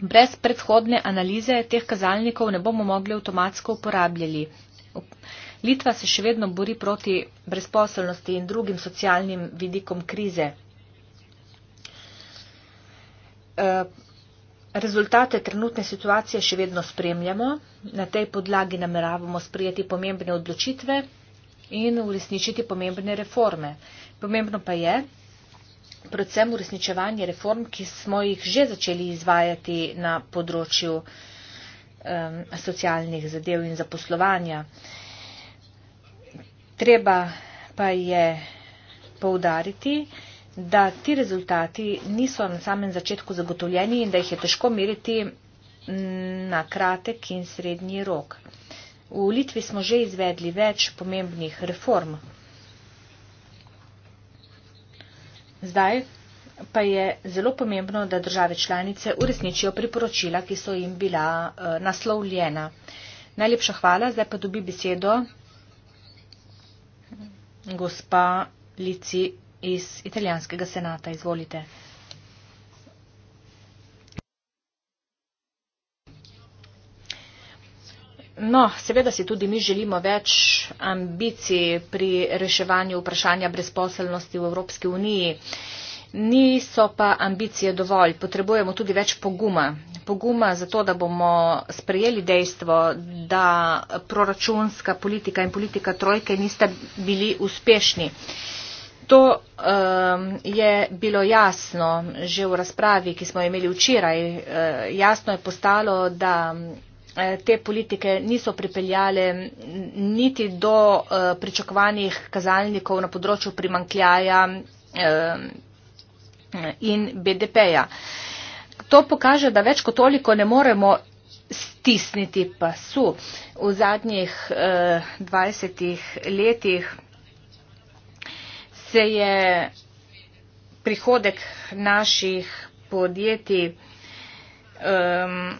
brez predhodne analize teh kazalnikov ne bomo mogli avtomatsko uporabljati. Litva se še vedno bori proti brezposelnosti in drugim socialnim vidikom krize. E, rezultate trenutne situacije še vedno spremljamo. Na tej podlagi nameravamo sprijeti pomembne odločitve in uresničiti pomembne reforme. Pomembno pa je predvsem uresničevanje reform, ki smo jih že začeli izvajati na področju um, socialnih zadev in zaposlovanja. Uh, Treba pa je poudariti, da ti rezultati niso na samem začetku zagotovljeni in da jih je težko meriti na kratek in srednji rok. V Litvi smo že izvedli več pomembnih reform. Zdaj pa je zelo pomembno, da države članice uresničijo priporočila, ki so jim bila eh, naslovljena. Najlepša hvala, zdaj pa dobi besedo. Gospa Lici iz italijanskega senata, izvolite. No, seveda si tudi mi želimo več ambicij pri reševanju vprašanja brezposelnosti v Evropski uniji. Uh, Niso pa ambicije dovolj, potrebujemo tudi več poguma. Poguma za to, da bomo sprejeli dejstvo, da proračunska politika in politika trojke nista bili uspešni. To um, je bilo jasno že v razpravi, ki smo imeli včeraj. Uh, jasno je postalo, da uh, te politike niso pripeljale niti do uh, pričakovanih kazalnikov na področju primankljaja. Um, in BDP-ja. To pokaže, da več kot toliko ne moremo stisniti pasu. V zadnjih eh, 20 letih se je prihodek naših podjetij ehm,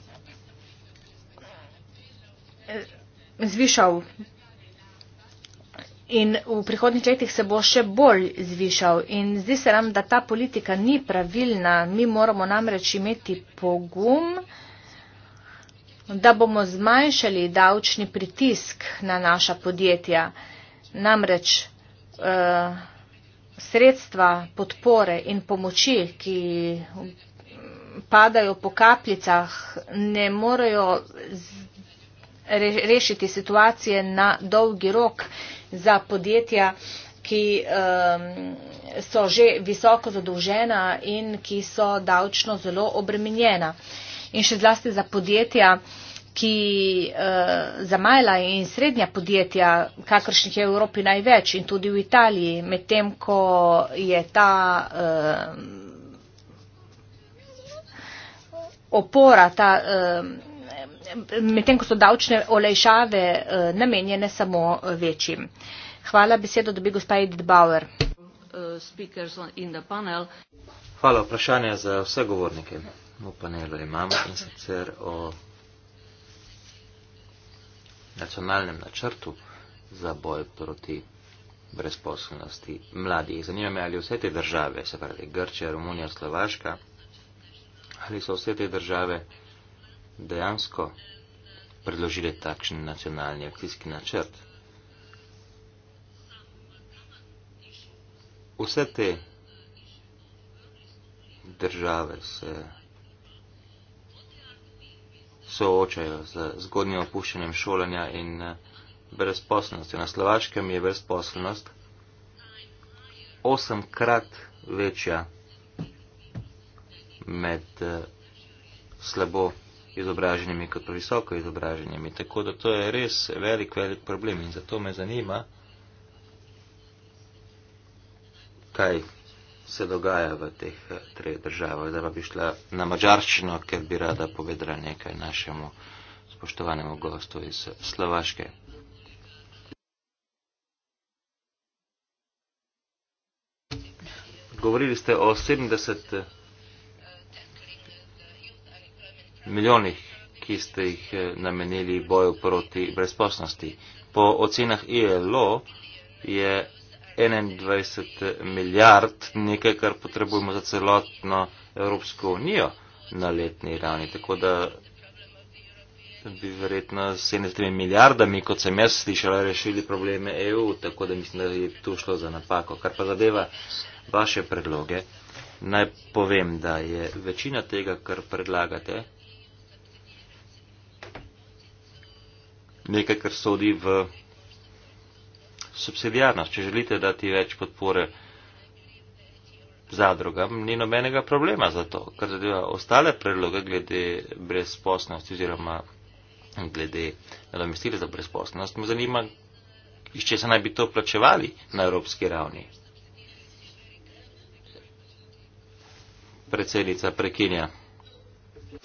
eh, zvišal in v prihodnjih letih se bo še bolj zvišal. In zdi se nam, da ta politika ni pravilna. Mi moramo namreč imeti pogum, da bomo zmanjšali davčni pritisk na naša podjetja. Namreč eh, sredstva podpore in pomoči, ki padajo po kapljicah, ne morejo zdaj rešiti situacije na dolgi rok za podjetja, ki um, so že visoko zadolžena in ki so davčno zelo obremenjena. In še zlasti za podjetja, ki uh, za majla in srednja podjetja, kakršnih je v Evropi največ in tudi v Italiji, medtem ko je ta um, opora, ta um, medtem ko so davčne olejšave eh, namenjene samo eh, večjim. Hvala, besedo dobi gospa Edith Bauer. Hvala, vprašanje za vse govornike. V panelu imamo in sicer o nacionalnem načrtu za boj proti brezposobnosti mladih. Zanima me, ali vse te države, se pravi Grčija, Romunija, Slovaška, ali so vse te države dejansko predložile takšen nacionalni akcijski načrt. Vse te države se soočajo z zgodnjim opuščanjem šolanja in eh, brezposobnostjo. Na Slovaškem je brezposobnost osemkrat večja med eh, slabo izobraženimi kot pa visoko izobraženimi. Tako da to je res velik, velik problem in zato me zanima, kaj se dogaja v teh eh, treh državah. Zdaj pa bi šla na mačarščino, ker bi rada povedala nekaj našemu spoštovanemu gostu iz Slovaške. Govorili ste o 70. milijonih, ki ste jih eh, namenili boju proti brezposnosti. Po ocenah ILO je 21 milijard nekaj, kar potrebujemo za celotno Evropsko unijo na letni ravni. Tako da bi verjetno s 70 milijardami, kot sem jaz slišal, rešili probleme EU, tako da mislim, da je tu šlo za napako. Kar pa zadeva vaše predloge, naj povem, da je večina tega, kar predlagate, nekaj, kar sodi v subsidijarnost. Če želite dati več podpore zadrugam, ni nobenega problema za to. Kar zadeva ostale predloge glede brezposnosti oziroma glede nadomestila za brezposnost, me zanima, iz česa naj bi to plačevali na evropski ravni. Predsednica prekinja.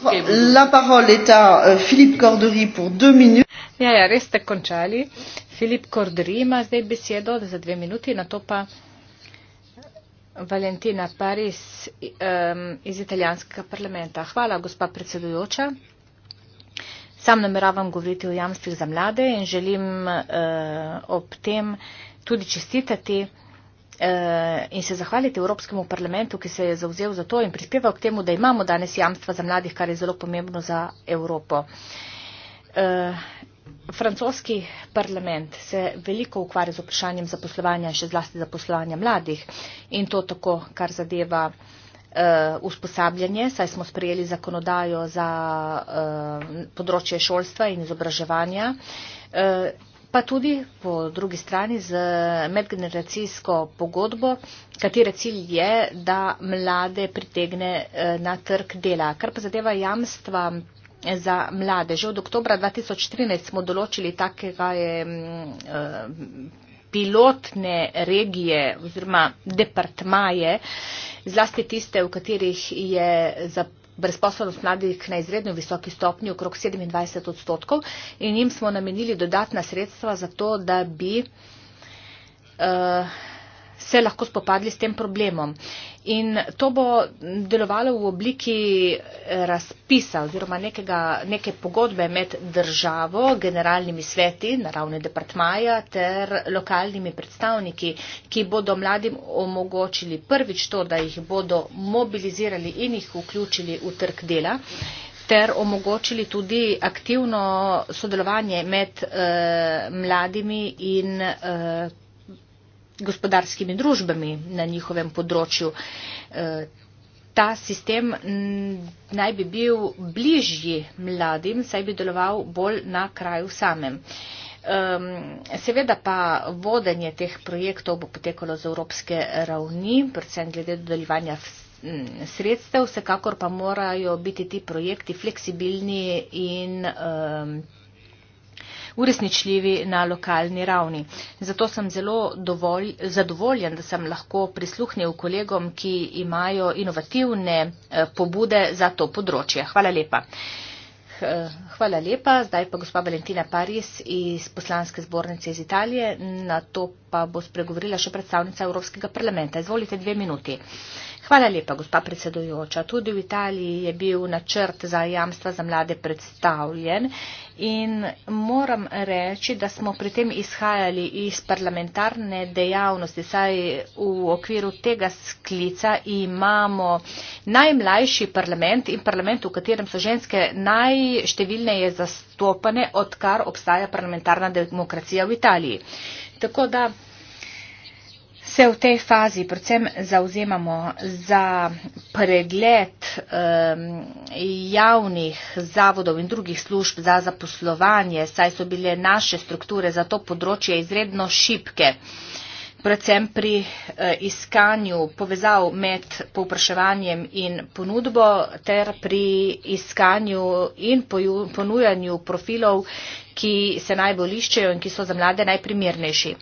La parole est à euh, Philippe Cordery pour deux minutes. Ja, ja, res ste končali. Filip Kordri ima zdaj besedo za dve minuti, na to pa Valentina Paris um, iz italijanskega parlamenta. Hvala, gospa predsedujoča. Sam nameravam govoriti o jamstvih za mlade in želim uh, ob tem tudi čestitati eh, in se zahvaliti Evropskemu parlamentu, ki se je zauzel za to in prispeval k temu, da imamo danes jamstva za mladih, kar je zelo pomembno za Evropo. Eh, francoski parlament se veliko ukvarja z vprašanjem zaposlovanja in še zlasti zaposlovanja mladih in to tako, kar zadeva uh, usposabljanje, saj smo sprejeli zakonodajo za uh, področje šolstva in izobraževanja, uh, pa tudi po drugi strani z medgeneracijsko pogodbo, katere cilj je, da mlade pritegne uh, na trg dela. Kar pa zadeva jamstva za mlade. Že od oktobra 2013 smo določili takega je, eh, pilotne regije oziroma departmaje, zlasti tiste, v katerih je za brezposobnost mladih na izredno visoki stopnji okrog 27 odstotkov in jim smo namenili dodatna sredstva za to, da bi uh, se lahko spopadli s tem problemom. In to bo delovalo v obliki eh, razpisa oziroma nekega, neke pogodbe med državo, generalnimi sveti na ravni departmaja ter lokalnimi predstavniki, ki bodo mladim omogočili prvič to, da jih bodo mobilizirali in jih vključili v trg dela ter omogočili tudi aktivno sodelovanje med e, mladimi in e, gospodarskimi družbami na njihovem področju. E, ta sistem naj bi bil bližji mladim, saj bi deloval bolj na kraju samem. E, seveda pa vodenje teh projektov bo potekalo z evropske ravni, predvsem glede dodeljevanja sredstev, vsekakor pa morajo biti ti projekti fleksibilni in um, uresničljivi na lokalni ravni. Zato sem zelo dovolj, zadovoljen, da sem lahko prisluhnil kolegom, ki imajo inovativne eh, pobude za to področje. Hvala lepa. Hvala lepa. Zdaj pa gospa Valentina Paris iz poslanske zbornice iz Italije. Na to pa bo spregovorila še predstavnica Evropskega parlamenta. Izvolite dve minuti. Uh, Hvala lepa, gospa predsedujoča. Tudi v Italiji je bil načrt za jamstva za mlade predstavljen in moram reči, da smo pri tem izhajali iz parlamentarne dejavnosti, saj v okviru tega sklica imamo najmlajši parlament in parlament, v katerem so ženske najštevilneje zastopane, odkar obstaja parlamentarna demokracija v Italiji. Tako da se v tej fazi predvsem zauzemamo za pregled um, javnih zavodov in drugih služb za zaposlovanje, saj so bile naše strukture za to področje izredno šipke. Uh, predvsem pri eh, iskanju povezav med povpraševanjem in ponudbo ter pri iskanju in ponujanju profilov, ki se najbolj iščejo in ki so za mlade najprimernejši.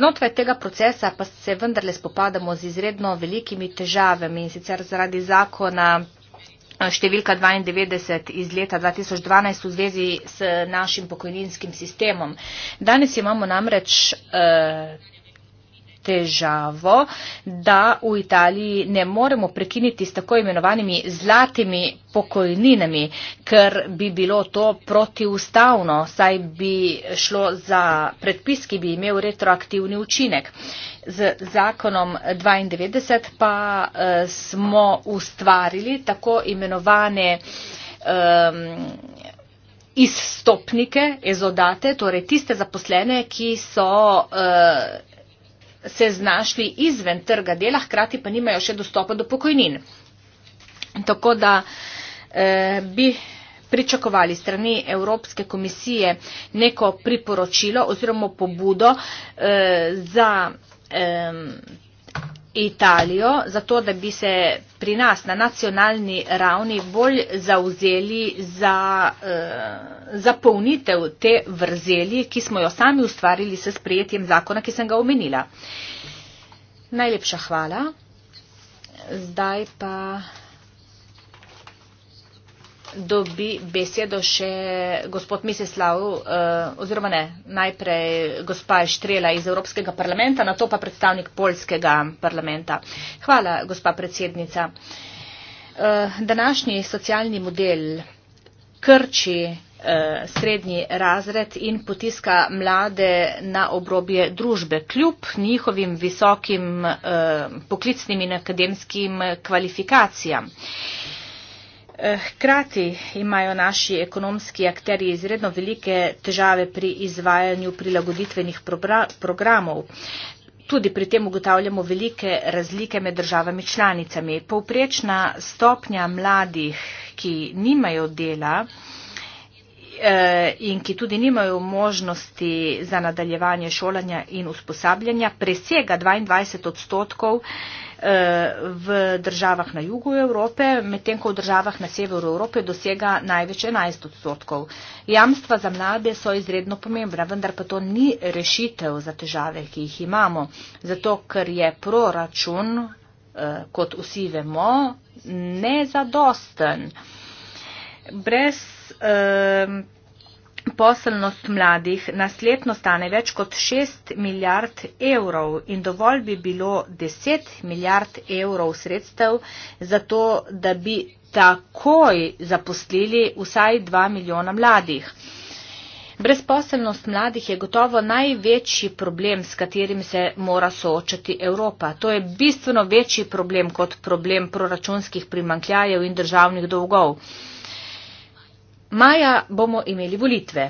Znotraj tega procesa pa se vendarle spopadamo z izredno velikimi težavami in sicer zaradi zakona eh, številka 92 iz leta 2012 v zvezi s našim pokojninskim sistemom. Danes imamo namreč eh, težavo, da v Italiji ne moremo prekiniti s tako imenovanimi zlatimi pokojninami, ker bi bilo to protiustavno, saj bi šlo za predpis, ki bi imel retroaktivni učinek. Z zakonom 92 pa eh, smo ustvarili tako imenovane um, izstopnike, ezodate, torej tiste zaposlene, ki so uh, se znašli izven trga dela, hkrati pa nimajo še dostopa do pokojnin. Tako da eh, bi pričakovali strani Evropske komisije neko priporočilo oziroma pobudo eh, za. Eh, Italijo, zato da bi se pri nas na nacionalni ravni bolj zauzeli za eh, zapolnitev te vrzeli, ki smo jo sami ustvarili s sprejetjem zakona, ki sem ga omenila. Najlepša hvala. Zdaj pa dobi besedo še gospod Miseslav, eh, oziroma ne, najprej gospa Štrela iz Evropskega parlamenta, na to pa predstavnik Polskega parlamenta. Hvala, gospa predsednica. Eh, današnji socialni model krči eh, srednji razred in potiska mlade na obrobje družbe, kljub njihovim visokim poklicnim in akademskim kvalifikacijam. Eh, hkrati imajo naši ekonomski akteri izredno velike težave pri izvajanju prilagoditvenih programov. Tudi pri tem ugotavljamo velike razlike med državami članicami. Povprečna stopnja mladih, ki nimajo dela eh, in ki tudi nimajo možnosti za nadaljevanje šolanja in usposabljanja, presega 22 odstotkov Eh, v državah na jugu Evrope, medtem ko v državah na severu Evrope dosega največ 11 odstotkov. Jamstva za mlade so izredno pomembna, vendar pa to ni rešitev za težave, ki jih imamo, zato ker je proračun, eh, kot vsi vemo, nezadosten. Brez eh, Poselnost mladih nasletno stane več kot 6 milijard evrov in dovolj bi bilo 10 milijard evrov sredstev za to, da bi takoj zaposlili vsaj 2 milijona mladih. Brezposelnost mladih je gotovo največji problem, s katerim se mora soočati Evropa. To je bistveno večji problem kot problem proračunskih primankljajev in državnih dolgov. Maja bomo imeli volitve.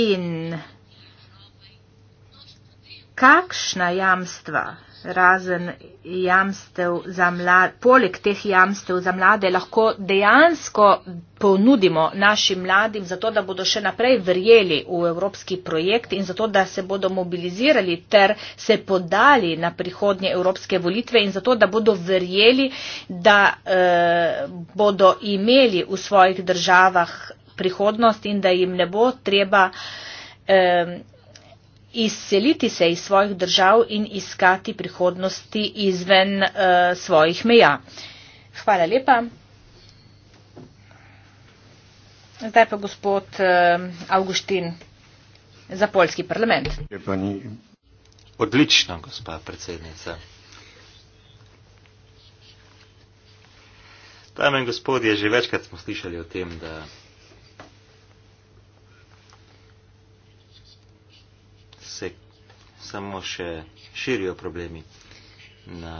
In kakšna jamstva razen jamstev za mlade, poleg teh jamstev za mlade, lahko dejansko ponudimo našim mladim, zato da bodo še naprej verjeli v evropski projekt in zato da se bodo mobilizirali ter se podali na prihodnje evropske volitve in zato da bodo verjeli, da eh, bodo imeli v svojih državah prihodnost in da jim ne bo treba. Eh, izseliti se iz svojih držav in iskati prihodnosti izven uh, svojih meja. Hvala lepa. Zdaj pa gospod uh, eh, Augustin za polski parlament. Odlično, gospa predsednica. Dame in gospodje, že večkrat smo slišali o tem, da samo še širijo problemi na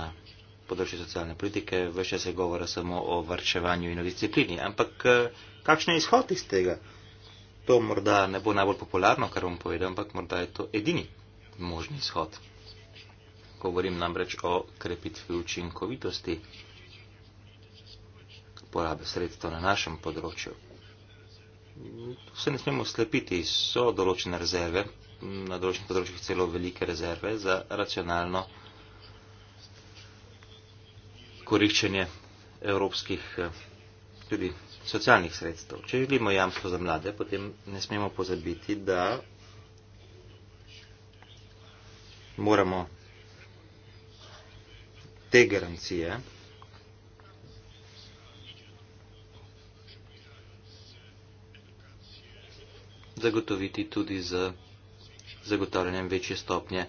področju socialne politike, več se govora samo o varčevanju in o disciplini. Ampak eh, kakšen je izhod iz tega? To morda ne bo najbolj popularno, kar bom povedal, ampak morda je to edini možni izhod. Govorim namreč o krepitvi učinkovitosti porabe sredstva na našem področju. Tu se ne smemo slepiti, so določene rezerve, na določenih področjih celo velike rezerve za racionalno koriščenje evropskih eh, tudi socialnih sredstev. Če želimo jamstvo za mlade, potem ne smemo pozabiti, da moramo te garancije zagotoviti tudi z za zagotavljanjem večje stopnje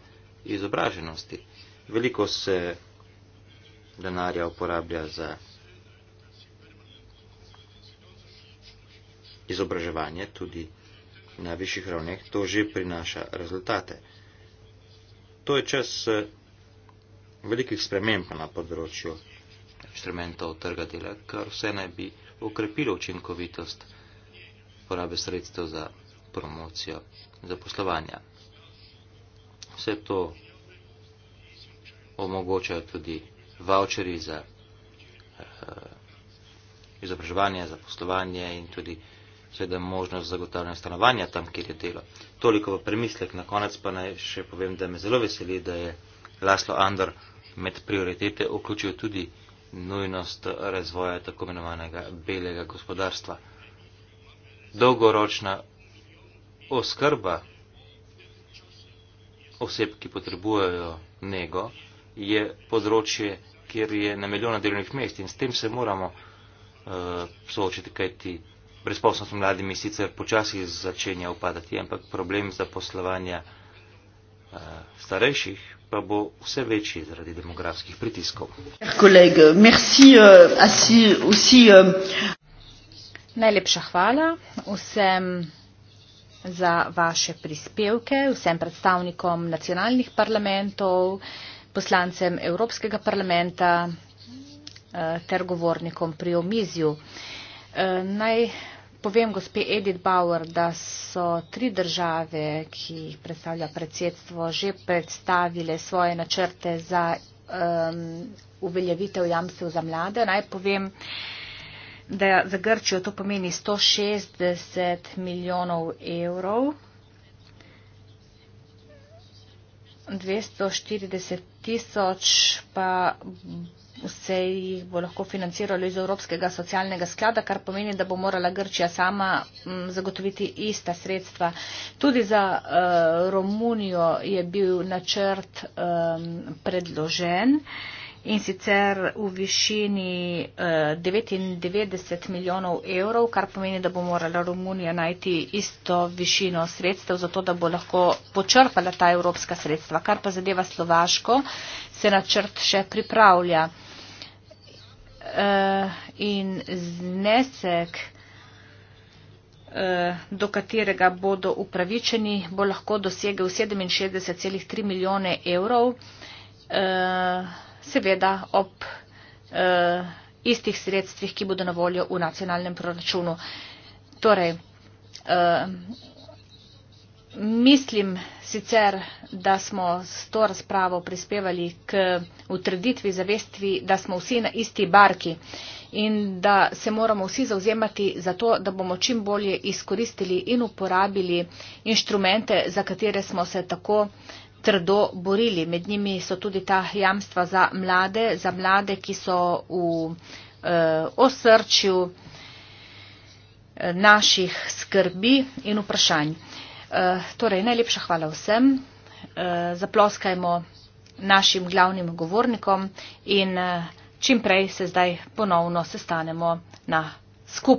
izobraženosti. Veliko se denarja uporablja za izobraževanje tudi na višjih ravneh, to že prinaša rezultate. To je čas eh, velikih sprememb na področju inštrumentov trga dela, kar vse naj bi okrepilo učinkovitost porabe sredstev za promocijo zaposlovanja vse to omogočajo tudi voucheri za uh, izobraževanje, za poslovanje in tudi seveda možnost zagotavljanja stanovanja tam, kjer je delo. Toliko v premislek, na konec pa naj še povem, da me zelo veseli, da je Laslo Andor med prioritete vključil tudi nujnost razvoja tako imenovanega belega gospodarstva. Dolgoročna oskrba oseb, ki potrebujejo nego, je področje, kjer je na milijona delovnih mest in s tem se moramo uh, soočiti, kajti brezposobnost mladimi sicer počasi začenja upadati, ampak problem zaposlovanja uh, starejših pa bo vse večji zaradi demografskih pritiskov. Kolej, merci, uh, eh, asi, usi, uh... Najlepša hvala vsem za vaše prispevke, vsem predstavnikom nacionalnih parlamentov, poslancem Evropskega parlamenta eh, ter govornikom pri omizju. Eh, naj povem gospe Edith Bauer, da so tri države, ki predstavlja predsedstvo, že predstavile svoje načrte za um, uveljavitev jamstev za mlade. Naj povem, uh, da za Grčijo to pomeni 160 milijonov evrov, 240 tisoč pa vse jih bo lahko financiralo iz Evropskega socialnega sklada, kar pomeni, da bo morala Grčija sama mm, zagotoviti ista sredstva. Tudi za uh, Romunijo je bil načrt um, predložen. Uh, in sicer v višini 99 eh, milijonov evrov, kar pomeni, da bo morala Romunija najti isto višino sredstev, zato da bo lahko počrpala ta evropska sredstva. Kar pa zadeva Slovaško, se načrt še pripravlja. Eh, in znesek, eh, do katerega bodo upravičeni, bo lahko dosegel 67,3 milijone evrov. Uh, seveda ob uh, istih sredstvih, ki bodo na voljo v nacionalnem proračunu. Torej, uh, mislim sicer, da smo s to razpravo prispevali k utrditvi zavestvi, da smo vsi na isti barki in da se moramo vsi zauzemati za to, da bomo čim bolje izkoristili in uporabili inštrumente, za katere smo se tako uh, trdo borili. Med njimi so tudi ta jamstva za mlade, za mlade, ki so v eh, osrčju eh, naših skrbi in vprašanj. Eh, torej, najlepša hvala vsem. Eh, zaploskajmo našim glavnim govornikom in eh, čimprej se zdaj ponovno sestanemo na skupaj.